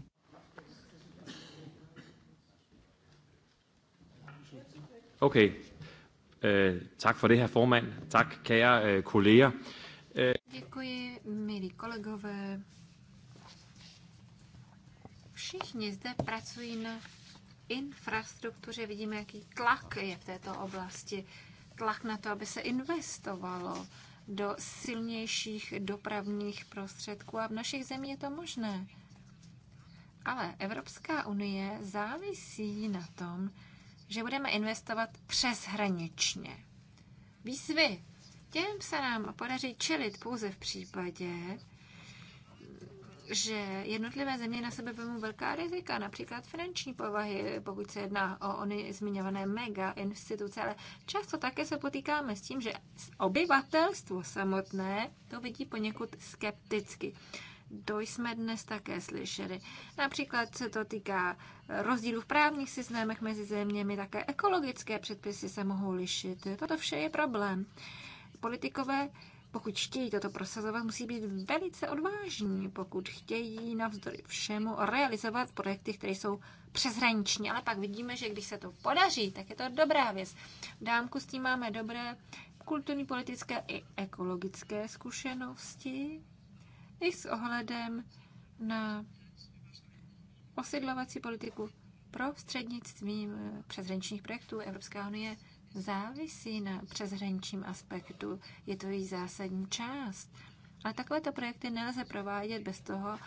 Okay. Øh, tak for det, her formand. Tak, kære øh, kolleger. Děkuji, milí kolegové. Všichni zde pracují na infrastruktuře. Vidíme, jaký tlak je v této oblasti. Tlak na to, aby se investovalo do silnějších dopravních prostředků a v našich zemích je to možné. Ale Evropská unie závisí na tom, že budeme investovat přeshraničně. Výzvy. Těm se nám podaří čelit pouze v případě, že jednotlivé země na sebe vezmou velká rizika, například finanční povahy, pokud se jedná o ony zmiňované mega instituce, ale často také se potýkáme s tím, že obyvatelstvo samotné to vidí poněkud skepticky. To jsme dnes také slyšeli. Například se to týká rozdílů v právních systémech mezi zeměmi, také ekologické předpisy se mohou lišit. Toto vše je problém. Politikové pokud chtějí toto prosazovat, musí být velice odvážní, pokud chtějí navzdory všemu realizovat projekty, které jsou přeshraniční. Ale pak vidíme, že když se to podaří, tak je to dobrá věc. V dámku s tím máme dobré kulturní, politické i ekologické zkušenosti i s ohledem na osidlovací politiku pro střednictvím eh, přeshraničních projektů Evropská unie závisí na přeshraničním aspektu. Je to její zásadní část. Ale takovéto projekty nelze provádět bez toho,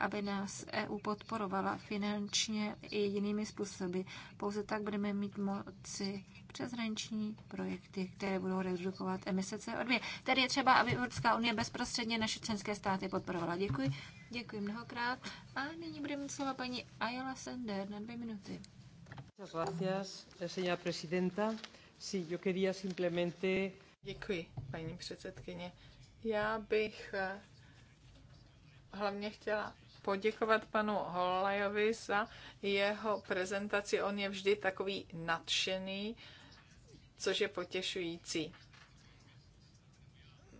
aby nás EU podporovala finančně i jinými způsoby. Pouze tak budeme mít moci přeshraniční projekty, které budou redukovat emise CO2. Tady je třeba, aby Evropská unie bezprostředně naše členské státy podporovala. Děkuji. Děkuji mnohokrát. A nyní budeme mít slova paní Ayala Sender na dvě minuty. Děkuji, paní předsedkyně. Já bych hlavně chtěla poděkovat panu Holajovi za jeho prezentaci. On je vždy takový nadšený, což je potěšující.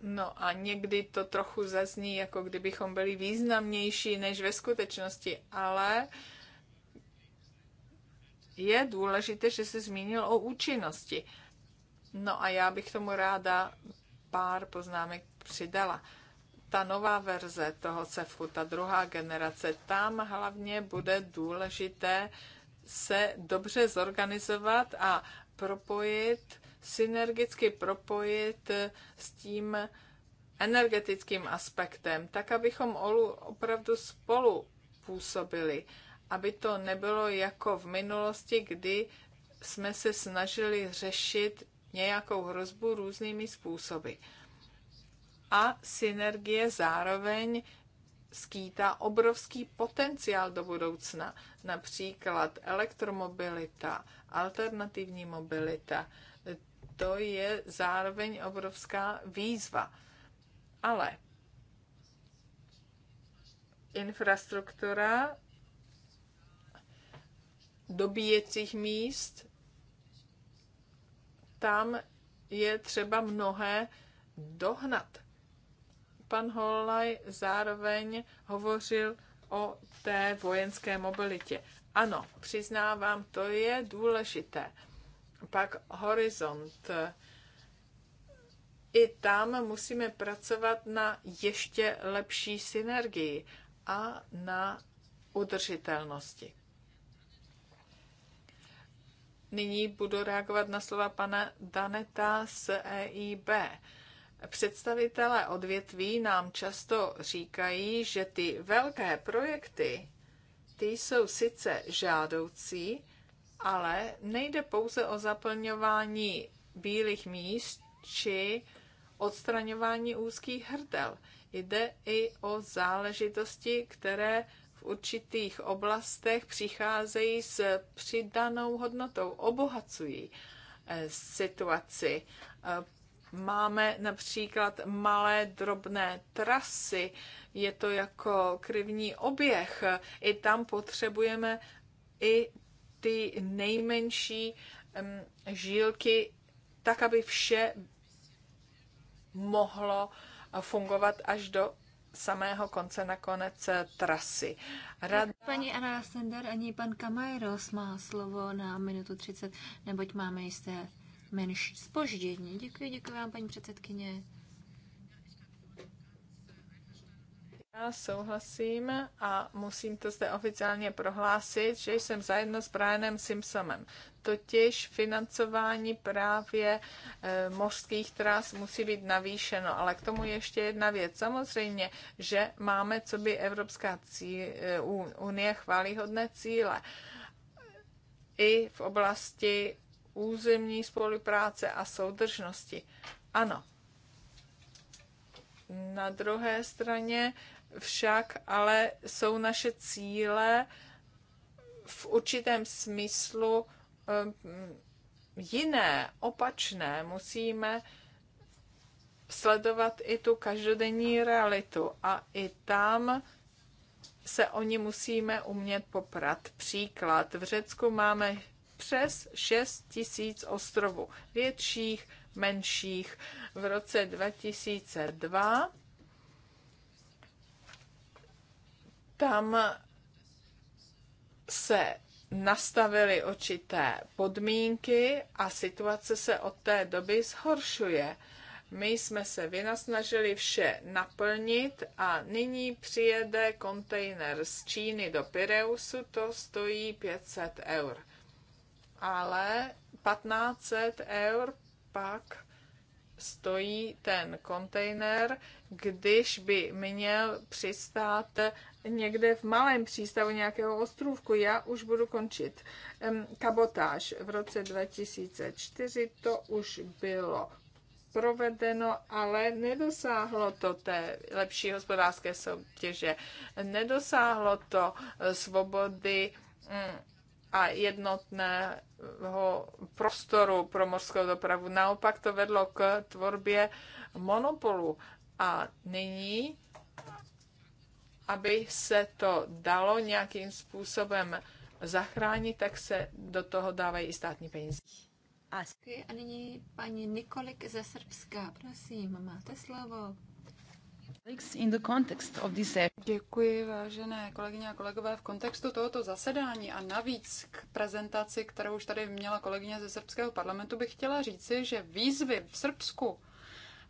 No a někdy to trochu zazní, jako kdybychom byli významnější než ve skutečnosti, ale je důležité, že se zmínil o účinnosti. No a já bych tomu ráda pár poznámek přidala ta nová verze toho CEFu, ta druhá generace, tam hlavně bude důležité se dobře zorganizovat a propojit, synergicky propojit s tím energetickým aspektem, tak abychom opravdu spolu působili, aby to nebylo jako v minulosti, kdy jsme se snažili řešit nějakou hrozbu různými způsoby a synergie zároveň skýtá obrovský potenciál do budoucna, například elektromobilita, alternativní mobilita. To je zároveň obrovská výzva. Ale infrastruktura dobíjecích míst, tam je třeba mnohé dohnat pan Hollaj zároveň hovořil o té vojenské mobilitě. Ano, přiznávám, to je důležité. Pak horizont. I tam musíme pracovat na ještě lepší synergii a na udržitelnosti. Nyní budu reagovat na slova pana Daneta z EIB. Představitelé odvětví nám často říkají, že ty velké projekty, ty jsou sice žádoucí, ale nejde pouze o zaplňování bílých míst či odstraňování úzkých hrdel. Jde i o záležitosti, které v určitých oblastech přicházejí s přidanou hodnotou, obohacují eh, situaci, Máme například malé drobné trasy, je to jako krivní oběh. I tam potřebujeme i ty nejmenší žílky, tak aby vše mohlo fungovat až do samého konce na konec eh, trasy. Rada... Paní Anna Sender ani pan Kamajros má slovo na minutu 30, neboť máme jisté menší spoždění. Děkuji, děkuji vám, paní předsedkyně. Já souhlasím a musím to zde oficiálně prohlásit, že jsem zajedno s Brianem Simpsonem. Totiž financování právě e, mořských tras musí být navýšeno. Ale k tomu ještě jedna věc. Samozřejmě, že máme, co by Evropská cí, e, eh, unie chválihodné cíle i v oblasti územní spolupráce a soudržnosti. Ano. Na druhé straně však ale jsou naše cíle v určitém smyslu um, jiné, opačné. Musíme sledovat i tu každodenní realitu a i tam se oni musíme umět poprat. Příklad, v Řecku máme přes 6 tisíc ostrovů, větších, menších. V roce 2002 tam se nastavily určité podmínky a situace se od té doby zhoršuje. My jsme se vynasnažili vše naplnit a nyní přijede kontejner z Číny do Pireusu, to stojí 500 eur ale 1500 eur pak stojí ten kontejner, když by měl přistát někde v malém přístavu nějakého ostrůvku. Já už budu končit. Kabotáž v roce 2004 to už bylo provedeno, ale nedosáhlo to té lepší hospodářské soutěže. Nedosáhlo to svobody mm, a jednotného prostoru pro morskou dopravu. Naopak to vedlo k tvorbě monopolu. A nyní, aby se to dalo nějakým způsobem zachránit, tak se do toho dávají i státní peníze. A nyní paní Nikolik ze Srbska, prosím, máte slovo. Děkuji, vážené kolegyně a kolegové. V kontextu tohoto zasedání a navíc k prezentaci, kterou už tady měla kolegyně ze Srbského parlamentu, bych chtěla říci, že výzvy v Srbsku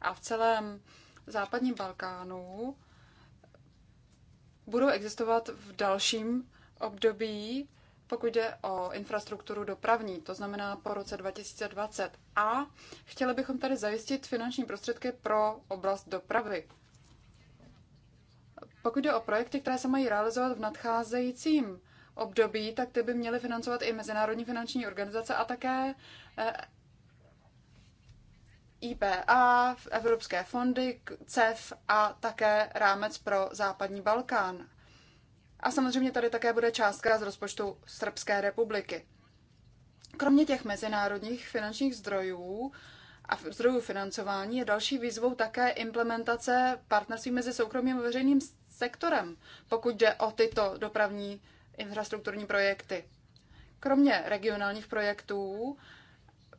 a v celém západním Balkánu budou existovat v dalším období, pokud jde o infrastrukturu dopravní, to znamená po roce 2020. A chtěli bychom tady zajistit finanční prostředky pro oblast dopravy. Pokud jde o projekty, které se mají realizovat v nadcházejícím období, tak ty by měly financovat i mezinárodní finanční organizace a také eh, IPA, evropské fondy, CEF a také rámec pro západní Balkán. A samozřejmě tady také bude částka z rozpočtu Srbské republiky. Kromě těch mezinárodních finančních zdrojů a zdrojů financování je další výzvou také implementace partnerství mezi soukromým a veřejným sektorem, pokud jde o tyto dopravní infrastrukturní projekty. Kromě regionálních projektů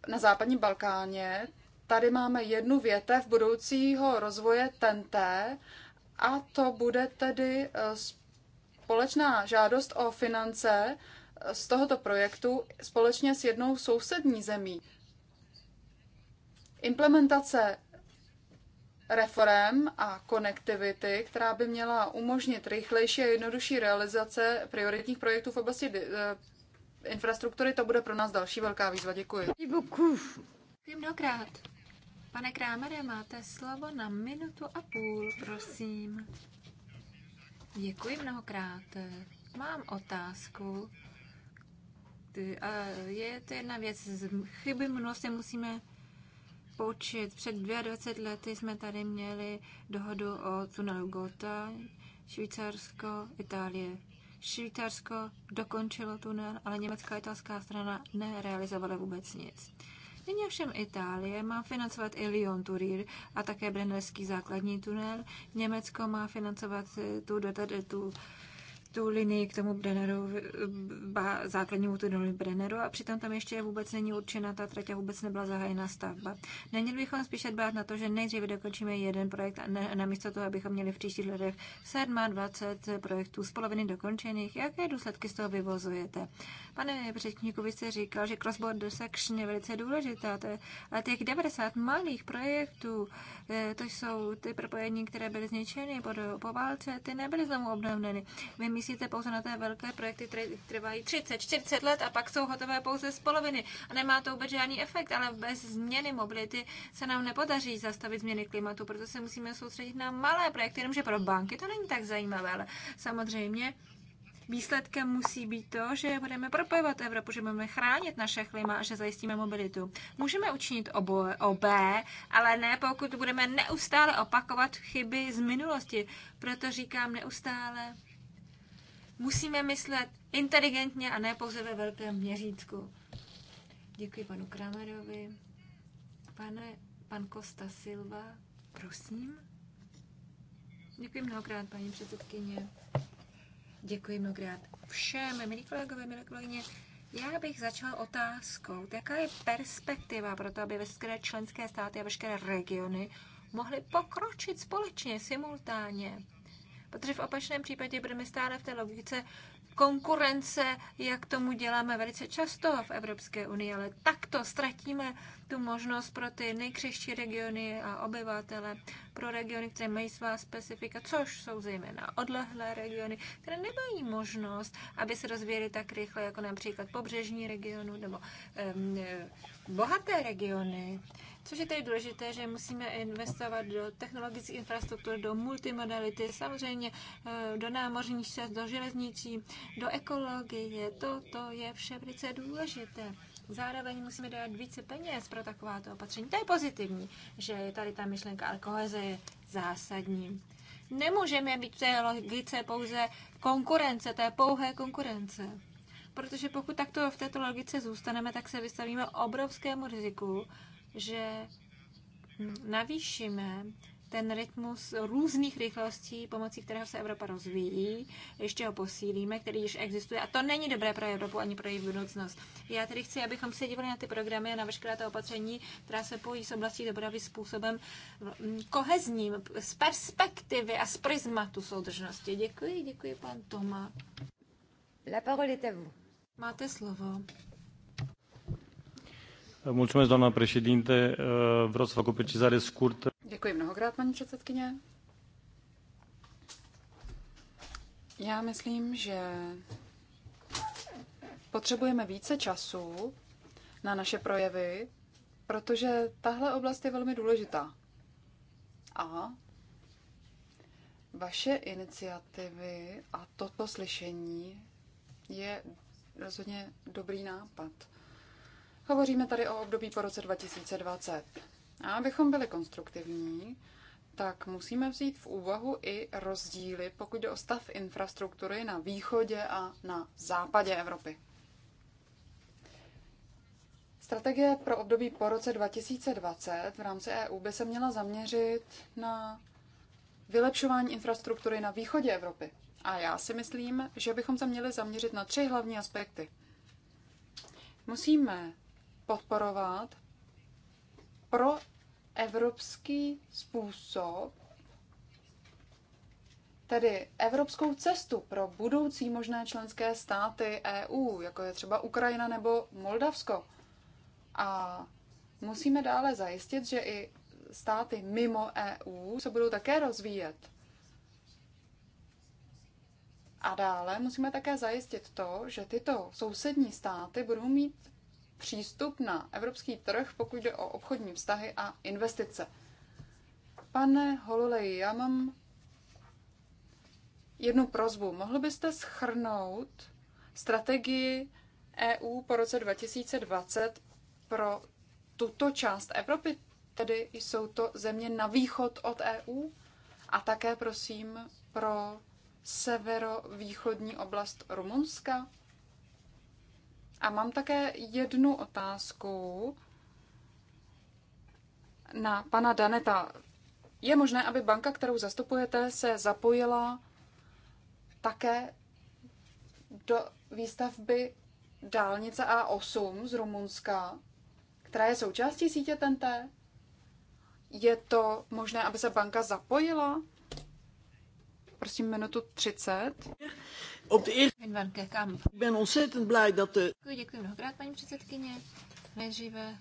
na západním Balkáně, tady máme jednu větev budoucího rozvoje TNT a to bude tedy eh, společná žádost o finance eh, z tohoto projektu společně s jednou sousední zemí. Implementace reform a konektivity, která by měla umožnit rychlejší a jednodušší realizace prioritních projektů v oblasti eh, infrastruktury, to bude pro nás další velká výzva. Děkuji. Děkuji mnohokrát. Pane Krámere, máte slovo na minutu a půl, prosím. Děkuji mnohokrát. Mám otázku. Eh, je to jedna věc. Chyby mnoho se musíme poučit. Před 22 lety jsme tady měli dohodu o tunelu Gota, Švýcarsko, Itálie. Švýcarsko dokončilo tunel, ale německá a italská strana nerealizovala vůbec nic. Nyní ovšem Itálie má financovat i Lyon Turír a také Brennerský základní tunel. Německo má financovat tu, tu, tu tu linii k tomu Brenneru, základnímu tunelu Brenneru a přitom tam ještě vůbec není určena ta trať a vůbec nebyla zahájena stavba. Neměli bychom spíše dbát na to, že nejdříve dokončíme jeden projekt a ne, namísto toho, abychom měli v příštích letech 27 projektů z poloviny dokončených. Jaké důsledky z toho vyvozujete? Pane předkníku, vy jste říkal, že cross-border section je velice důležitá, to je, ale těch 90 malých projektů, eh, to jsou ty propojení, které byly zničeny po, po válce, ty nebyly znovu obnoveny. Vy myslíte pouze na té velké projekty, které trvají 30, 40 let a pak jsou hotové pouze z poloviny. A nemá to vůbec žádný efekt, ale bez změny mobility se nám nepodaří zastavit změny klimatu, proto se musíme soustředit na malé projekty, jenomže pro banky to není tak zajímavé, ale samozřejmě Výsledkem musí být to, že budeme propojovat Evropu, že budeme chránit naše klima a že zajistíme mobilitu. Můžeme učinit oboje, obé, ale ne pokud budeme neustále opakovat chyby z minulosti. Proto říkám neustále Musíme myslet inteligentně a ne pouze ve velkém měřítku. Děkuji panu Kramerovi. Pane, pan Kosta Silva, prosím. Děkuji mnohokrát, paní předsedkyně. Děkuji mnohokrát všem, milí kolegové, milé kolegyně. Já bych začala otázkou, jaká je perspektiva pro to, aby veškeré členské státy a veškeré regiony mohly pokročit společně, simultánně. Protože v opačném případě budeme stále v té logice konkurence, jak tomu děláme velice často v Evropské unii, ale takto ztratíme tu možnost pro ty nejkřeští regiony a obyvatele, pro regiony, které mají svá specifika, což jsou zejména odlehlé regiony, které nemají možnost, aby se rozvíjely tak rychle, jako například pobřežní regionu nebo um, bohaté regiony. Což je tedy důležité, že musíme investovat do technologických infrastruktur, do multimodality, samozřejmě eh, do námořní do železnicí, do ekologie. to to je vše velice důležité. Zároveň musíme dát více peněz pro takováto opatření. To je pozitivní, že je tady ta myšlenka alkoholize je zásadní. Nemůžeme být v té logice pouze konkurence, té pouhé konkurence. Protože pokud takto v této logice zůstaneme, tak se vystavíme obrovskému riziku, že navýšíme ten rytmus různých rychlostí, pomocí kterého se Evropa rozvíjí, ještě ho posílíme, který již existuje. A to není dobré pro Evropu ani pro její budoucnost. Já tedy chci, abychom se dívali na ty programy a na veškerá ta opatření, která se pojí s oblastí dopravy způsobem kohezním, z perspektivy a z prismatu soudržnosti. Děkuji, děkuji, pan Toma. La parole est à vous. Máte slovo. Mulțumesc, doamna președinte. Vreau să fac o precizare scurtă. Děkuji mnohokrát, paní předsedkyně. Já myslím, že potřebujeme více času na naše projevy, protože tahle oblast je velmi důležitá. A vaše iniciativy a toto slyšení je rozhodně dobrý nápad. Hovoříme tady o období po roce 2020. A abychom byli konstruktivní, tak musíme vzít v úvahu i rozdíly, pokud jde o stav infrastruktury na východě a na západě Evropy. Strategie pro období po roce 2020 v rámci EU by se měla zaměřit na vylepšování infrastruktury na východě Evropy. A já si myslím, že bychom se měli zaměřit na tři hlavní aspekty. Musíme podporovat pro evropský způsob, tedy evropskou cestu pro budoucí možné členské státy EU, jako je třeba Ukrajina nebo Moldavsko. A musíme dále zajistit, že i státy mimo EU se budou také rozvíjet. A dále musíme také zajistit to, že tyto sousední státy budou mít přístup na evropský trh, pokud jde o obchodní vztahy a investice. Pane Hololej, já mám jednu prozbu. Mohl byste schrnout strategii EU po roce 2020 pro tuto část Evropy, tedy jsou to země na východ od EU a také prosím pro severovýchodní oblast Rumunska? A mám také jednu otázku na pana Daneta. Je možné, aby banka, kterou zastupujete, se zapojila také do výstavby dálnice A8 z Rumunska, která je součástí sítě TNT? Je to možné, aby se banka zapojila? Prosím, minutu 30. Op de eerste... Kamp. Ik ben ontzettend blij dat de... Děkuji mnohokrát, paní předsedkyně. Nejdříve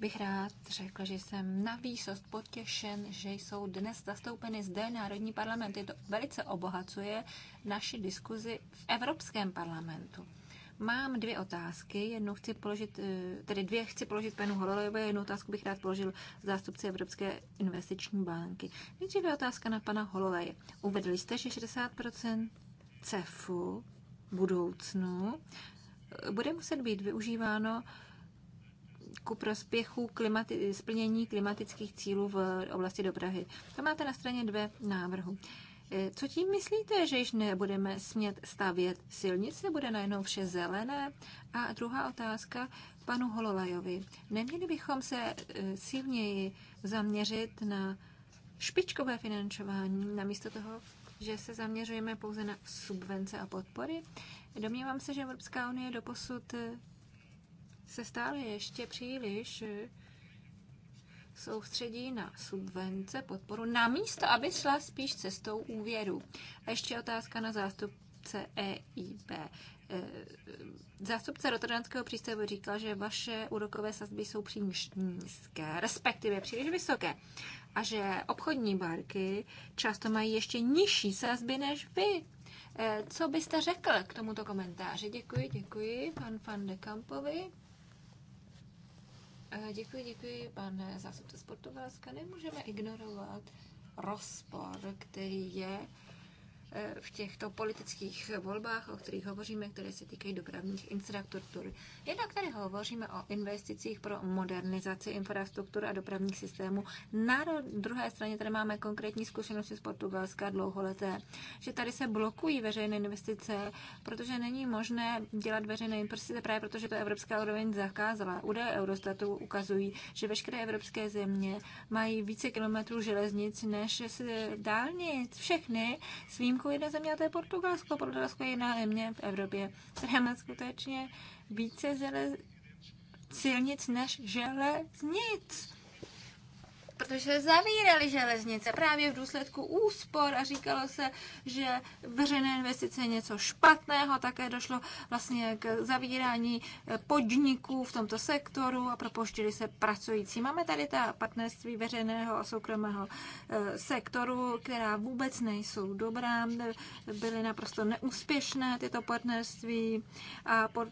bych rád řekl, že jsem na výsost potěšen, že jsou dnes zastoupeny zde národní parlamenty. To velice obohacuje naši diskuzi v Evropském parlamentu. Mám dvě otázky, jednu chci položit, eh, tedy dvě chci položit panu Hololejové, jednu otázku bych rád položil zástupci Evropské investiční banky. Nejdříve otázka na pana Hololeje. Uvedli jste, že 60% CEFu budoucnu bude muset být využíváno ku prospěchu klimati- splnění klimatických cílů v oblasti dopravy. To máte na straně dvě návrhu. E, co tím myslíte, že již nebudeme smět stavět silnice, bude najednou vše zelené? A druhá otázka panu Hololajovi. Neměli bychom se e, silněji zaměřit na špičkové financování, namísto toho, že se zaměřujeme pouze na subvence a podpory. Domnívám se, že Evropská unie doposud eh, se stále ještě příliš eh, soustředí na subvence, podporu, Na místo aby šla spíš cestou úvěru. A ještě otázka na zástupce EIB. Eh, zástupce Rotterdamského přístavu říkal, že vaše úrokové sazby jsou příliš nízké, respektive příliš vysoké a že obchodní banky často mají ještě nižší sazby než vy. Eh, co byste řekl k tomuto komentáři? Děkuji, děkuji pan Van de Kampovi. Eh, děkuji, děkuji, pane zásobce sportovářka. Nemůžeme ignorovat rozpor, který je v těchto politických volbách, o kterých hovoříme, které se týkají dopravních infrastruktur. Jednak tady hovoříme o investicích pro modernizaci infrastruktur a dopravních systémů. Na druhé straně tady máme konkrétní zkušenosti z Portugalska dlouholeté, že tady se blokují veřejné investice, protože není možné dělat veřejné investice právě protože to evropská úroveň zakázala. Údaje Eurostatu ukazují, že veškeré evropské země mají více kilometrů železnic než dálnic. Všechny svým výjimkou jedné země, a to je Portugalsko. Portugalsko je jiná země v Evropě, která má skutečně více zele, silnic než železnic protože zavíraly železnice právě v důsledku úspor a říkalo se, že veřejné investice je něco špatného, také došlo vlastně k zavírání eh, podniků v tomto sektoru a propoštili se pracující. Máme tady ta partnerství veřejného a soukromého eh, sektoru, která vůbec nejsou dobrá, byly naprosto neúspěšné tyto partnerství a pod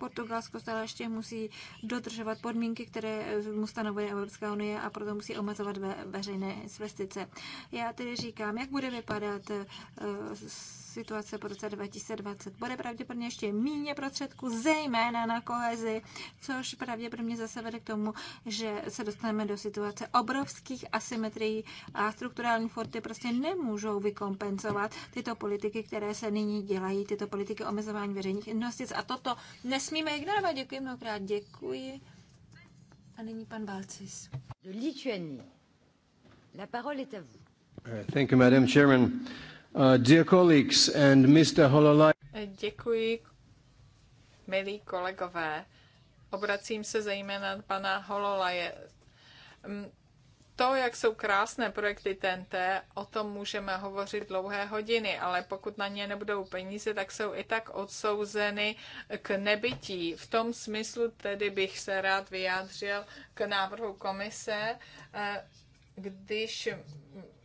Portugalsko stále ještě musí dodržovat podmínky, které eh, mu stanovuje Evropská unie a proto musí omezovat ve, veřejné investice. Já tedy říkám, jak bude vypadat uh, situace po roce 2020 bude pravděpodobně ještě míně prostředků, zejména na kohezi, což pravděpodobně zase vede k tomu, že se dostaneme do situace obrovských asymetrií a strukturální forty prostě nemůžou vykompenzovat tyto politiky, které se nyní dělají, tyto politiky omezování veřejných investic. A toto nesmíme ignorovat. Děkuji mnohokrát. Děkuji. A nyní pan Balcis. La parole est à vous. Uh, thank you, Madam Chairman. Uh, dear colleagues and Mr. Eh, děkuji, milí kolegové. Obracím se zejména na pana Hololaje. Mm, to, jak jsou krásné projekty TNT, o tom můžeme hovořit dlouhé hodiny, ale pokud na ně nebudou peníze, tak jsou i tak odsouzeny k nebytí. V tom smyslu tedy bych se rád vyjádřil k návrhu komise, eh, když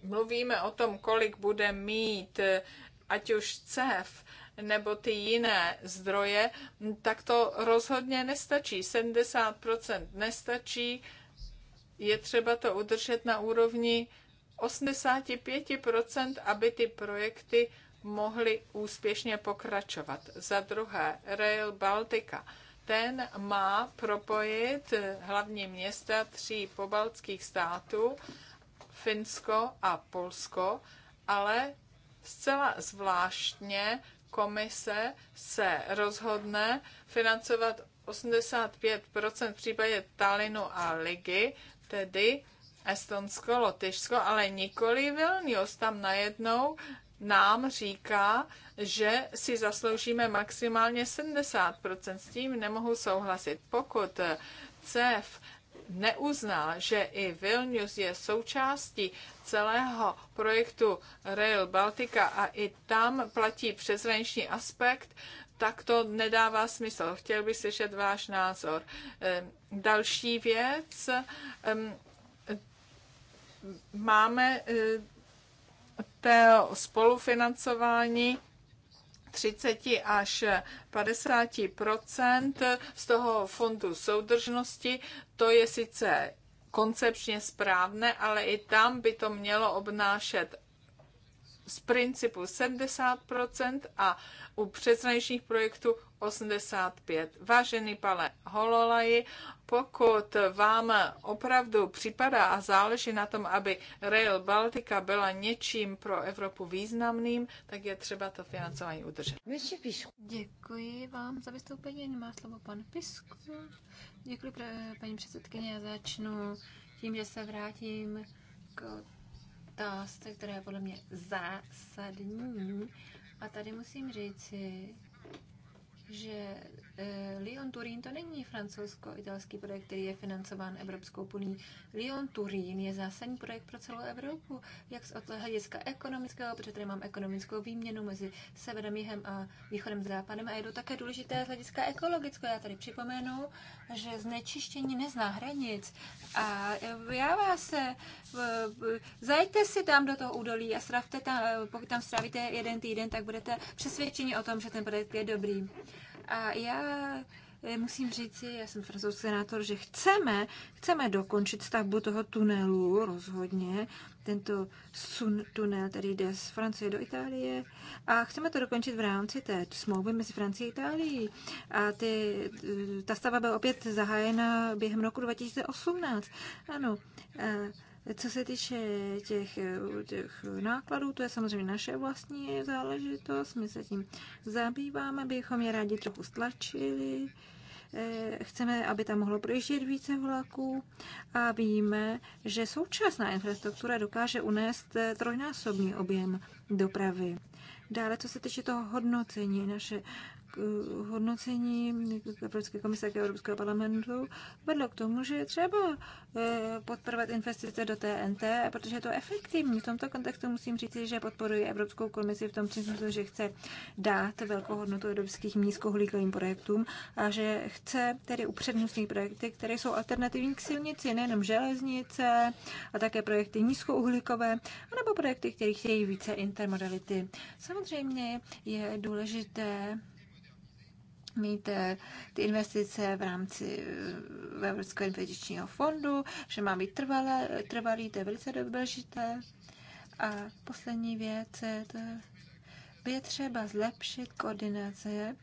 mluvíme o tom, kolik bude mít eh, ať už CEF nebo ty jiné zdroje, tak to rozhodně nestačí. 70% nestačí, je třeba to udržet na úrovni 85%, aby ty projekty mohly úspěšně pokračovat. Za druhé, Rail Baltica. Ten má propojit eh, hlavní města tří pobaltských států Finsko a Polsko, ale zcela zvláštně komise se rozhodne financovat 85 v případě Talinu a Ligy, tedy Estonsko, Lotyšsko, ale nikoli Vilnius. Tam najednou nám říká, že si zasloužíme maximálně 70%. S tím nemohu souhlasit. Pokud CEF neuzná, že i Vilnius je součástí celého projektu Rail Baltica a i tam platí přezvenční aspekt, tak to nedává smysl. Chtěl bych slyšet váš názor. Ehm, další věc. Ehm, máme eh, to spolufinancování 30 až 50 z toho fondu soudržnosti. To je sice koncepčně správné, ale i tam by to mělo obnášet z principu 70% a u přeshraničních projektů 85. Vážený pane Hololaji, pokud vám opravdu připadá a záleží na tom, aby Rail Baltica byla něčím pro Evropu významným, tak je třeba to financování udržet. Děkuji vám za vystoupení. Má slovo pan Pisku. Děkuji, paní předsedkyně. Já začnu tím, že se vrátím k otázce, která je podle mě zásadní. A tady musím říci, že Eh, Lyon Turín to není francouzsko-italský projekt, který je financován Evropskou uní. Lyon Turín je zásadní projekt pro celou Evropu, jak z hlediska ekonomického, protože tady mám ekonomickou výměnu mezi severem, jihem a východem, západem a je to také důležité z hlediska ekologického. Já tady připomenu, že znečištění nezná hranic a já vás eh, zajďte si tam do toho údolí a stravte tam, eh, pokud tam strávíte jeden týden, tak budete přesvědčeni o tom, že ten projekt je dobrý. A já eh, musím říct, já jsem francouzský senátor, že chceme, chceme dokončit stavbu toho tunelu rozhodně, tento sun tunel, který jde z Francie do Itálie a chceme to dokončit v rámci té smlouvy mezi Francií a Itálií. A ty, eh, ta stavba byla opět zahájena během roku 2018. Ano, eh, co se týče těch, těch nákladů, to je samozřejmě naše vlastní záležitost, my se tím zabýváme, bychom je rádi trochu stlačili, eh, chceme, aby tam mohlo projíždět více vlaků a víme, že současná infrastruktura dokáže unést eh, trojnásobný objem dopravy. Dále, co se týče toho hodnocení, naše hodnocení Evropské komise a Evropského parlamentu vedlo k tomu, že je třeba eh, podporovat investice do TNT, protože je to efektivní. V tomto kontextu musím říct, že podporuji Evropskou komisi v tom smyslu, že chce dát velkou hodnotu evropských nízkohlíkovým projektům a že chce tedy upřednostnit projekty, které jsou alternativní k silnici, nejenom železnice a také projekty nízkouhlíkové, anebo projekty, které chtějí více intermodality. Samozřejmě je důležité mít eh, ty investice v rámci eh, Evropského investičního fondu, že má být trvalé, trvalý, to je velice důležité. A poslední věc, eh, to je třeba zlepšit koordinace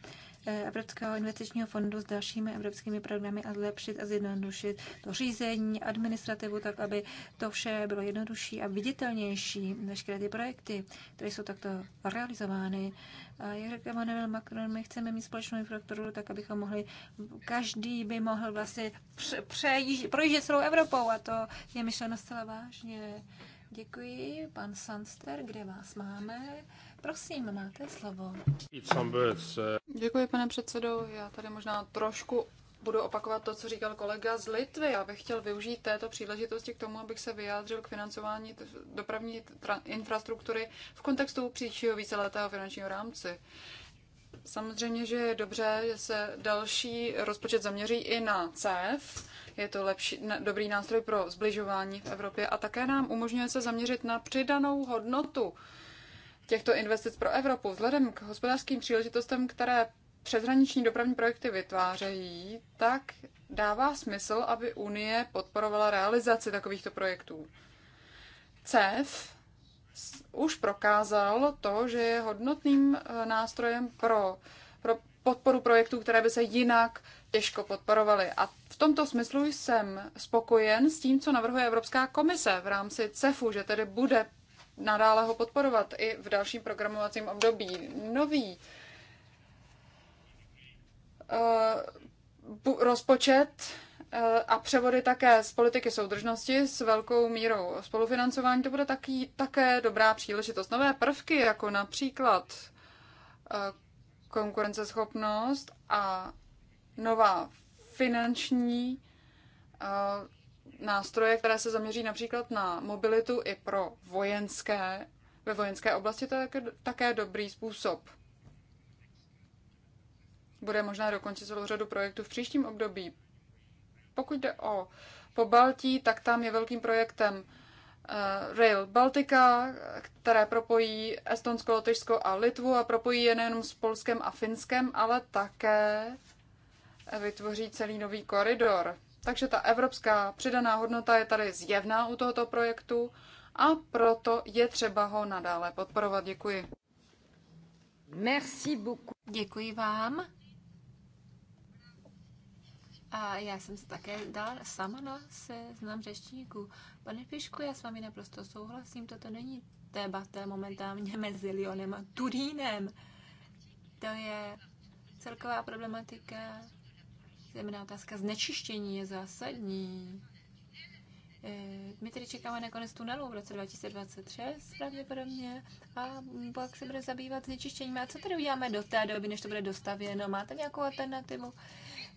Eh, Evropského investičního fondu s dalšími evropskými programy a zlepšit a zjednodušit to řízení, administrativu, tak aby to vše bylo jednodušší a viditelnější než ty projekty, které jsou takto realizovány. A jak řekl Emmanuel Macron, my chceme mít společnou infrastrukturu, tak abychom mohli, každý by mohl vlastně projíždět celou Evropou a to je myšleno zcela vážně. Děkuji, pan Sanster, kde vás máme? Prosím, máte slovo. Uh, Děkuji, pane předsedo. Já tady možná trošku budu opakovat to, co říkal kolega z Litvy. Já bych chtěl využít této příležitosti k tomu, abych se vyjádřil k financování dopravní infrastruktury v kontextu příštího víceletého finančního rámce. Samozřejmě, že je dobře, že se další rozpočet zaměří i na CEF. Je to lepší, dobrý nástroj pro zbližování v Evropě a také nám umožňuje se zaměřit na přidanou hodnotu těchto investic pro Evropu. Vzhledem k hospodářským příležitostem, které přeshraniční dopravní projekty vytvářejí, tak dává smysl, aby Unie podporovala realizaci takovýchto projektů. CEF už prokázal to, že je hodnotným eh, nástrojem pro, pro podporu projektů, které by se jinak těžko podporovaly. A v tomto smyslu jsem spokojen s tím, co navrhuje Evropská komise v rámci CEFu, že tedy bude nadále ho podporovat i v dalším programovacím období. Nový eh, rozpočet eh, a převody také z politiky soudržnosti s velkou mírou spolufinancování, to bude taky, také dobrá příležitost. Nové prvky, jako například eh, konkurenceschopnost a nová finanční nástroje, které se zaměří například na mobilitu i pro vojenské, ve vojenské oblasti, to je také dobrý způsob. Bude možná dokončit celou řadu projektů v příštím období. Pokud jde o Baltí, tak tam je velkým projektem eh, Rail Baltica, které propojí Estonsko, Lotyšsko a Litvu a propojí je nejenom s Polskem a Finskem, ale také vytvoří celý nový koridor takže ta evropská přidaná hodnota je tady zjevná u tohoto projektu a proto je třeba ho nadále podporovat. Děkuji. Merci beaucoup. Děkuji vám. A já jsem se také dal sama na seznam řečníků. Pane Pišku, já s vámi naprosto souhlasím, toto není debata momentálně mezi Lionem a Turínem. To je celková problematika na otázka znečištění je zásadní. Eh, my tedy čekáme na konec tunelu v roce 2026 pravděpodobně a pak se bude zabývat znečištěním. A co tedy uděláme do té doby, než to bude dostavěno? Máte nějakou alternativu?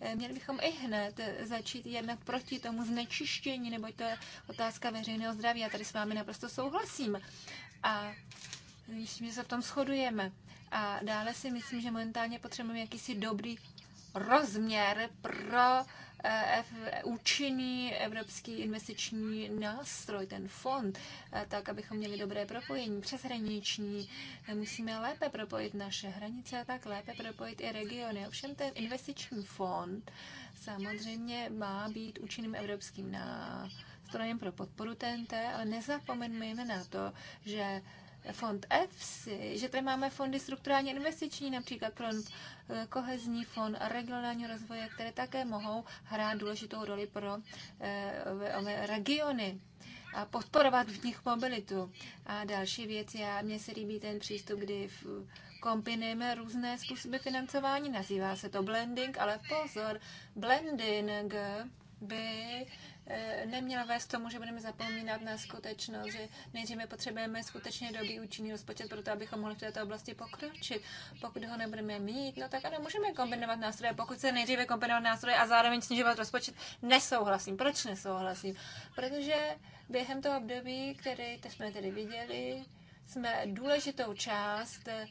Eh, měli bychom i hned začít jednat proti tomu znečištění, nebo to je otázka veřejného zdraví. Já tady s vámi naprosto souhlasím. A myslím, že se v tom shodujeme. A dále si myslím, že momentálně potřebujeme jakýsi dobrý rozměr pro eh, účinný evropský investiční nástroj, ten fond, eh, tak abychom měli dobré propojení přeshraniční. Musíme lépe propojit naše hranice a tak lépe propojit i regiony. Ovšem ten investiční fond samozřejmě má být účinným evropským nástrojem pro podporu TNT, ale nezapomeňme na to, že fond EFSI, že tady máme fondy strukturálně investiční, například pro eh, kohezní fond a regionální rozvoje, které také mohou hrát důležitou roli pro eh, regiony a podporovat v nich mobilitu. A další věc, já, mně se líbí ten přístup, kdy v, kombinujeme různé způsoby financování, nazývá se to blending, ale pozor, blending by Eh, neměl vést k tomu, že budeme zapomínat na skutečnost, že my potřebujeme skutečně dobrý účinný rozpočet pro to, abychom mohli v této oblasti pokročit. Pokud ho nebudeme mít, no tak ano, můžeme kombinovat nástroje. Pokud se nejdříve kombinovat nástroje a zároveň snižovat rozpočet, nesouhlasím. Proč nesouhlasím? Protože během toho období, který jsme tedy viděli, jsme důležitou část eh,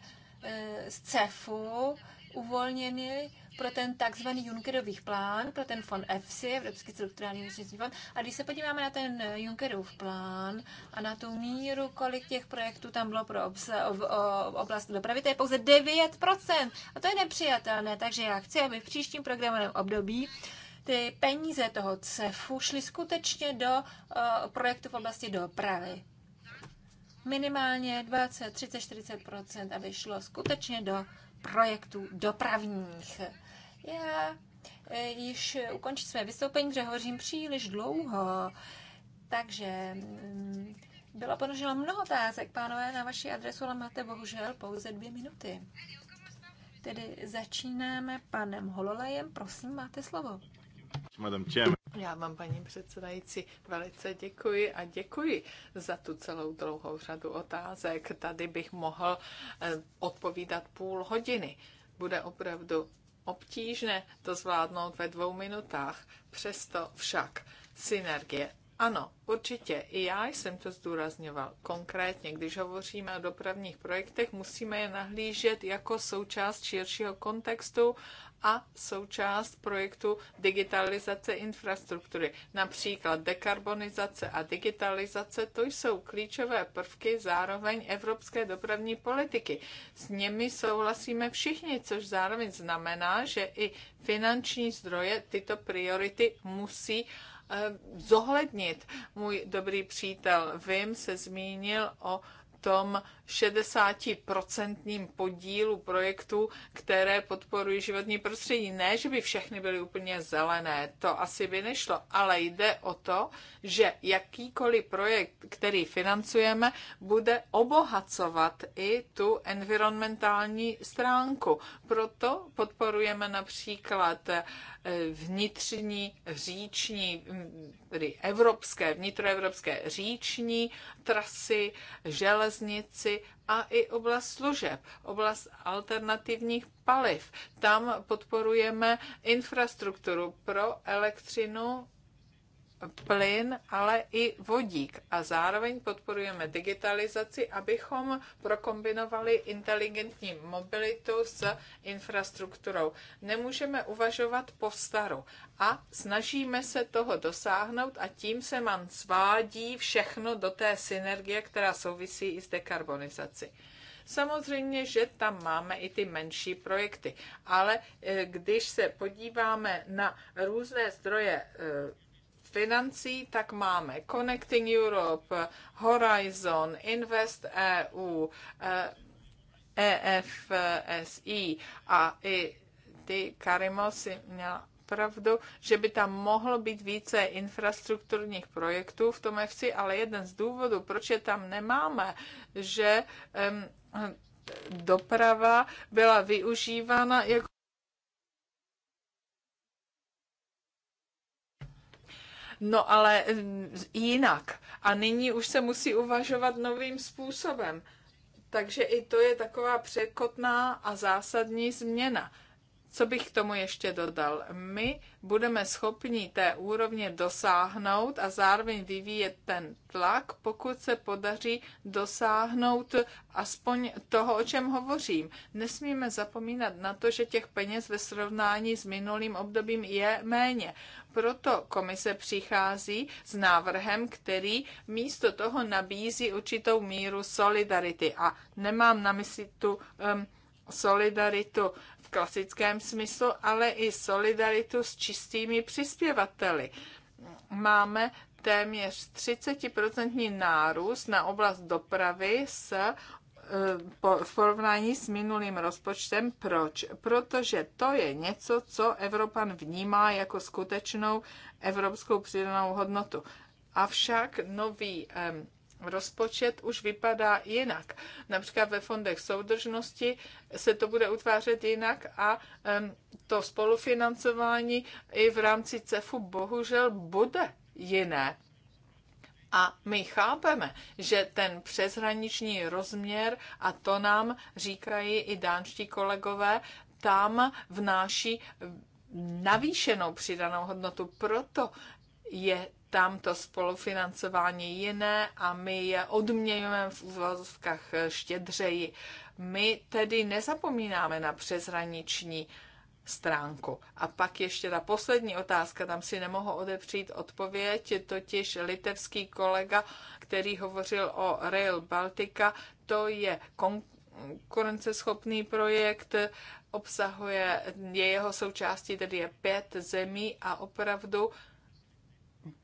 z CEFu uvolněni pro ten takzvaný Junckerův plán, pro ten fond EFSI, Evropský strukturální investiční fond. A když se podíváme na ten Junckerův plán a na tu míru, kolik těch projektů tam bylo pro obs, ob, ob, oblast dopravy, to je pouze 9%. A to je nepřijatelné, takže já chci, aby v příštím programovém období ty peníze toho CEFu šly skutečně do uh, eh, projektu v oblasti dopravy minimálně 20, 30, 40 aby šlo skutečně do projektů dopravních. Já e, již ukončit své vystoupení, protože hovořím příliš dlouho. Takže mm, bylo ponoženo mnoho otázek, pánové, na vaši adresu, ale máte bohužel pouze dvě minuty. Tedy začínáme panem Hololajem. Prosím, máte slovo. Madam Já vám, paní předsedající, velice děkuji a děkuji za tu celou dlouhou řadu otázek. Tady bych mohl e, odpovídat půl hodiny. Bude opravdu obtížné to zvládnout ve dvou minutách. Přesto však synergie. Ano, určitě, i já jsem to zdůrazňoval. Konkrétně, když hovoříme o dopravních projektech, musíme je nahlížet jako součást širšího kontextu a součást projektu digitalizace infrastruktury. Například dekarbonizace a digitalizace, to jsou klíčové prvky zároveň evropské dopravní politiky. S nimi souhlasíme všichni, což zároveň znamená, že i finanční zdroje tyto priority musí eh, zohlednit. Můj dobrý přítel Vim se zmínil o tom 60% podílu projektů, které podporují životní prostředí. Ne, že by všechny byly úplně zelené, to asi by nešlo, ale jde o to, že jakýkoliv projekt, který financujeme, bude obohacovat i tu environmentální stránku. Proto podporujeme například eh, vnitřní říční, tedy evropské, vnitroevropské říční trasy, železné železnici a i oblast služeb, oblast alternativních paliv. Tam podporujeme infrastrukturu pro elektřinu plyn, ale i vodík. A zároveň podporujeme digitalizaci, abychom prokombinovali inteligentní mobilitu s infrastrukturou. Nemůžeme uvažovat po staru a snažíme se toho dosáhnout a tím se man svádí všechno do té synergie, která souvisí i s dekarbonizací. Samozřejmě, že tam máme i ty menší projekty, ale eh, když se podíváme na různé zdroje eh, financí, tak máme Connecting Europe, Horizon, Invest EU, EFSI eh, e a i ty Karimo si měla pravdu, že by tam mohlo být více infrastrukturních projektů v tom FC, ale jeden z důvodů, proč je tam nemáme, že um, doprava byla využívána jako No ale eh, jinak. A nyní už se musí uvažovat novým způsobem. Takže i to je taková překotná a zásadní změna. Co bych k tomu ještě dodal? My budeme schopni té úrovně dosáhnout a zároveň vyvíjet ten tlak, pokud se podaří dosáhnout aspoň toho, o čem hovořím. Nesmíme zapomínat na to, že těch peněz ve srovnání s minulým obdobím je méně. Proto komise přichází s návrhem, který místo toho nabízí určitou míru solidarity. A nemám na mysli tu um, solidaritu klasickém smyslu, ale i solidaritu s čistými přispěvateli. Máme téměř 30% nárůst na oblast dopravy s e, v porovnání s minulým rozpočtem. Proč? Protože to je něco, co Evropan vnímá jako skutečnou evropskou přidanou hodnotu. Avšak nový rozpočet už vypadá jinak. Například ve fondech soudržnosti se to bude utvářet jinak a to spolufinancování i v rámci CEFu bohužel bude jiné. A my chápeme, že ten přeshraniční rozměr, a to nám říkají i dánští kolegové, tam vnáší navýšenou přidanou hodnotu. Proto je tam to spolufinancování jiné a my je odměňujeme v úvazovkách štědřeji. My tedy nezapomínáme na přeshraniční stránku. A pak ještě ta poslední otázka, tam si nemohu odepřít odpověď, totiž litevský kolega, který hovořil o Rail Baltica, to je konkurenceschopný projekt, obsahuje, je jeho součástí, tedy je pět zemí a opravdu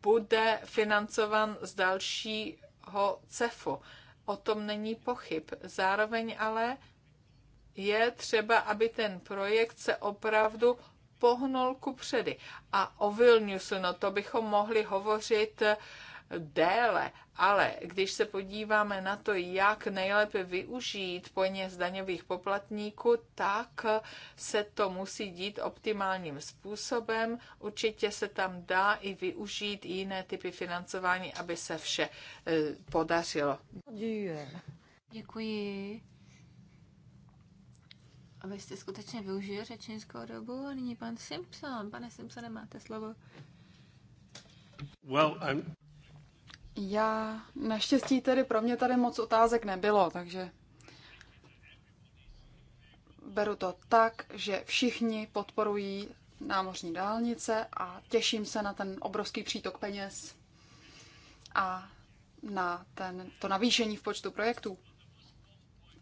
bude financovan z dalšího CEFu. O tom není pochyb. Zároveň ale je třeba, aby ten projekt se opravdu pohnul ku předy. A o Vilniusu, no to bychom mohli hovořit déle, ale když se podíváme na to, jak nejlépe využít peněz daňových poplatníků, tak se to musí dít optimálním způsobem. Určitě se tam dá i využít jiné typy financování, aby se vše e, podařilo. Děkuji. A vy jste skutečně využil řečnickou dobu a nyní pan Simpson. Pane Simpson, máte slovo. Well, I'm já naštěstí tedy pro mě tady moc otázek nebylo, takže beru to tak, že všichni podporují námořní dálnice a těším se na ten obrovský přítok peněz a na ten, to navýšení v počtu projektů.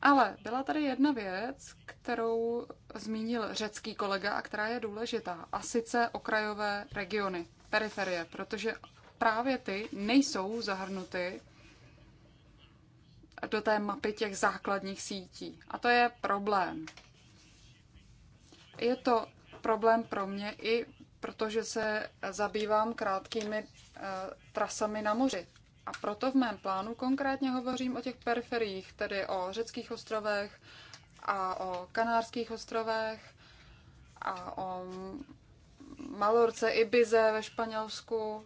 Ale byla tady jedna věc, kterou zmínil řecký kolega a která je důležitá, a sice okrajové regiony, periferie, protože právě ty nejsou zahrnuty do té mapy těch základních sítí. A to je problém. Je to problém pro mě i protože se zabývám krátkými uh, trasami na moři. A proto v mém plánu konkrétně hovořím o těch periferiích, tedy o řeckých ostrovech a o kanárských ostrovech a o Malorce, Ibize ve Španělsku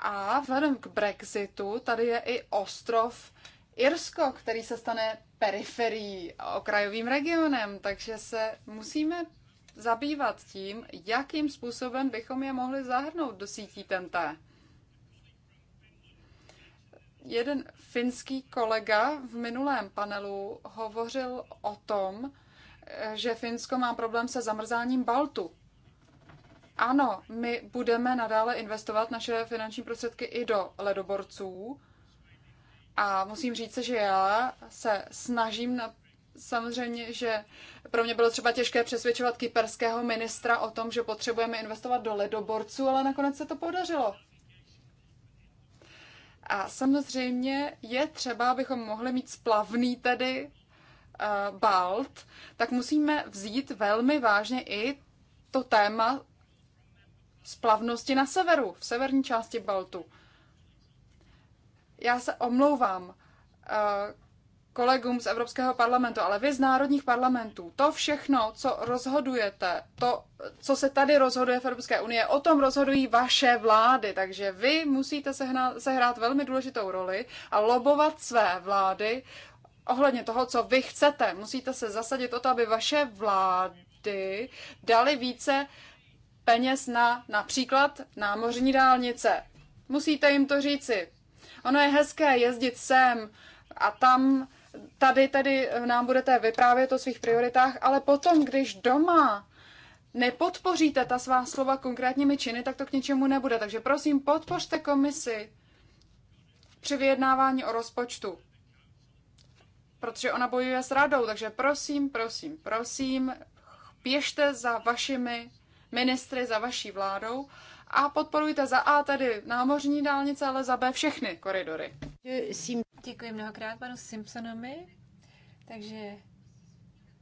a vzhledem k Brexitu tady je i ostrov Irsko, který se stane periferií okrajovým regionem, takže se musíme zabývat tím, jakým způsobem bychom je mohli zahrnout do sítí TNT. Jeden finský kolega v minulém panelu hovořil o tom, že Finsko má problém se zamrzáním Baltu ano, my budeme nadále investovat naše finanční prostředky i do ledoborců. A musím říct, že já se snažím na Samozřejmě, že pro mě bylo třeba těžké přesvědčovat kyperského ministra o tom, že potřebujeme investovat do ledoborců, ale nakonec se to podařilo. A samozřejmě je třeba, abychom mohli mít splavný tedy uh, Balt, tak musíme vzít velmi vážně i to téma splavnosti na severu, v severní části Baltu. Já se omlouvám eh, kolegům z Evropského parlamentu, ale vy z národních parlamentů, to všechno, co rozhodujete, to, co se tady rozhoduje v Evropské unii, o tom rozhodují vaše vlády, takže vy musíte sehnat, sehrát velmi důležitou roli a lobovat své vlády ohledně toho, co vy chcete. Musíte se zasadit o to, aby vaše vlády dali více uh, peněz na například námořní dálnice. Musíte jim to říci. Ono je hezké jezdit sem a tam, tady, tady nám budete vyprávět o svých prioritách, ale potom, když doma nepodpoříte ta svá slova konkrétními činy, tak to k ničemu nebude. Takže prosím, podpořte komisi při vyjednávání o rozpočtu. Protože ona bojuje s radou, takže prosím, prosím, prosím, pěšte za vašimi ministry, za vaší vládou a podporujte za A tedy námořní dálnice, ale za B všechny koridory. Děkuji mnohokrát panu Simpsonovi. Takže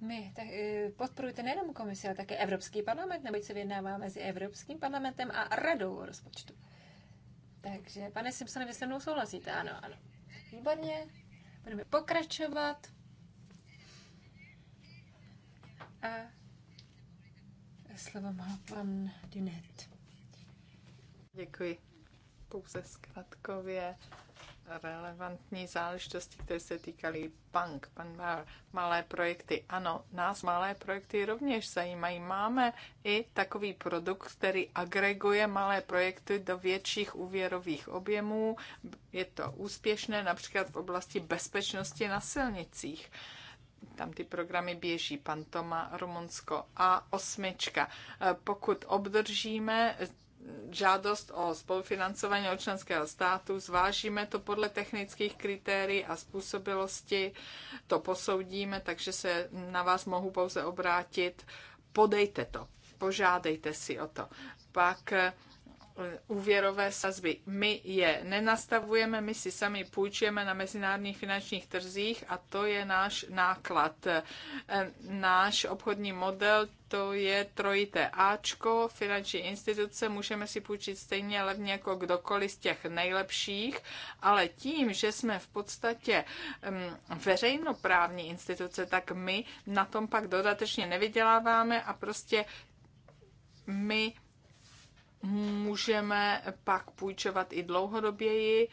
my tak, eh, podporujte nejenom komisi, ale také Evropský parlament, neboť se vyjednává mezi Evropským parlamentem a radou o rozpočtu. Takže, pane Simpsone, vy se mnou souhlasíte? Ano, ano. Výborně. Budeme pokračovat. A Slovo má pan Dinet. Děkuji. Pouze zkratkově relevantní záležitosti, které se týkaly bank, pan Mar, malé projekty. Ano, nás malé projekty rovněž zajímají. Máme i takový produkt, který agreguje malé projekty do větších úvěrových objemů. Je to úspěšné například v oblasti bezpečnosti na silnicích tam ty programy běží, pan Toma, Rumunsko a osmička. E, pokud obdržíme žádost o spolufinancování od členského státu, zvážíme to podle technických kritérií a způsobilosti, to posoudíme, takže se na vás mohu pouze obrátit. Podejte to, požádejte si o to. Pak e, úvěrové sazby. My je nenastavujeme, my si sami půjčujeme na mezinárodních finančních trzích a to je náš náklad. E, náš obchodní model to je trojité Ačko, finanční instituce, můžeme si půjčit stejně levně jako kdokoliv z těch nejlepších, ale tím, že jsme v podstatě um, veřejnoprávní instituce, tak my na tom pak dodatečně nevyděláváme a prostě my můžeme pak půjčovat i dlouhodoběji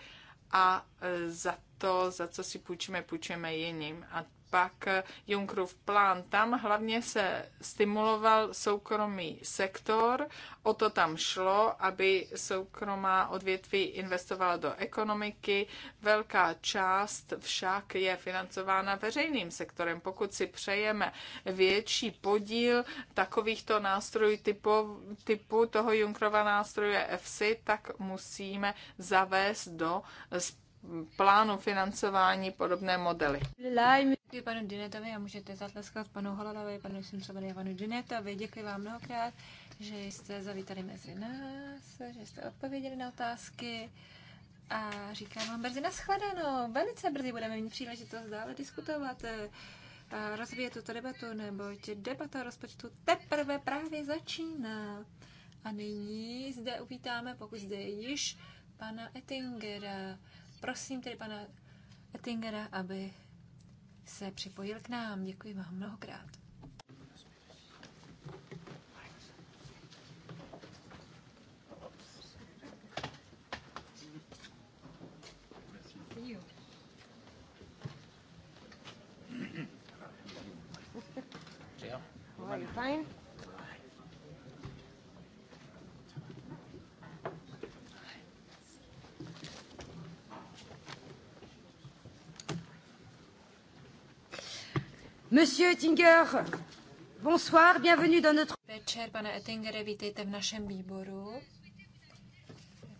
a za to, za co si půjčíme, půjčíme jiným. A pak Junckerův plán. Tam hlavně se stimuloval soukromý sektor, o to tam šlo, aby soukromá odvětví investovala do ekonomiky. Velká část však je financována veřejným sektorem. Pokud si přejeme větší podíl takovýchto nástrojů typu, typu toho Junckerova nástroje EFSI, tak musíme zavést do plánu financování podobné modely. Děkuji panu Dinetovi a můžete zatleskat panu Holadavi, panu Simcovi a panu Dinetovi. Děkuji vám mnohokrát, že jste zavítali mezi nás, že jste odpověděli na otázky a říkám vám brzy nashledanou. Velice brzy budeme mít příležitost dále diskutovat eh, a rozvíjet tuto debatu, neboť debata o rozpočtu teprve právě začíná. A nyní zde uvítáme, pokud zde je již, pana Ettingera. Prosím tedy pana Ettingera, aby se připojil k nám. Děkuji vám mnohokrát. fine? Monsieur Ettinger, bonsoir, bienvenue dans notre... Večer, pane Ettingere, vítejte v našem výboru.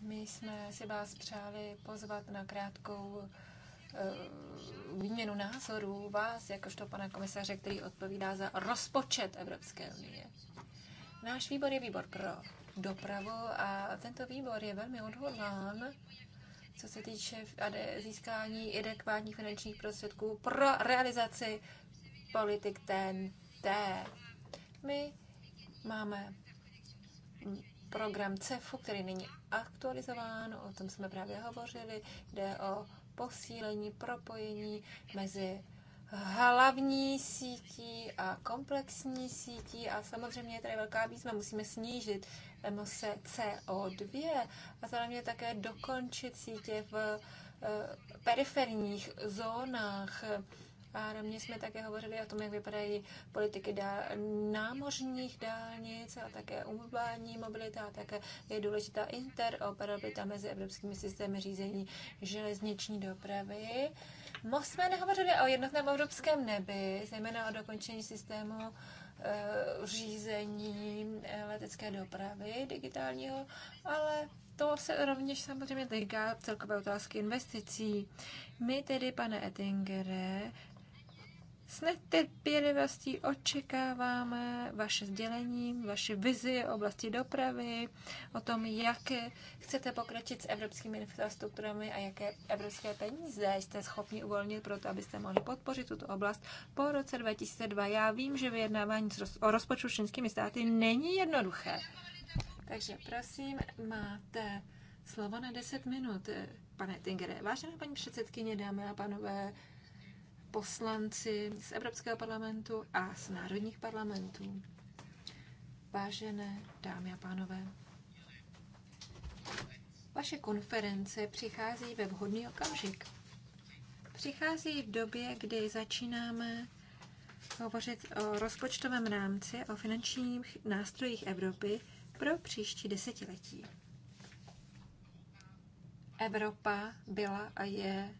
My jsme si vás přáli pozvat na krátkou uh, výměnu názorů vás, jakožto pana komisaře, který odpovídá za rozpočet Evropské unie. Náš výbor je výbor pro dopravu a tento výbor je velmi odhodlán, co se týče získání adekvátních finančních prostředků pro realizaci politik TNT. My máme program CEFu, který není aktualizován, o tom jsme právě hovořili, jde o posílení propojení mezi hlavní sítí a komplexní sítí a samozřejmě je tady velká výzva, musíme snížit emise CO2 a zároveň také dokončit sítě v eh, periferních zónách, pár mě jsme také hovořili o tom, jak vypadají politiky dá- námořních dálnic a také umování mobilita a také je důležitá interoperabilita mezi evropskými systémy řízení železniční dopravy. Moc jsme nehovořili o jednotném evropském nebi, zejména o dokončení systému eh, řízení eh, letecké dopravy digitálního, ale to se rovněž samozřejmě týká celkové otázky investicí. My tedy, pane Ettingere, s netrpělivostí očekáváme vaše sdělení, vaše vizi oblasti dopravy, o tom, jak chcete pokročit s evropskými infrastrukturami a jaké evropské peníze jste schopni uvolnit pro to, abyste mohli podpořit tuto oblast po roce 2002. Já vím, že vyjednávání o rozpočtu členskými státy není jednoduché. Takže prosím, máte slovo na 10 minut, pane Tingere. Vážená paní předsedkyně, dámy a pánové, poslanci z Evropského parlamentu a z národních parlamentů. Vážené dámy a pánové, vaše konference přichází ve vhodný okamžik. Přichází v době, kdy začínáme hovořit o rozpočtovém rámci, o finančních nástrojích Evropy pro příští desetiletí. Evropa byla a je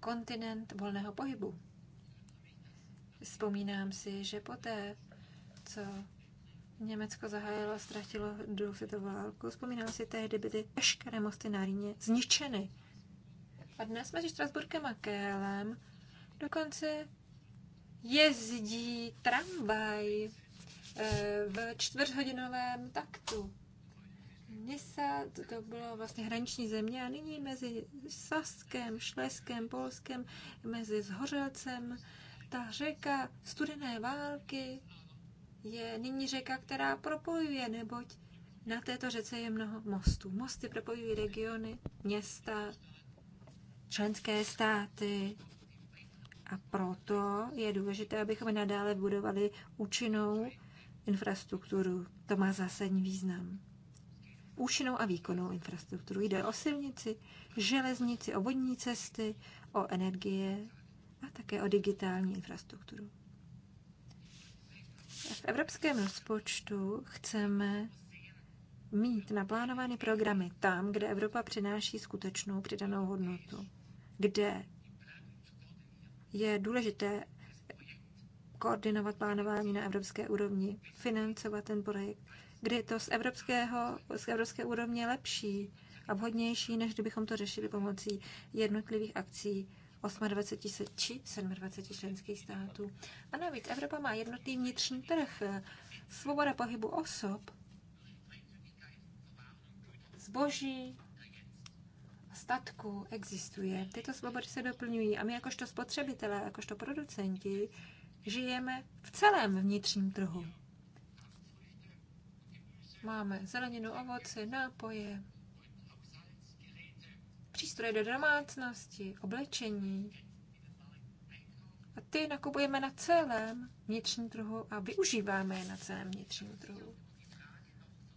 kontinent volného pohybu. Vzpomínám si, že poté, co Německo zahájilo a ztratilo druhou světovou válku, vzpomínám si tehdy byly veškeré mosty na Rýně zničeny. A dnes mezi Strasburkem a Kélem dokonce jezdí tramvaj eh, v čtvrthodinovém taktu to, to bylo vlastně hraniční země a nyní mezi Saskem, Šleskem, Polskem, mezi Zhořelcem, ta řeka studené války je nyní řeka, která propojuje, neboť na této řece je mnoho mostů. Mosty propojují regiony, města, členské státy, a proto je důležité, abychom nadále budovali účinnou infrastrukturu. To má zásadní význam účinnou a výkonnou infrastrukturu. Jde o silnici, železnici, o vodní cesty, o energie a také o digitální infrastrukturu. V evropském rozpočtu chceme mít naplánovány programy tam, kde Evropa přináší skutečnou přidanou hodnotu, kde je důležité koordinovat plánování na evropské úrovni, financovat ten projekt kdy je to z, evropského, z evropské úrovně lepší a vhodnější, než kdybychom to řešili pomocí jednotlivých akcí 28 či 27 členských států. A navíc Evropa má jednotný vnitřní trh, svoboda pohybu osob, zboží, statku existuje. Tyto svobody se doplňují a my jakožto spotřebitelé, jakožto producenti, žijeme v celém vnitřním trhu. Máme zeleninu, ovoce, nápoje, přístroje do domácnosti, oblečení. A ty nakupujeme na celém vnitřním trhu a využíváme je na celém vnitřním trhu.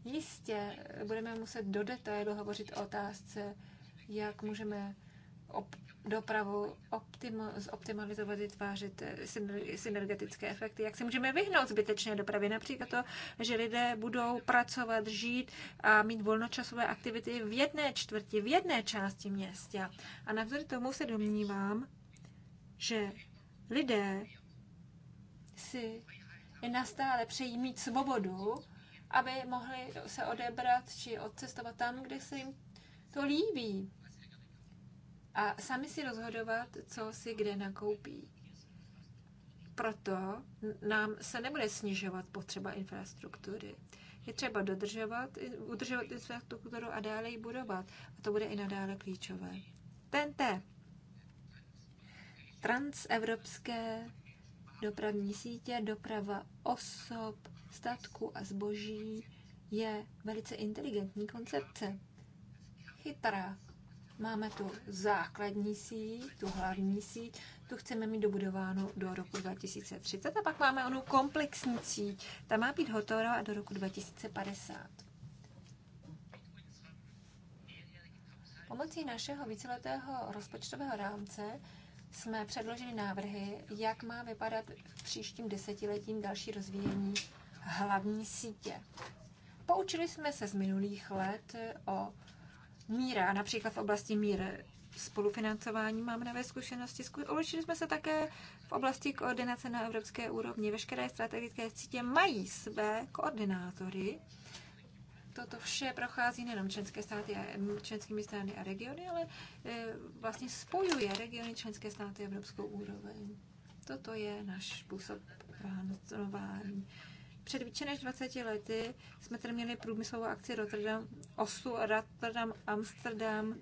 Jistě budeme muset do detailu hovořit o otázce, jak můžeme dopravu optimo, zoptimalizovat, vytvářet eh, synergetické efekty, jak se můžeme vyhnout zbytečné dopravě. Například to, že lidé budou pracovat, žít a mít volnočasové aktivity v jedné čtvrti, v jedné části města. A navzdory tomu se domnívám, že lidé si i nastále přejí mít svobodu, aby mohli se odebrat či odcestovat tam, kde se jim to líbí a sami si rozhodovat, co si kde nakoupí. Proto nám se nebude snižovat potřeba infrastruktury. Je třeba dodržovat, udržovat infrastrukturu a dále ji budovat. A to bude i nadále klíčové. TNT. Transevropské dopravní sítě, doprava osob, statku a zboží je velice inteligentní koncepce. Chytrá Máme tu základní síť, tu hlavní síť, tu chceme mít dobudováno do roku 2030 a pak máme onu komplexní síť. Ta má být hotová do roku 2050. Pomocí našeho víceletého rozpočtového rámce jsme předložili návrhy, jak má vypadat v příštím desetiletím další rozvíjení hlavní sítě. Poučili jsme se z minulých let o míra, například v oblasti míry spolufinancování máme nové zkušenosti. Uložili jsme se také v oblasti koordinace na evropské úrovni. Veškeré strategické sítě mají své koordinátory. Toto vše prochází nejenom členské státy a členskými státy a regiony, ale e, vlastně spojuje regiony členské státy a evropskou úroveň. Toto je náš způsob plánování. Před více než 20 lety jsme tady měli průmyslovou akci Rotterdam, Osu, Rotterdam, Amsterdam,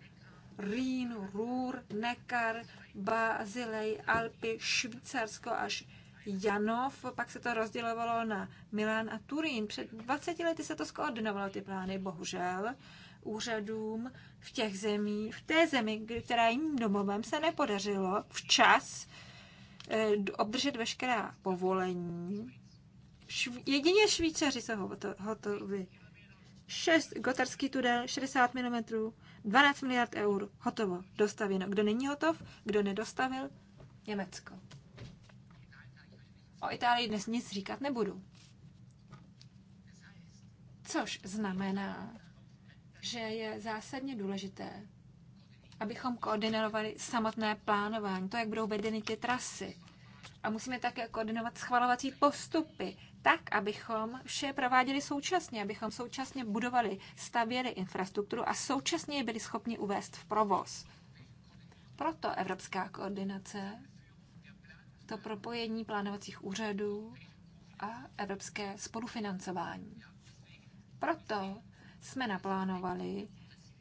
Rýn, Rur, Nekar, Bazilej, Alpy, Švýcarsko až Janov, pak se to rozdělovalo na Milán a Turín. Před 20 lety se to skoordinovalo, ty plány, bohužel úřadům v těch zemí, v té zemi, která jim domovem se nepodařilo včas eh, obdržet veškerá povolení šv- jedině Švýcaři jsou hotovi. 6 gotarský tunel, 60 mm, 12 miliard eur, hotovo, dostavěno. Kdo není hotov, kdo nedostavil? Německo. O Itálii dnes nic říkat nebudu. Což znamená, že je zásadně důležité, abychom koordinovali samotné plánování, to, jak budou vedeny ty trasy. A musíme také koordinovat schvalovací postupy, tak, abychom vše prováděli současně, abychom současně budovali, stavěli infrastrukturu a současně je byli schopni uvést v provoz. Proto evropská koordinace, to propojení plánovacích úřadů a evropské spolufinancování. Proto jsme naplánovali,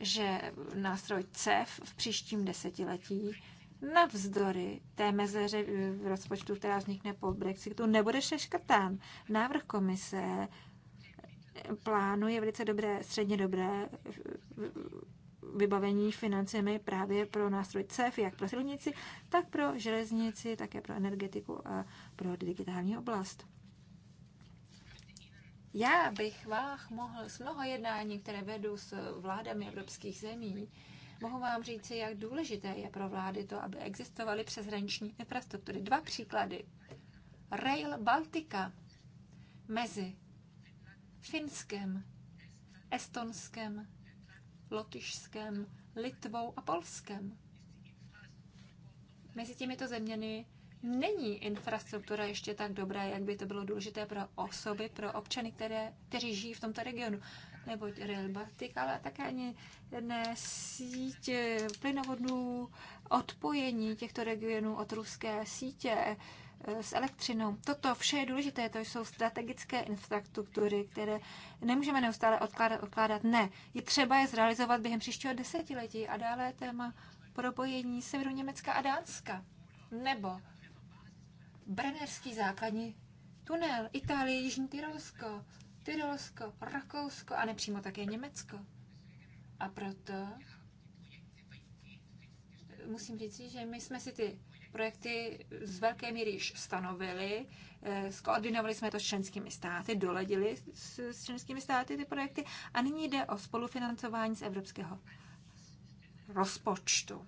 že nástroj CEF v příštím desetiletí navzdory té mezeře eh, v rozpočtu, která vznikne po Brexitu, nebude škrtán. Návrh komise eh, plánuje velice dobré, středně dobré eh, vybavení financemi právě pro nástroj CEF, jak pro silnici, tak pro železnici, také pro energetiku a pro digitální oblast. Já bych vám mohl s mnoho jednání, které vedu s vládami evropských zemí, Mohu vám říci, jak důležité je pro vlády to, aby existovaly přeshraniční infrastruktury. Dva příklady. Rail Baltica mezi Finskem, Estonskem, Lotyšskem, Litvou a Polskem. Mezi těmito zeměmi není infrastruktura ještě tak dobrá, jak by to bylo důležité pro osoby, pro občany, které, kteří žijí v tomto regionu neboť Rail Baltic, ale také ani jedné síť plynovodů, odpojení těchto regionů od ruské sítě eh, s elektřinou. Toto vše je důležité, to jsou strategické infrastruktury, které nemůžeme neustále odkládat, odkládat. Ne, je třeba je zrealizovat během příštího desetiletí a dále téma propojení severu Německa a Dánska. Nebo Brennerský základní tunel, Itálie, Jižní Tyrolsko, Tyrolsko, Rakousko a nepřímo také Německo. A proto musím říct, že my jsme si ty projekty z velké míry již stanovili, eh, skoordinovali jsme to s členskými státy, doledili s, s členskými státy ty projekty a nyní jde o spolufinancování z evropského rozpočtu.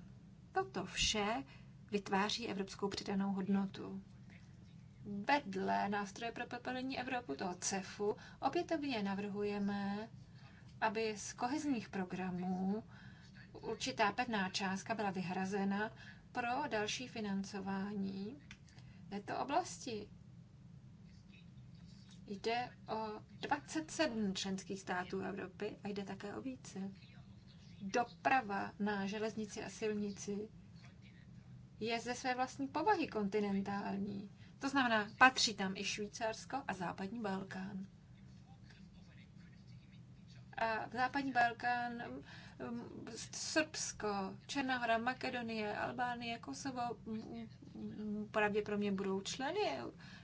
Toto vše vytváří evropskou přidanou hodnotu vedle nástroje pro podporení Evropu, toho CEFu, opětovně navrhujeme, aby z kohezních programů určitá pevná částka byla vyhrazena pro další financování této oblasti. Jde o 27 členských států Evropy a jde také o více. Doprava na železnici a silnici je ze své vlastní povahy kontinentální. To znamená, patří tam i Švýcarsko a západní Balkán. A západní Balkán, Srbsko, Černá hora, Makedonie, Albánie, Kosovo pravděpodobně budou členy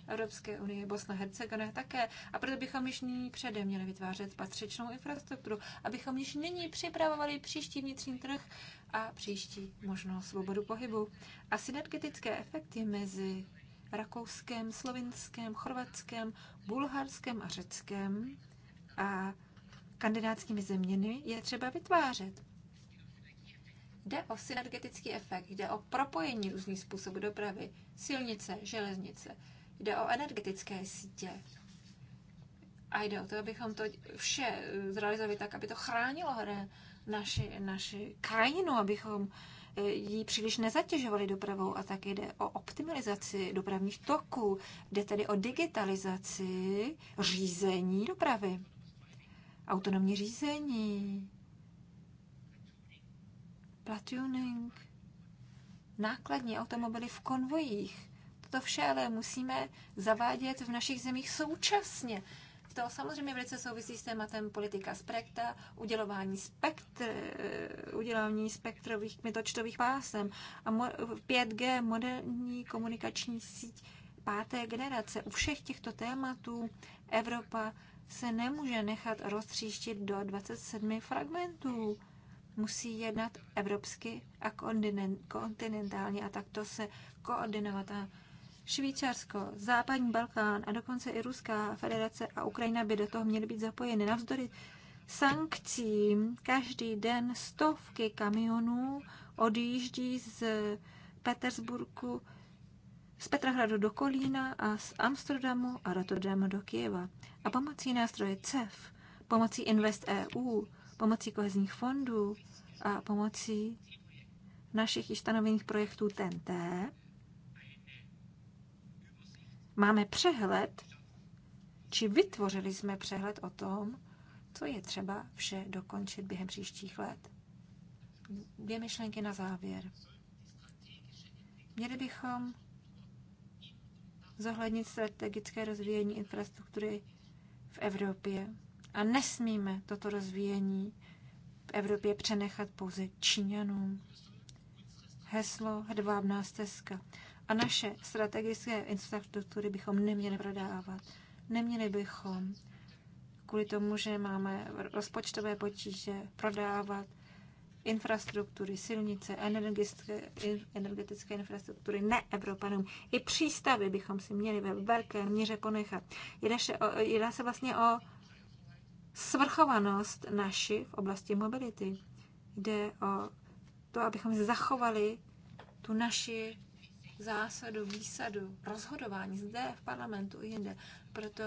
Evropské unie, Bosna, Hercegovina také. A proto bychom již nyní předem měli vytvářet patřičnou infrastrukturu, abychom již nyní připravovali příští vnitřní trh a příští možnou svobodu pohybu. A synergetické efekty mezi rakouském, slovinském, chorvatském, bulharském a řeckém a kandidátskými zeměmi je třeba vytvářet. Jde o synergetický efekt, jde o propojení různých způsobů dopravy, silnice, železnice, jde o energetické sítě. A jde o to, abychom to vše zrealizovali tak, aby to chránilo hra naši, naši krajinu, abychom ji příliš nezatěžovali dopravou a tak jde o optimalizaci dopravních toků, jde tedy o digitalizaci řízení dopravy. Autonomní řízení, platuning, nákladní automobily v konvojích. Toto vše ale musíme zavádět v našich zemích současně. To samozřejmě velice souvisí s tématem politika spektra, udělování, spektr, eh, udělování spektrových kmitočtových pásem a 5G, moderní komunikační síť páté generace. U všech těchto tématů Evropa se nemůže nechat roztříštit do 27 fragmentů. Musí jednat evropsky a kontinentálně a takto se koordinovat a Švýcarsko, Západní Balkán a dokonce i Ruská federace a Ukrajina by do toho měly být zapojeny. Navzdory sankcím každý den stovky kamionů odjíždí z Petersburgu, z Petrohradu do Kolína a z Amsterdamu a Rotterdamu do Kieva. A pomocí nástroje CEF, pomocí Invest EU, pomocí kohezních fondů a pomocí našich již stanovených projektů TNT máme přehled, či vytvořili jsme přehled o tom, co je třeba vše dokončit během příštích let. Dvě myšlenky na závěr. Měli bychom zohlednit strategické rozvíjení infrastruktury v Evropě a nesmíme toto rozvíjení v Evropě přenechat pouze Číňanům. Heslo Hedvábná stezka. A naše strategické infrastruktury bychom neměli prodávat. Neměli bychom kvůli tomu, že máme rozpočtové potíže prodávat infrastruktury, silnice, energetické, energetické infrastruktury, ne Evropanům. I přístavy bychom si měli ve velké míře ponechat. Jedná se, o, jedná se vlastně o svrchovanost naši v oblasti mobility. Jde o to, abychom zachovali tu naši zásadu, výsadu, rozhodování zde v parlamentu i jinde. Proto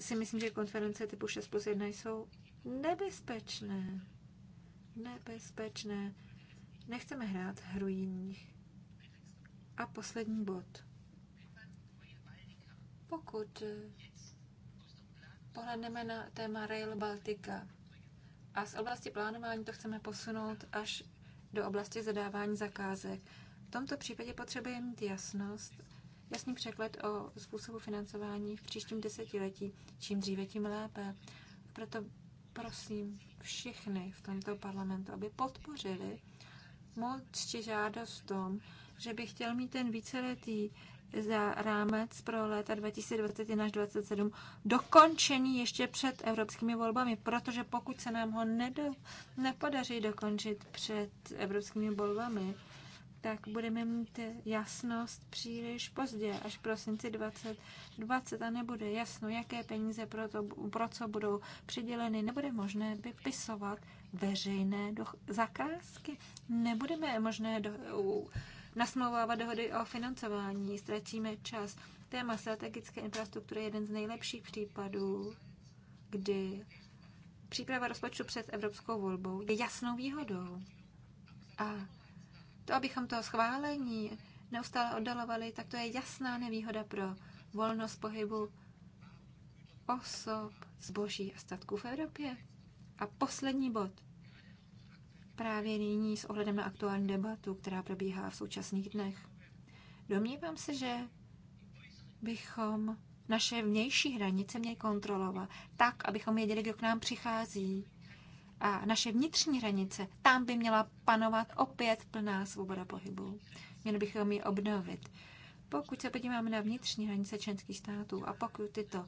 si myslím, že konference typu 6 plus 1 jsou nebezpečné. Nebezpečné. Nechceme hrát hru jiných. A poslední bod. Pokud eh, pohledneme na téma Rail Baltica a z oblasti plánování to chceme posunout až do oblasti zadávání zakázek, v tomto případě potřebujeme mít jasnost, jasný překlad o způsobu financování v příštím desetiletí. Čím dříve, tím lépe. Proto prosím všechny v tomto parlamentu, aby podpořili moc žádost v tom, že bych chtěl mít ten víceletý eh, za rámec pro léta 2021 až 2027 dokončený ještě před evropskými volbami, protože pokud se nám ho nedo, nepodaří dokončit před evropskými volbami, tak budeme mít jasnost příliš pozdě, až v prosinci 2020 a nebude jasno, jaké peníze pro, to, pro co budou přiděleny. Nebude možné vypisovat veřejné doch- zakázky, nebudeme možné do- nasmlouvávat dohody o financování, ztratíme čas. Téma strategické infrastruktury je jeden z nejlepších případů, kdy příprava rozpočtu před evropskou volbou je jasnou výhodou. A to, abychom to schválení neustále oddalovali, tak to je jasná nevýhoda pro volnost pohybu osob, zboží a statků v Evropě. A poslední bod. Právě nyní s ohledem na aktuální debatu, která probíhá v současných dnech. Domnívám se, že bychom naše vnější hranice měli kontrolovat tak, abychom věděli, kdo k nám přichází, a naše vnitřní hranice, tam by měla panovat opět plná svoboda pohybu. Měli bychom ji obnovit. Pokud se podíváme na vnitřní hranice členských států a pokud tyto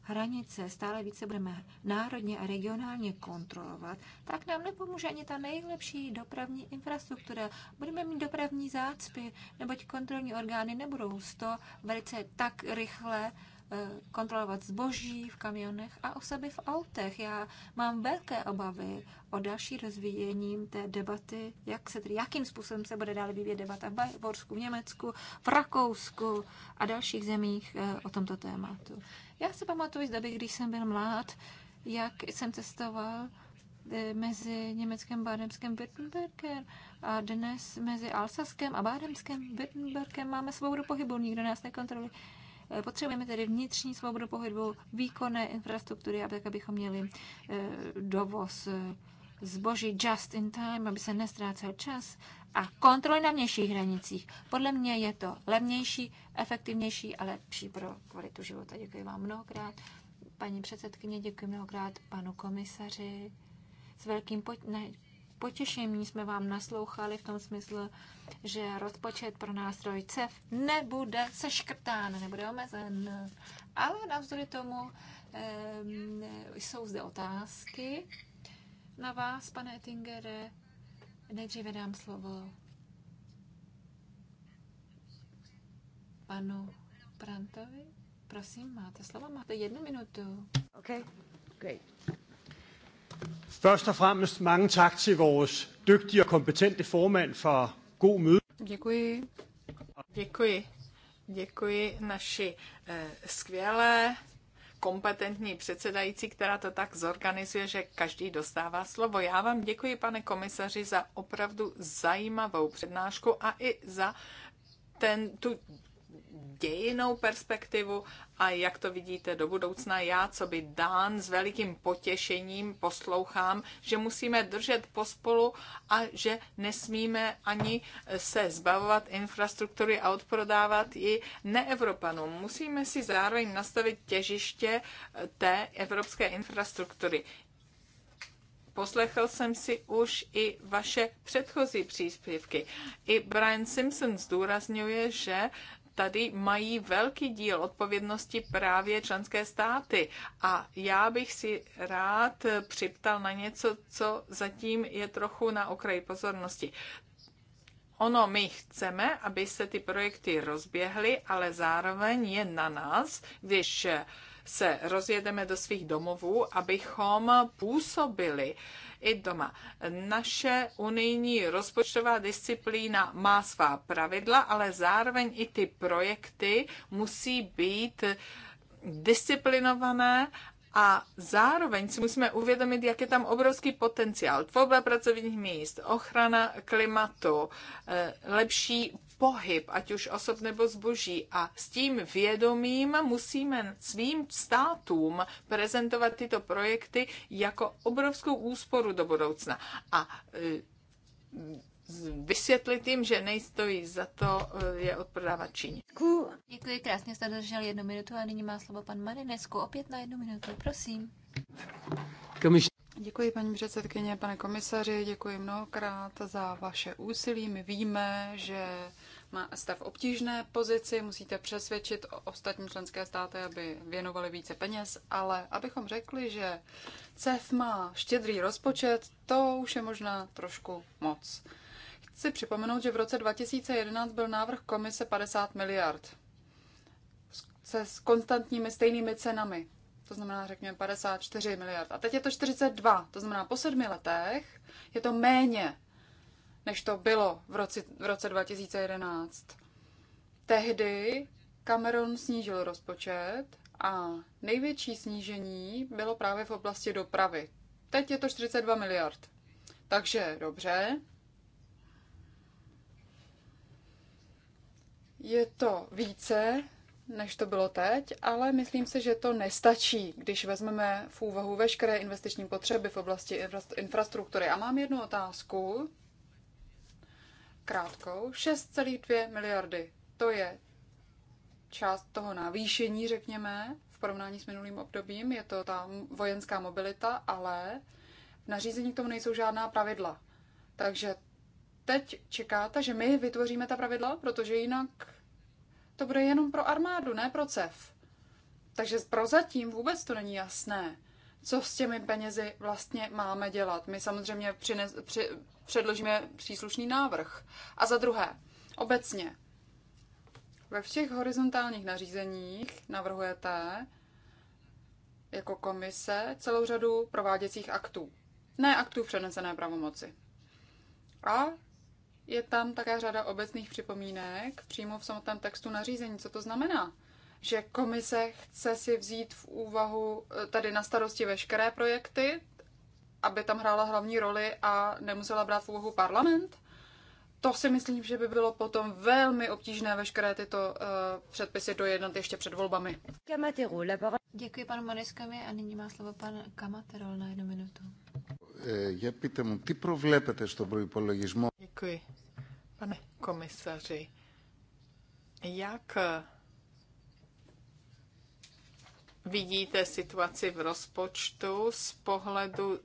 hranice stále více budeme národně a regionálně kontrolovat, tak nám nepomůže ani ta nejlepší dopravní infrastruktura. Budeme mít dopravní zácpy, neboť kontrolní orgány nebudou z to velice tak rychle Eh, kontrolovat zboží v kamionech a osoby v autech. Já mám velké obavy o další rozvíjení té debaty, jak se, tedy, jakým způsobem se bude dále vyvíjet debata v Bavorsku, v Německu, v Rakousku a dalších zemích eh, o tomto tématu. Já si pamatuju z doby, když jsem byl mlad, jak jsem cestoval eh, mezi Německem, Bádemským Wittenbergem a dnes mezi Alsaskem a Bádemským Wittenbergem máme svobodu pohybu, nikdo nás nekontroluje. Eh, potřebujeme tedy vnitřní svobodu pohybu, výkonné infrastruktury, aby tak, abychom měli eh, dovoz eh, zboží just in time, aby se nestrácel čas a kontroly na vnějších hranicích. Podle mě je to levnější, efektivnější a lepší pro kvalitu života. Děkuji vám mnohokrát. Paní předsedkyně, děkuji mnohokrát panu komisaři. S velkým pojďme potěšení jsme vám naslouchali v tom smyslu, že rozpočet pro nástroj CEF nebude seškrtán, nebude omezen. Ale navzdory tomu eh, jsou zde otázky na vás, pane Tingere. Nejdříve dám slovo panu Prantovi. Prosím, máte slovo, máte jednu minutu. Okay, great. Først og fremmest mange tak til vores dygtige og kompetente formand for god møde. Děkuji. Děkuji. Děkuji naši eh, skvělé kompetentní předsedající, která to tak zorganizuje, že každý dostává slovo. Já vám děkuji, pane komisaři, za opravdu zajímavou přednášku a i za ten, tu dějinou perspektivu a jak to vidíte do budoucna. Já, co by Dán, s velikým potěšením poslouchám, že musíme držet pospolu a že nesmíme ani se zbavovat infrastruktury a odprodávat ji neevropanům. Musíme si zároveň nastavit těžiště eh, té evropské infrastruktury. Poslechl jsem si už i vaše předchozí příspěvky. I Brian Simpson zdůrazňuje, že tady mají velký díl odpovědnosti právě členské státy. A já bych si rád připtal na něco, co zatím je trochu na okraji pozornosti. Ono, my chceme, aby se ty projekty rozběhly, ale zároveň je na nás, když se rozjedeme do svých domovů, abychom působili i doma. Naše unijní rozpočtová disciplína má svá pravidla, ale zároveň i ty projekty musí být disciplinované a zároveň si musíme uvědomit, jak je tam obrovský potenciál. Tvorba pracovních míst, ochrana klimatu, eh, lepší pohyb, ať už osob nebo zboží. A s tím vědomím musíme svým státům prezentovat tyto projekty jako obrovskou úsporu do budoucna. A e, vysvětlit jim, že nejstojí za to e, je odprodávat Číně. Děkuji, krásně jste držel jednu minutu a nyní má slovo pan Marinesku. Opět na jednu minutu, prosím. Komiš... Děkuji, paní předsedkyně, pane komisaři, děkuji mnohokrát za vaše úsilí. My víme, že jste v obtížné pozici, musíte přesvědčit ostatní členské státy, aby věnovali více peněz, ale abychom řekli, že CEF má štědrý rozpočet, to už je možná trošku moc. Chci připomenout, že v roce 2011 byl návrh komise 50 miliard se s konstantními stejnými cenami. To znamená, řekněme, 54 miliard. A teď je to 42. To znamená, po sedmi letech je to méně než to bylo v roce, v roce 2011. Tehdy Cameron snížil rozpočet a největší snížení bylo právě v oblasti dopravy. Teď je to 42 miliard. Takže dobře. Je to více, než to bylo teď, ale myslím si, že to nestačí, když vezmeme v úvahu veškeré investiční potřeby v oblasti infrastruktury. A mám jednu otázku krátkou, 6,2 miliardy. To je část toho navýšení, řekněme, v porovnání s minulým obdobím. Je to ta vojenská mobilita, ale v nařízení k tomu nejsou žádná pravidla. Takže teď čekáte, že my vytvoříme ta pravidla, protože jinak to bude jenom pro armádu, ne pro CEF. Takže prozatím vůbec to není jasné co s těmi penězi vlastně máme dělat. My samozřejmě přines, při, předložíme příslušný návrh. A za druhé, obecně, ve všech horizontálních nařízeních navrhujete jako komise celou řadu prováděcích aktů. Ne aktů přenesené pravomoci. A je tam také řada obecných připomínek přímo v samotném textu nařízení. Co to znamená? že komise chce si vzít v úvahu eh, tady na starosti veškeré projekty, aby tam hrála hlavní roli a nemusela brát v úvahu parlament? To si myslím, že by bylo potom velmi obtížné veškeré tyto uh, předpisy dojednat ještě před volbami. Děkuji panu Maneskovi a nyní má slovo pan Kamaterol na jednu minutu. Já pýtám, ty provlepete s tou Děkuji. Pane komisaři, jak vidíte situaci v rozpočtu z pohledu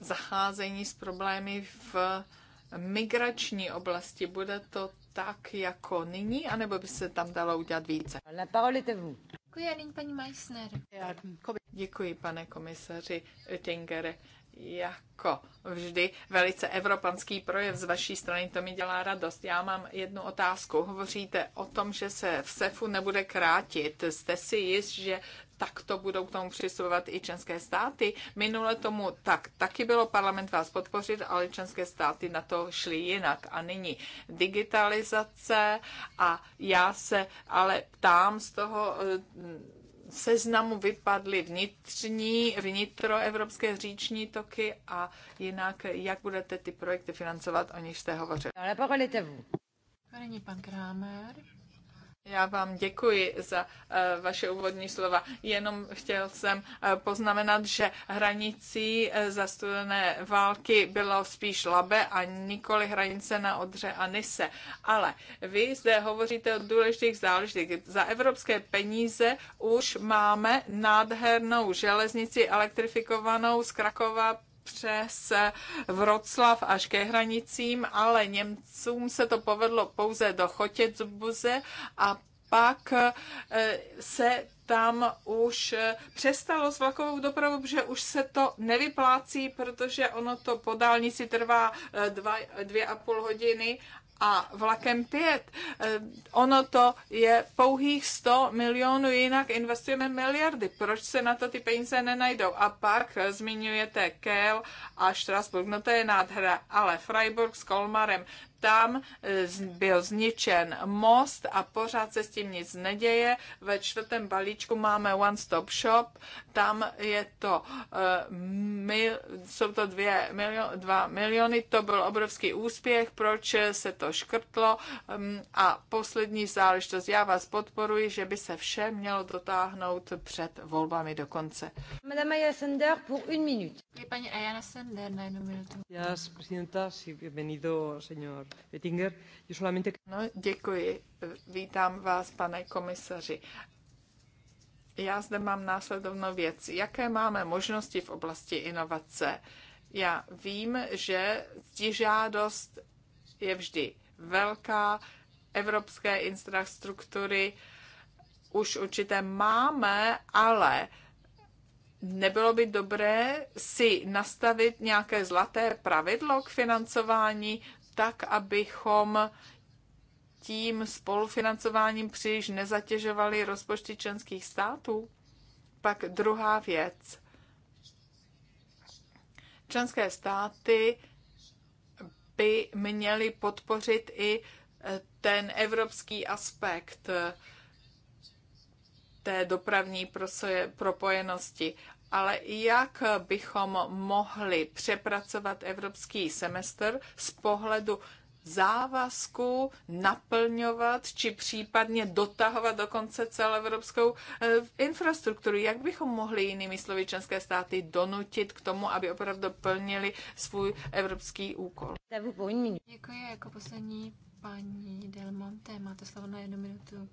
zacházení s problémy v migrační oblasti. Bude to tak jako nyní, anebo by se tam dalo udělat více? La parole est à vous. Děkuji, paní Meissner. Děkuji, pane komisaři Oettingere jako vždy velice evropanský projev z vaší strany, to mi dělá radost. Já mám jednu otázku. Hovoříte o tom, že se v SEFu nebude krátit. Jste si jist, že takto budou k tomu přistupovat i členské státy. Minule tomu tak taky bylo, parlament vás podpořit, ale členské státy na to šly jinak. A nyní digitalizace a já se ale ptám z toho eh, seznamu vypadly vnitřní, vnitroevropské říční toky a jinak, jak budete ty projekty financovat, o nich jste hovořili. No, ale pokud je vous. Nyní pan Kramer. Já vám děkuji za eh, vaše úvodní slova. Jenom chtěl jsem eh, poznamenat, že hranicí eh, za studené války bylo spíš Labe a nikoli hranice na Odře a Nise. Ale vy zde hovoříte o důležitých záležitých. Za evropské peníze už máme nádhernou železnici elektrifikovanou z Krakova přes Vroclav až ke hranicím, ale Němcům se to povedlo pouze do Chotěcbuze a pak e, se tam už e, přestalo s vlakovou dopravou, protože už se to nevyplácí, protože ono to po dálnici trvá e, dva, dvě a půl hodiny a vlakem pět. Eh, ono to je pouhých 100 milionů, jinak investujeme miliardy. Proč se na to ty peníze nenajdou? A pak eh, zmiňujete Kel, a Strasburg. No to je nádhera, ale Freiburg s Kolmarem tam eh, byl zničen most a pořád se s tím nic neděje. Ve čtvrtém balíčku máme One Stop Shop, tam je to, eh, mil, jsou to dvě milio, dva miliony, to byl obrovský úspěch, proč se to škrtlo ehm, a poslední záležitost, já vás podporuji, že by se vše mělo dotáhnout před volbami do konce. Madame Aya Sender pour une minute. Je paní Aya Sender na jednu minutu. Gracias, presidenta. si bienvenido, señor No, děkuji. Vítám vás, pane komisaři. Já zde mám následovnou věc. Jaké máme možnosti v oblasti inovace? Já vím, že ti žádost je vždy velká. Evropské infrastruktury už určité máme, ale nebylo by dobré si nastavit nějaké zlaté pravidlo k financování, tak, abychom tím spolufinancováním příliš nezatěžovali rozpočty členských států? Pak druhá věc. Členské státy by měly podpořit i eh, ten evropský aspekt eh, té dopravní propojenosti ale jak bychom mohli přepracovat evropský semestr z pohledu závazku naplňovat či případně dotahovat dokonce celoevropskou eh, infrastrukturu. Jak bychom mohli jinými slovy členské státy donutit k tomu, aby opravdu plnili svůj evropský úkol? Děkuji. Jako poslední paní Delmonte, máte slovo na jednu minutu.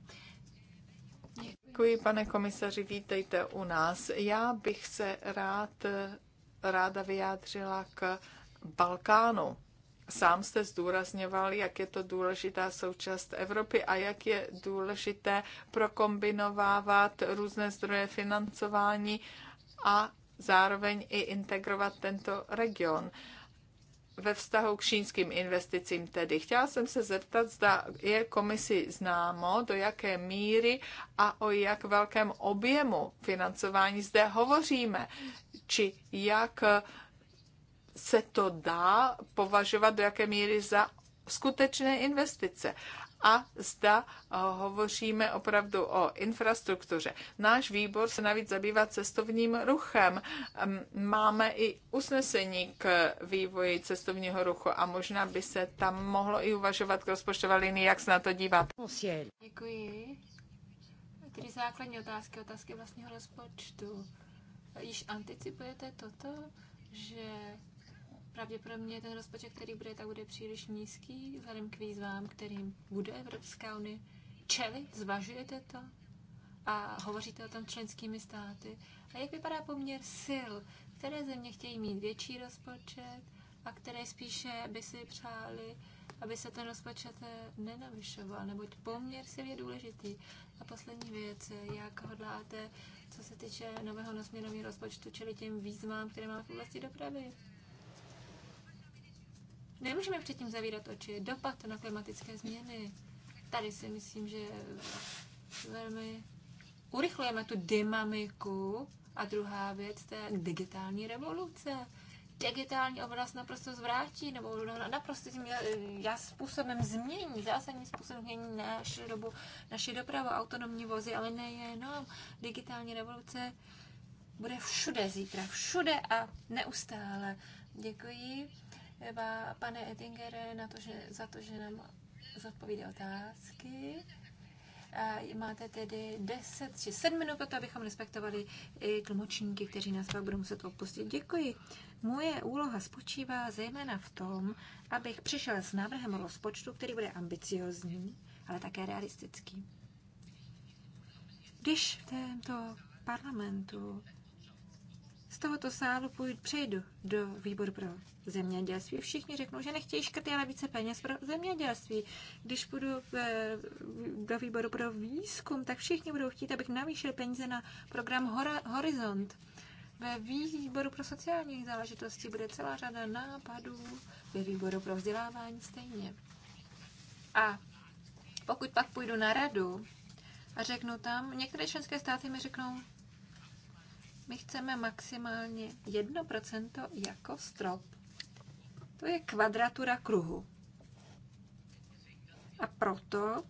Děkuji, pane komisaři, vítejte u nás. Já bych se rád, ráda vyjádřila k Balkánu. Sám jste zdůrazňoval, jak je to důležitá součást Evropy a jak je důležité prokombinovávat různé zdroje financování a zároveň i integrovat tento region. Uh, ve vztahu k čínským investicím tedy. Chtěla jsem se zeptat, zda je komisi známo, do jaké míry a o jak velkém objemu financování zde hovoříme, či jak se to dá považovat do jaké míry za skutečné investice a zda eh, hovoříme opravdu o infrastruktuře. Náš výbor se navíc zabývá cestovním ruchem. Máme i usnesení k vývoji cestovního ruchu a možná by se tam mohlo i uvažovat k rozpočtové linii, jak se na to dívat. Děkuji. Tedy základní otázky, otázky vlastního rozpočtu. Již anticipujete toto, že Pravděpodobně ten rozpočet, který bude, tak bude příliš nízký, vzhledem k výzvám, kterým bude Evropská unie čeli? Zvažujete to? A hovoříte o tom členskými státy. A jak vypadá poměr sil? Které země chtějí mít větší rozpočet a které spíše by si přáli, aby se ten rozpočet eh, nenavyšoval, neboť poměr sil je důležitý. A poslední věc, eh, jak hodláte, co se týče nového nasměrování rozpočtu, čili těm výzvám, které máme v oblasti dopravy? Nemůžeme předtím zavírat oči. Dopad na klimatické změny. Tady si myslím, že velmi urychlujeme tu dynamiku. A druhá věc, to je digitální revoluce. Digitální obraz naprosto zvrátí, nebo naprosto tím já způsobem změní, zásadním způsobem změní naši dobu, naši dopravu, autonomní vozy, ale nejenom. Digitální revoluce bude všude zítra, všude a neustále. Děkuji. Eva, pane Ettingere, na to, že, za to, že nám zodpovíde otázky. A máte tedy 10 či 7 minut, proto abychom respektovali i tlumočníky, kteří nás pak budou muset opustit. Děkuji. Moje úloha spočívá zejména v tom, abych přišel s návrhem rozpočtu, který bude ambiciozní, ale také realistický. Když v tomto parlamentu z tohoto sálu půjdu, přejdu do výboru pro zemědělství, všichni řeknou, že nechtějí škrty, ale více peněz pro zemědělství. Když půjdu eh, do výboru pro výzkum, tak všichni budou chtít, abych navýšil peníze na program Hora, Horizont. Ve výboru pro sociální záležitosti bude celá řada nápadů, ve výboru pro vzdělávání stejně. A pokud pak půjdu na radu a řeknu tam, některé členské státy mi řeknou, my chceme maximálně 1% jako strop. To je kvadratura kruhu. A proto,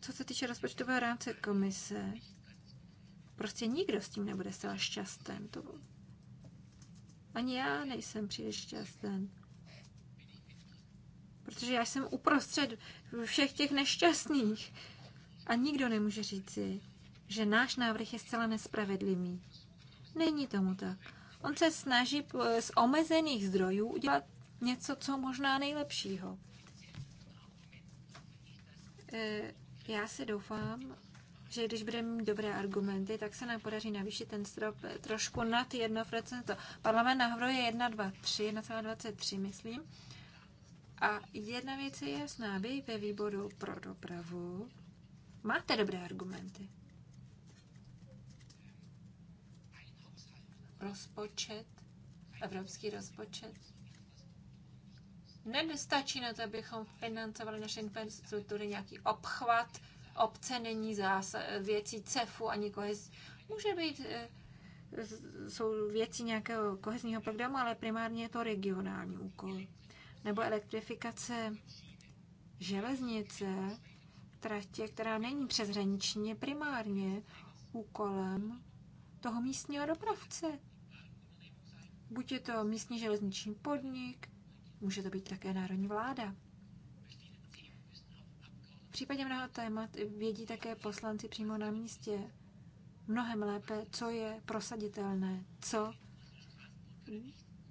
co se týče rozpočtového rámce komise, prostě nikdo s tím nebude zcela šťasten. To... Ani já nejsem příliš šťasten. Protože já jsem uprostřed všech těch nešťastných. A nikdo nemůže říci, že náš návrh je zcela nespravedlivý. Není tomu tak. On se snaží z omezených zdrojů udělat něco, co možná nejlepšího. E, já si doufám, že když budeme mít dobré argumenty, tak se nám podaří navýšit ten strop trošku nad 1%. Parlament navrhuje 1,23, 1,23 myslím. A jedna věc je jasná, vy ve výboru pro dopravu máte dobré argumenty. rozpočet, evropský rozpočet, nedostačí na to, abychom financovali naše infrastruktury, nějaký obchvat, obce není zás, věcí CEFu ani kohez. Může být, eh, jsou věci nějakého kohezního programu, ale primárně je to regionální úkol. Nebo elektrifikace železnice, tratě, která není přeshraničně primárně úkolem toho místního dopravce. Buď je to místní železniční podnik, může to být také národní vláda. V případě mnoha témat vědí také poslanci přímo na místě mnohem lépe, co je prosaditelné, co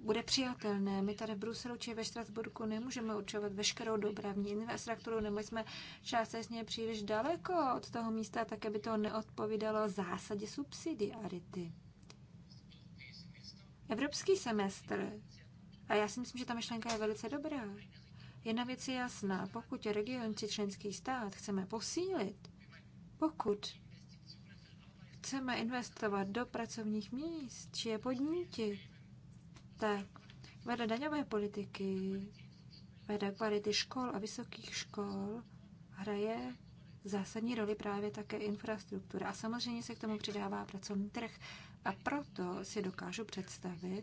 bude přijatelné. My tady v Bruselu či ve Štrasburku nemůžeme určovat veškerou dopravní infrastrukturu, nebo jsme částečně příliš daleko od toho místa, tak aby to neodpovídalo zásadě subsidiarity. Evropský semestr. A já si myslím, že ta myšlenka je velice dobrá. Jedna věc je jasná. Pokud region či členský stát chceme posílit, pokud chceme investovat do pracovních míst či je podnítit, tak vede daňové politiky, vede kvality škol a vysokých škol, hraje zásadní roli právě také infrastruktura. A samozřejmě se k tomu přidává pracovní trh. A proto si dokážu představit,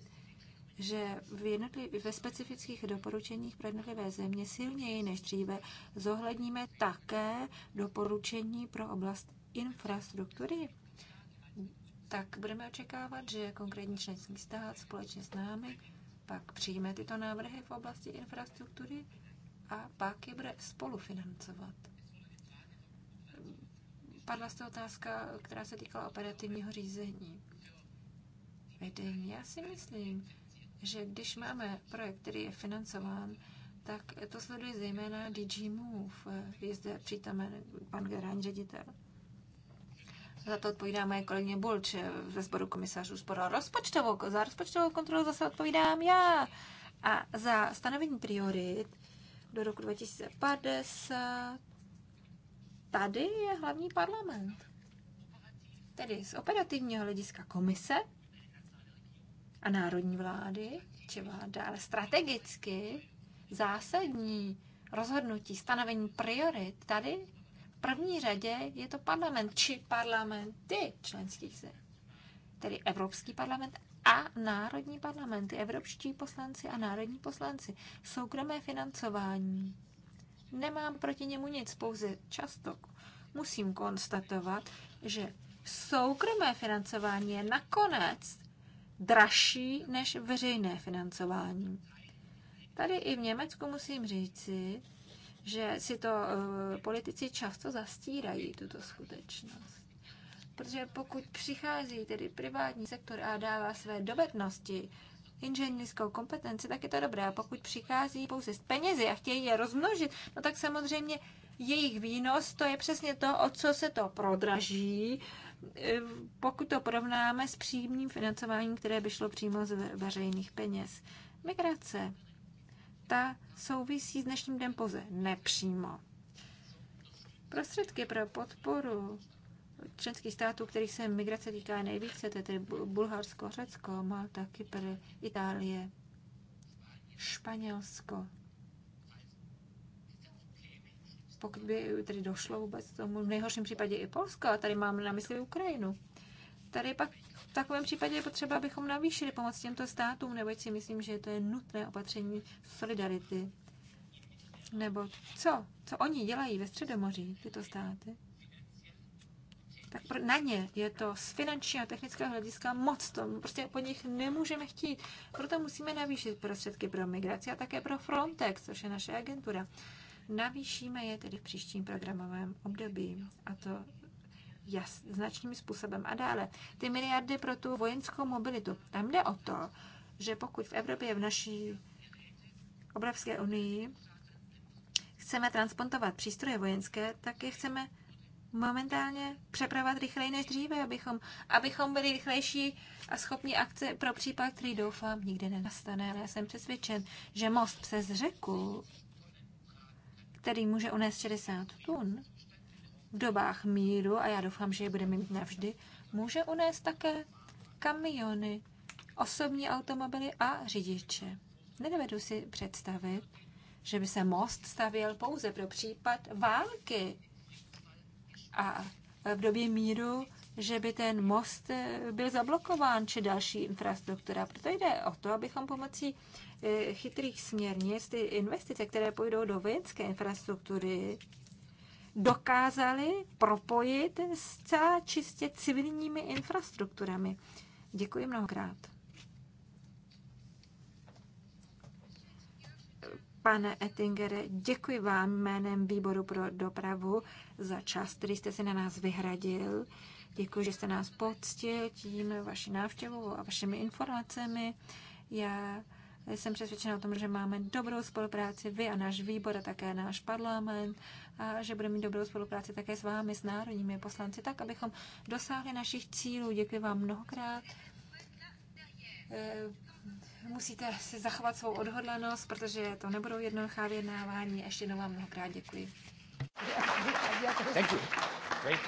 že v ve specifických doporučeních pro jednotlivé země silněji než dříve zohledníme také doporučení pro oblast infrastruktury tak budeme očekávat, že konkrétní členský stát společně s námi pak přijme tyto návrhy v oblasti infrastruktury a pak je bude spolufinancovat. Padla jste otázka, která se týkala operativního řízení. Vedení. Já si myslím, že když máme projekt, který je financován, tak to sleduje zejména DG Move. Je zde přítomen pan generální ředitel za to odpovídá moje kolegyně Bulč eh, ze sboru komisařů spora rozpočtovou, za rozpočtovou kontrolu zase odpovídám já. A za stanovení priorit do roku 2050 tady je hlavní parlament. Tedy z operativního hlediska komise a národní vlády, či vláda, ale strategicky zásadní rozhodnutí, stanovení priorit tady první řadě je to parlament, či parlamenty členských zemí, tedy Evropský parlament a národní parlamenty, evropští poslanci a národní poslanci, soukromé financování. Nemám proti němu nic, pouze často musím konstatovat, že soukromé financování je nakonec dražší než veřejné financování. Tady i v Německu musím říci, že si to eh, politici často zastírají, tuto skutečnost. Protože pokud přichází tedy privátní sektor a dává své dovednosti, inženýrskou kompetenci, tak je to dobré. A pokud přichází pouze s penězi a chtějí je rozmnožit, no tak samozřejmě jejich výnos, to je přesně to, o co se to prodraží, eh, pokud to porovnáme s přímým financováním, které by šlo přímo z veřejných peněz. Migrace cesta souvisí s dnešním dnem pouze nepřímo. Prostředky pro podporu členských států, kterých se migrace týká nejvíce, to je tedy Bulharsko, Řecko, Malta, Kypr, Itálie, Španělsko. Pokud by tedy došlo vůbec k tomu, v nejhorším případě i Polsko, a tady mám na mysli Ukrajinu. Tady pak v takovém případě je potřeba, abychom navýšili pomoc těmto státům, neboť si myslím, že to je nutné opatření solidarity. Nebo co? Co oni dělají ve Středomoří, tyto státy? tak pro, na ně je to z finančního a technického hlediska moc. To prostě po nich nemůžeme chtít. Proto musíme navýšit prostředky pro migraci a také pro Frontex, což je naše agentura. Navýšíme je tedy v příštím programovém období. A to jas, značným způsobem. A dále, ty miliardy pro tu vojenskou mobilitu. Tam jde o to, že pokud v Evropě, v naší obrovské unii, chceme transplantovat přístroje vojenské, tak je chceme momentálně přepravovat rychleji než dříve, abychom, abychom byli rychlejší a schopni akce pro případ, který doufám nikdy nenastane. Ale já jsem přesvědčen, že most přes řeku, který může unést 60 tun, v dobách míru, a já doufám, že je budeme mít navždy, může unést také kamiony, osobní automobily a řidiče. Nedovedu si představit, že by se most stavěl pouze pro případ války a v době míru, že by ten most eh, byl zablokován či další infrastruktura. Proto jde o to, abychom pomocí eh, chytrých směrnic ty investice, které půjdou do vojenské infrastruktury, dokázali propojit s celá čistě civilními infrastrukturami. Děkuji mnohokrát. Pane Ettingere, děkuji vám jménem Výboru pro dopravu za čas, který jste si na nás vyhradil. Děkuji, že jste nás poctil tím vaší návštěvou a vašimi informacemi. Já jsem přesvědčena o tom, že máme dobrou spolupráci, vy a náš výbor a také náš parlament a že budeme mít dobrou spolupráci také s vámi, s národními poslanci, tak, abychom dosáhli našich cílů. Děkuji vám mnohokrát eh, musíte si zachovat svou odhodlanost, protože to nebudou jednoduchá vyjednávání. Ještě jednou vám mnohokrát děkuji. Thank you. Great.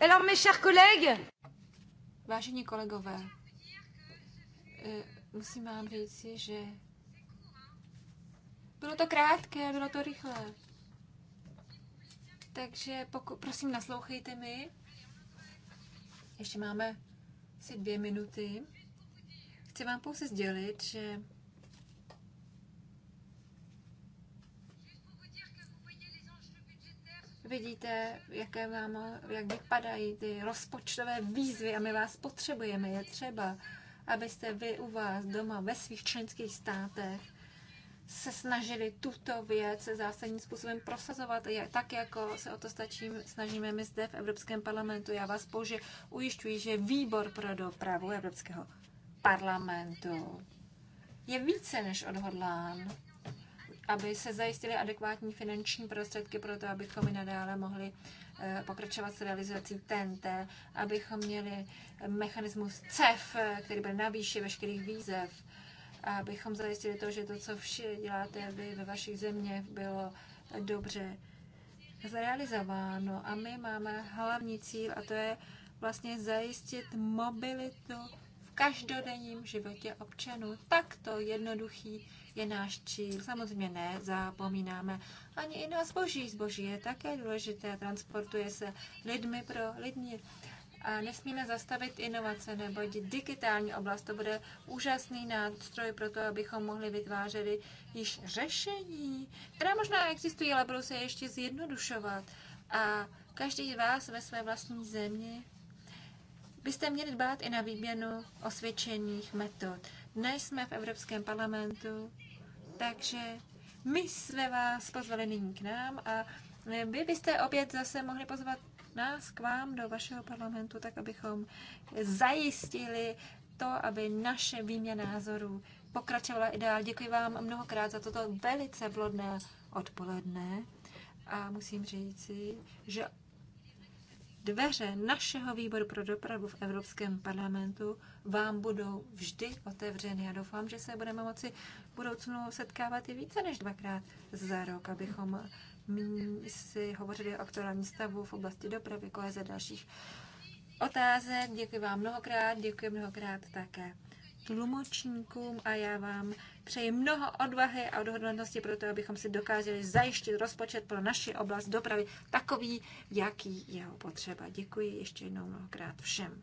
Alors, mes chers collègues... Vážení kolegové, eh, musím vám říci, že bylo to krátké, bylo to rychlé. Takže poku- prosím, naslouchejte mi. Ještě máme asi dvě minuty. Chci vám pouze sdělit, že Vidíte, jaké vám, jak vypadají ty rozpočtové výzvy a my vás potřebujeme. Je třeba, abyste vy u vás doma ve svých členských státech se snažili tuto věc zásadním způsobem prosazovat, tak jako se o to stačím, snažíme my zde v Evropském parlamentu. Já vás pouze ujišťuji, že výbor pro dopravu Evropského parlamentu je více než odhodlán aby se zajistily adekvátní finanční prostředky pro to, abychom i nadále mohli eh, pokračovat s realizací TNT, abychom měli mechanismus CEF, eh, který byl na výši veškerých výzev, abychom zajistili to, že to, co vše děláte vy ve vašich zeměch, bylo dobře zrealizováno. A my máme hlavní cíl, a to je vlastně zajistit mobilitu každodenním životě občanů. Takto jednoduchý je náš cíl. Samozřejmě nezapomínáme ani i na zboží. Zboží je také důležité, transportuje se lidmi pro lidmi. A nesmíme zastavit inovace, nebo digitální oblast to bude úžasný nástroj pro to, abychom mohli vytvářet již řešení, která možná existují, ale budou se ještě zjednodušovat. A každý z vás ve své vlastní zemi byste měli dbát i na výměnu osvědčených metod. Dnes jsme v Evropském parlamentu, takže my jsme vás pozvali nyní k nám a vy byste opět zase mohli pozvat nás k vám do vašeho parlamentu, tak abychom zajistili to, aby naše výměna názorů pokračovala i dál. Děkuji vám mnohokrát za toto velice vlodné odpoledne a musím říci, že dveře našeho výboru pro dopravu v Evropském parlamentu vám budou vždy otevřeny. Já doufám, že se budeme moci v budoucnu setkávat i více než dvakrát za rok, abychom si hovořili o aktuálním stavu v oblasti dopravy, koheze dalších otázek. Děkuji vám mnohokrát, děkuji mnohokrát také tlumočníkům a já vám přeji mnoho odvahy a odhodlanosti pro to, abychom si dokázali zajištit rozpočet pro naši oblast dopravy takový, jaký je potřeba. Děkuji ještě jednou mnohokrát všem.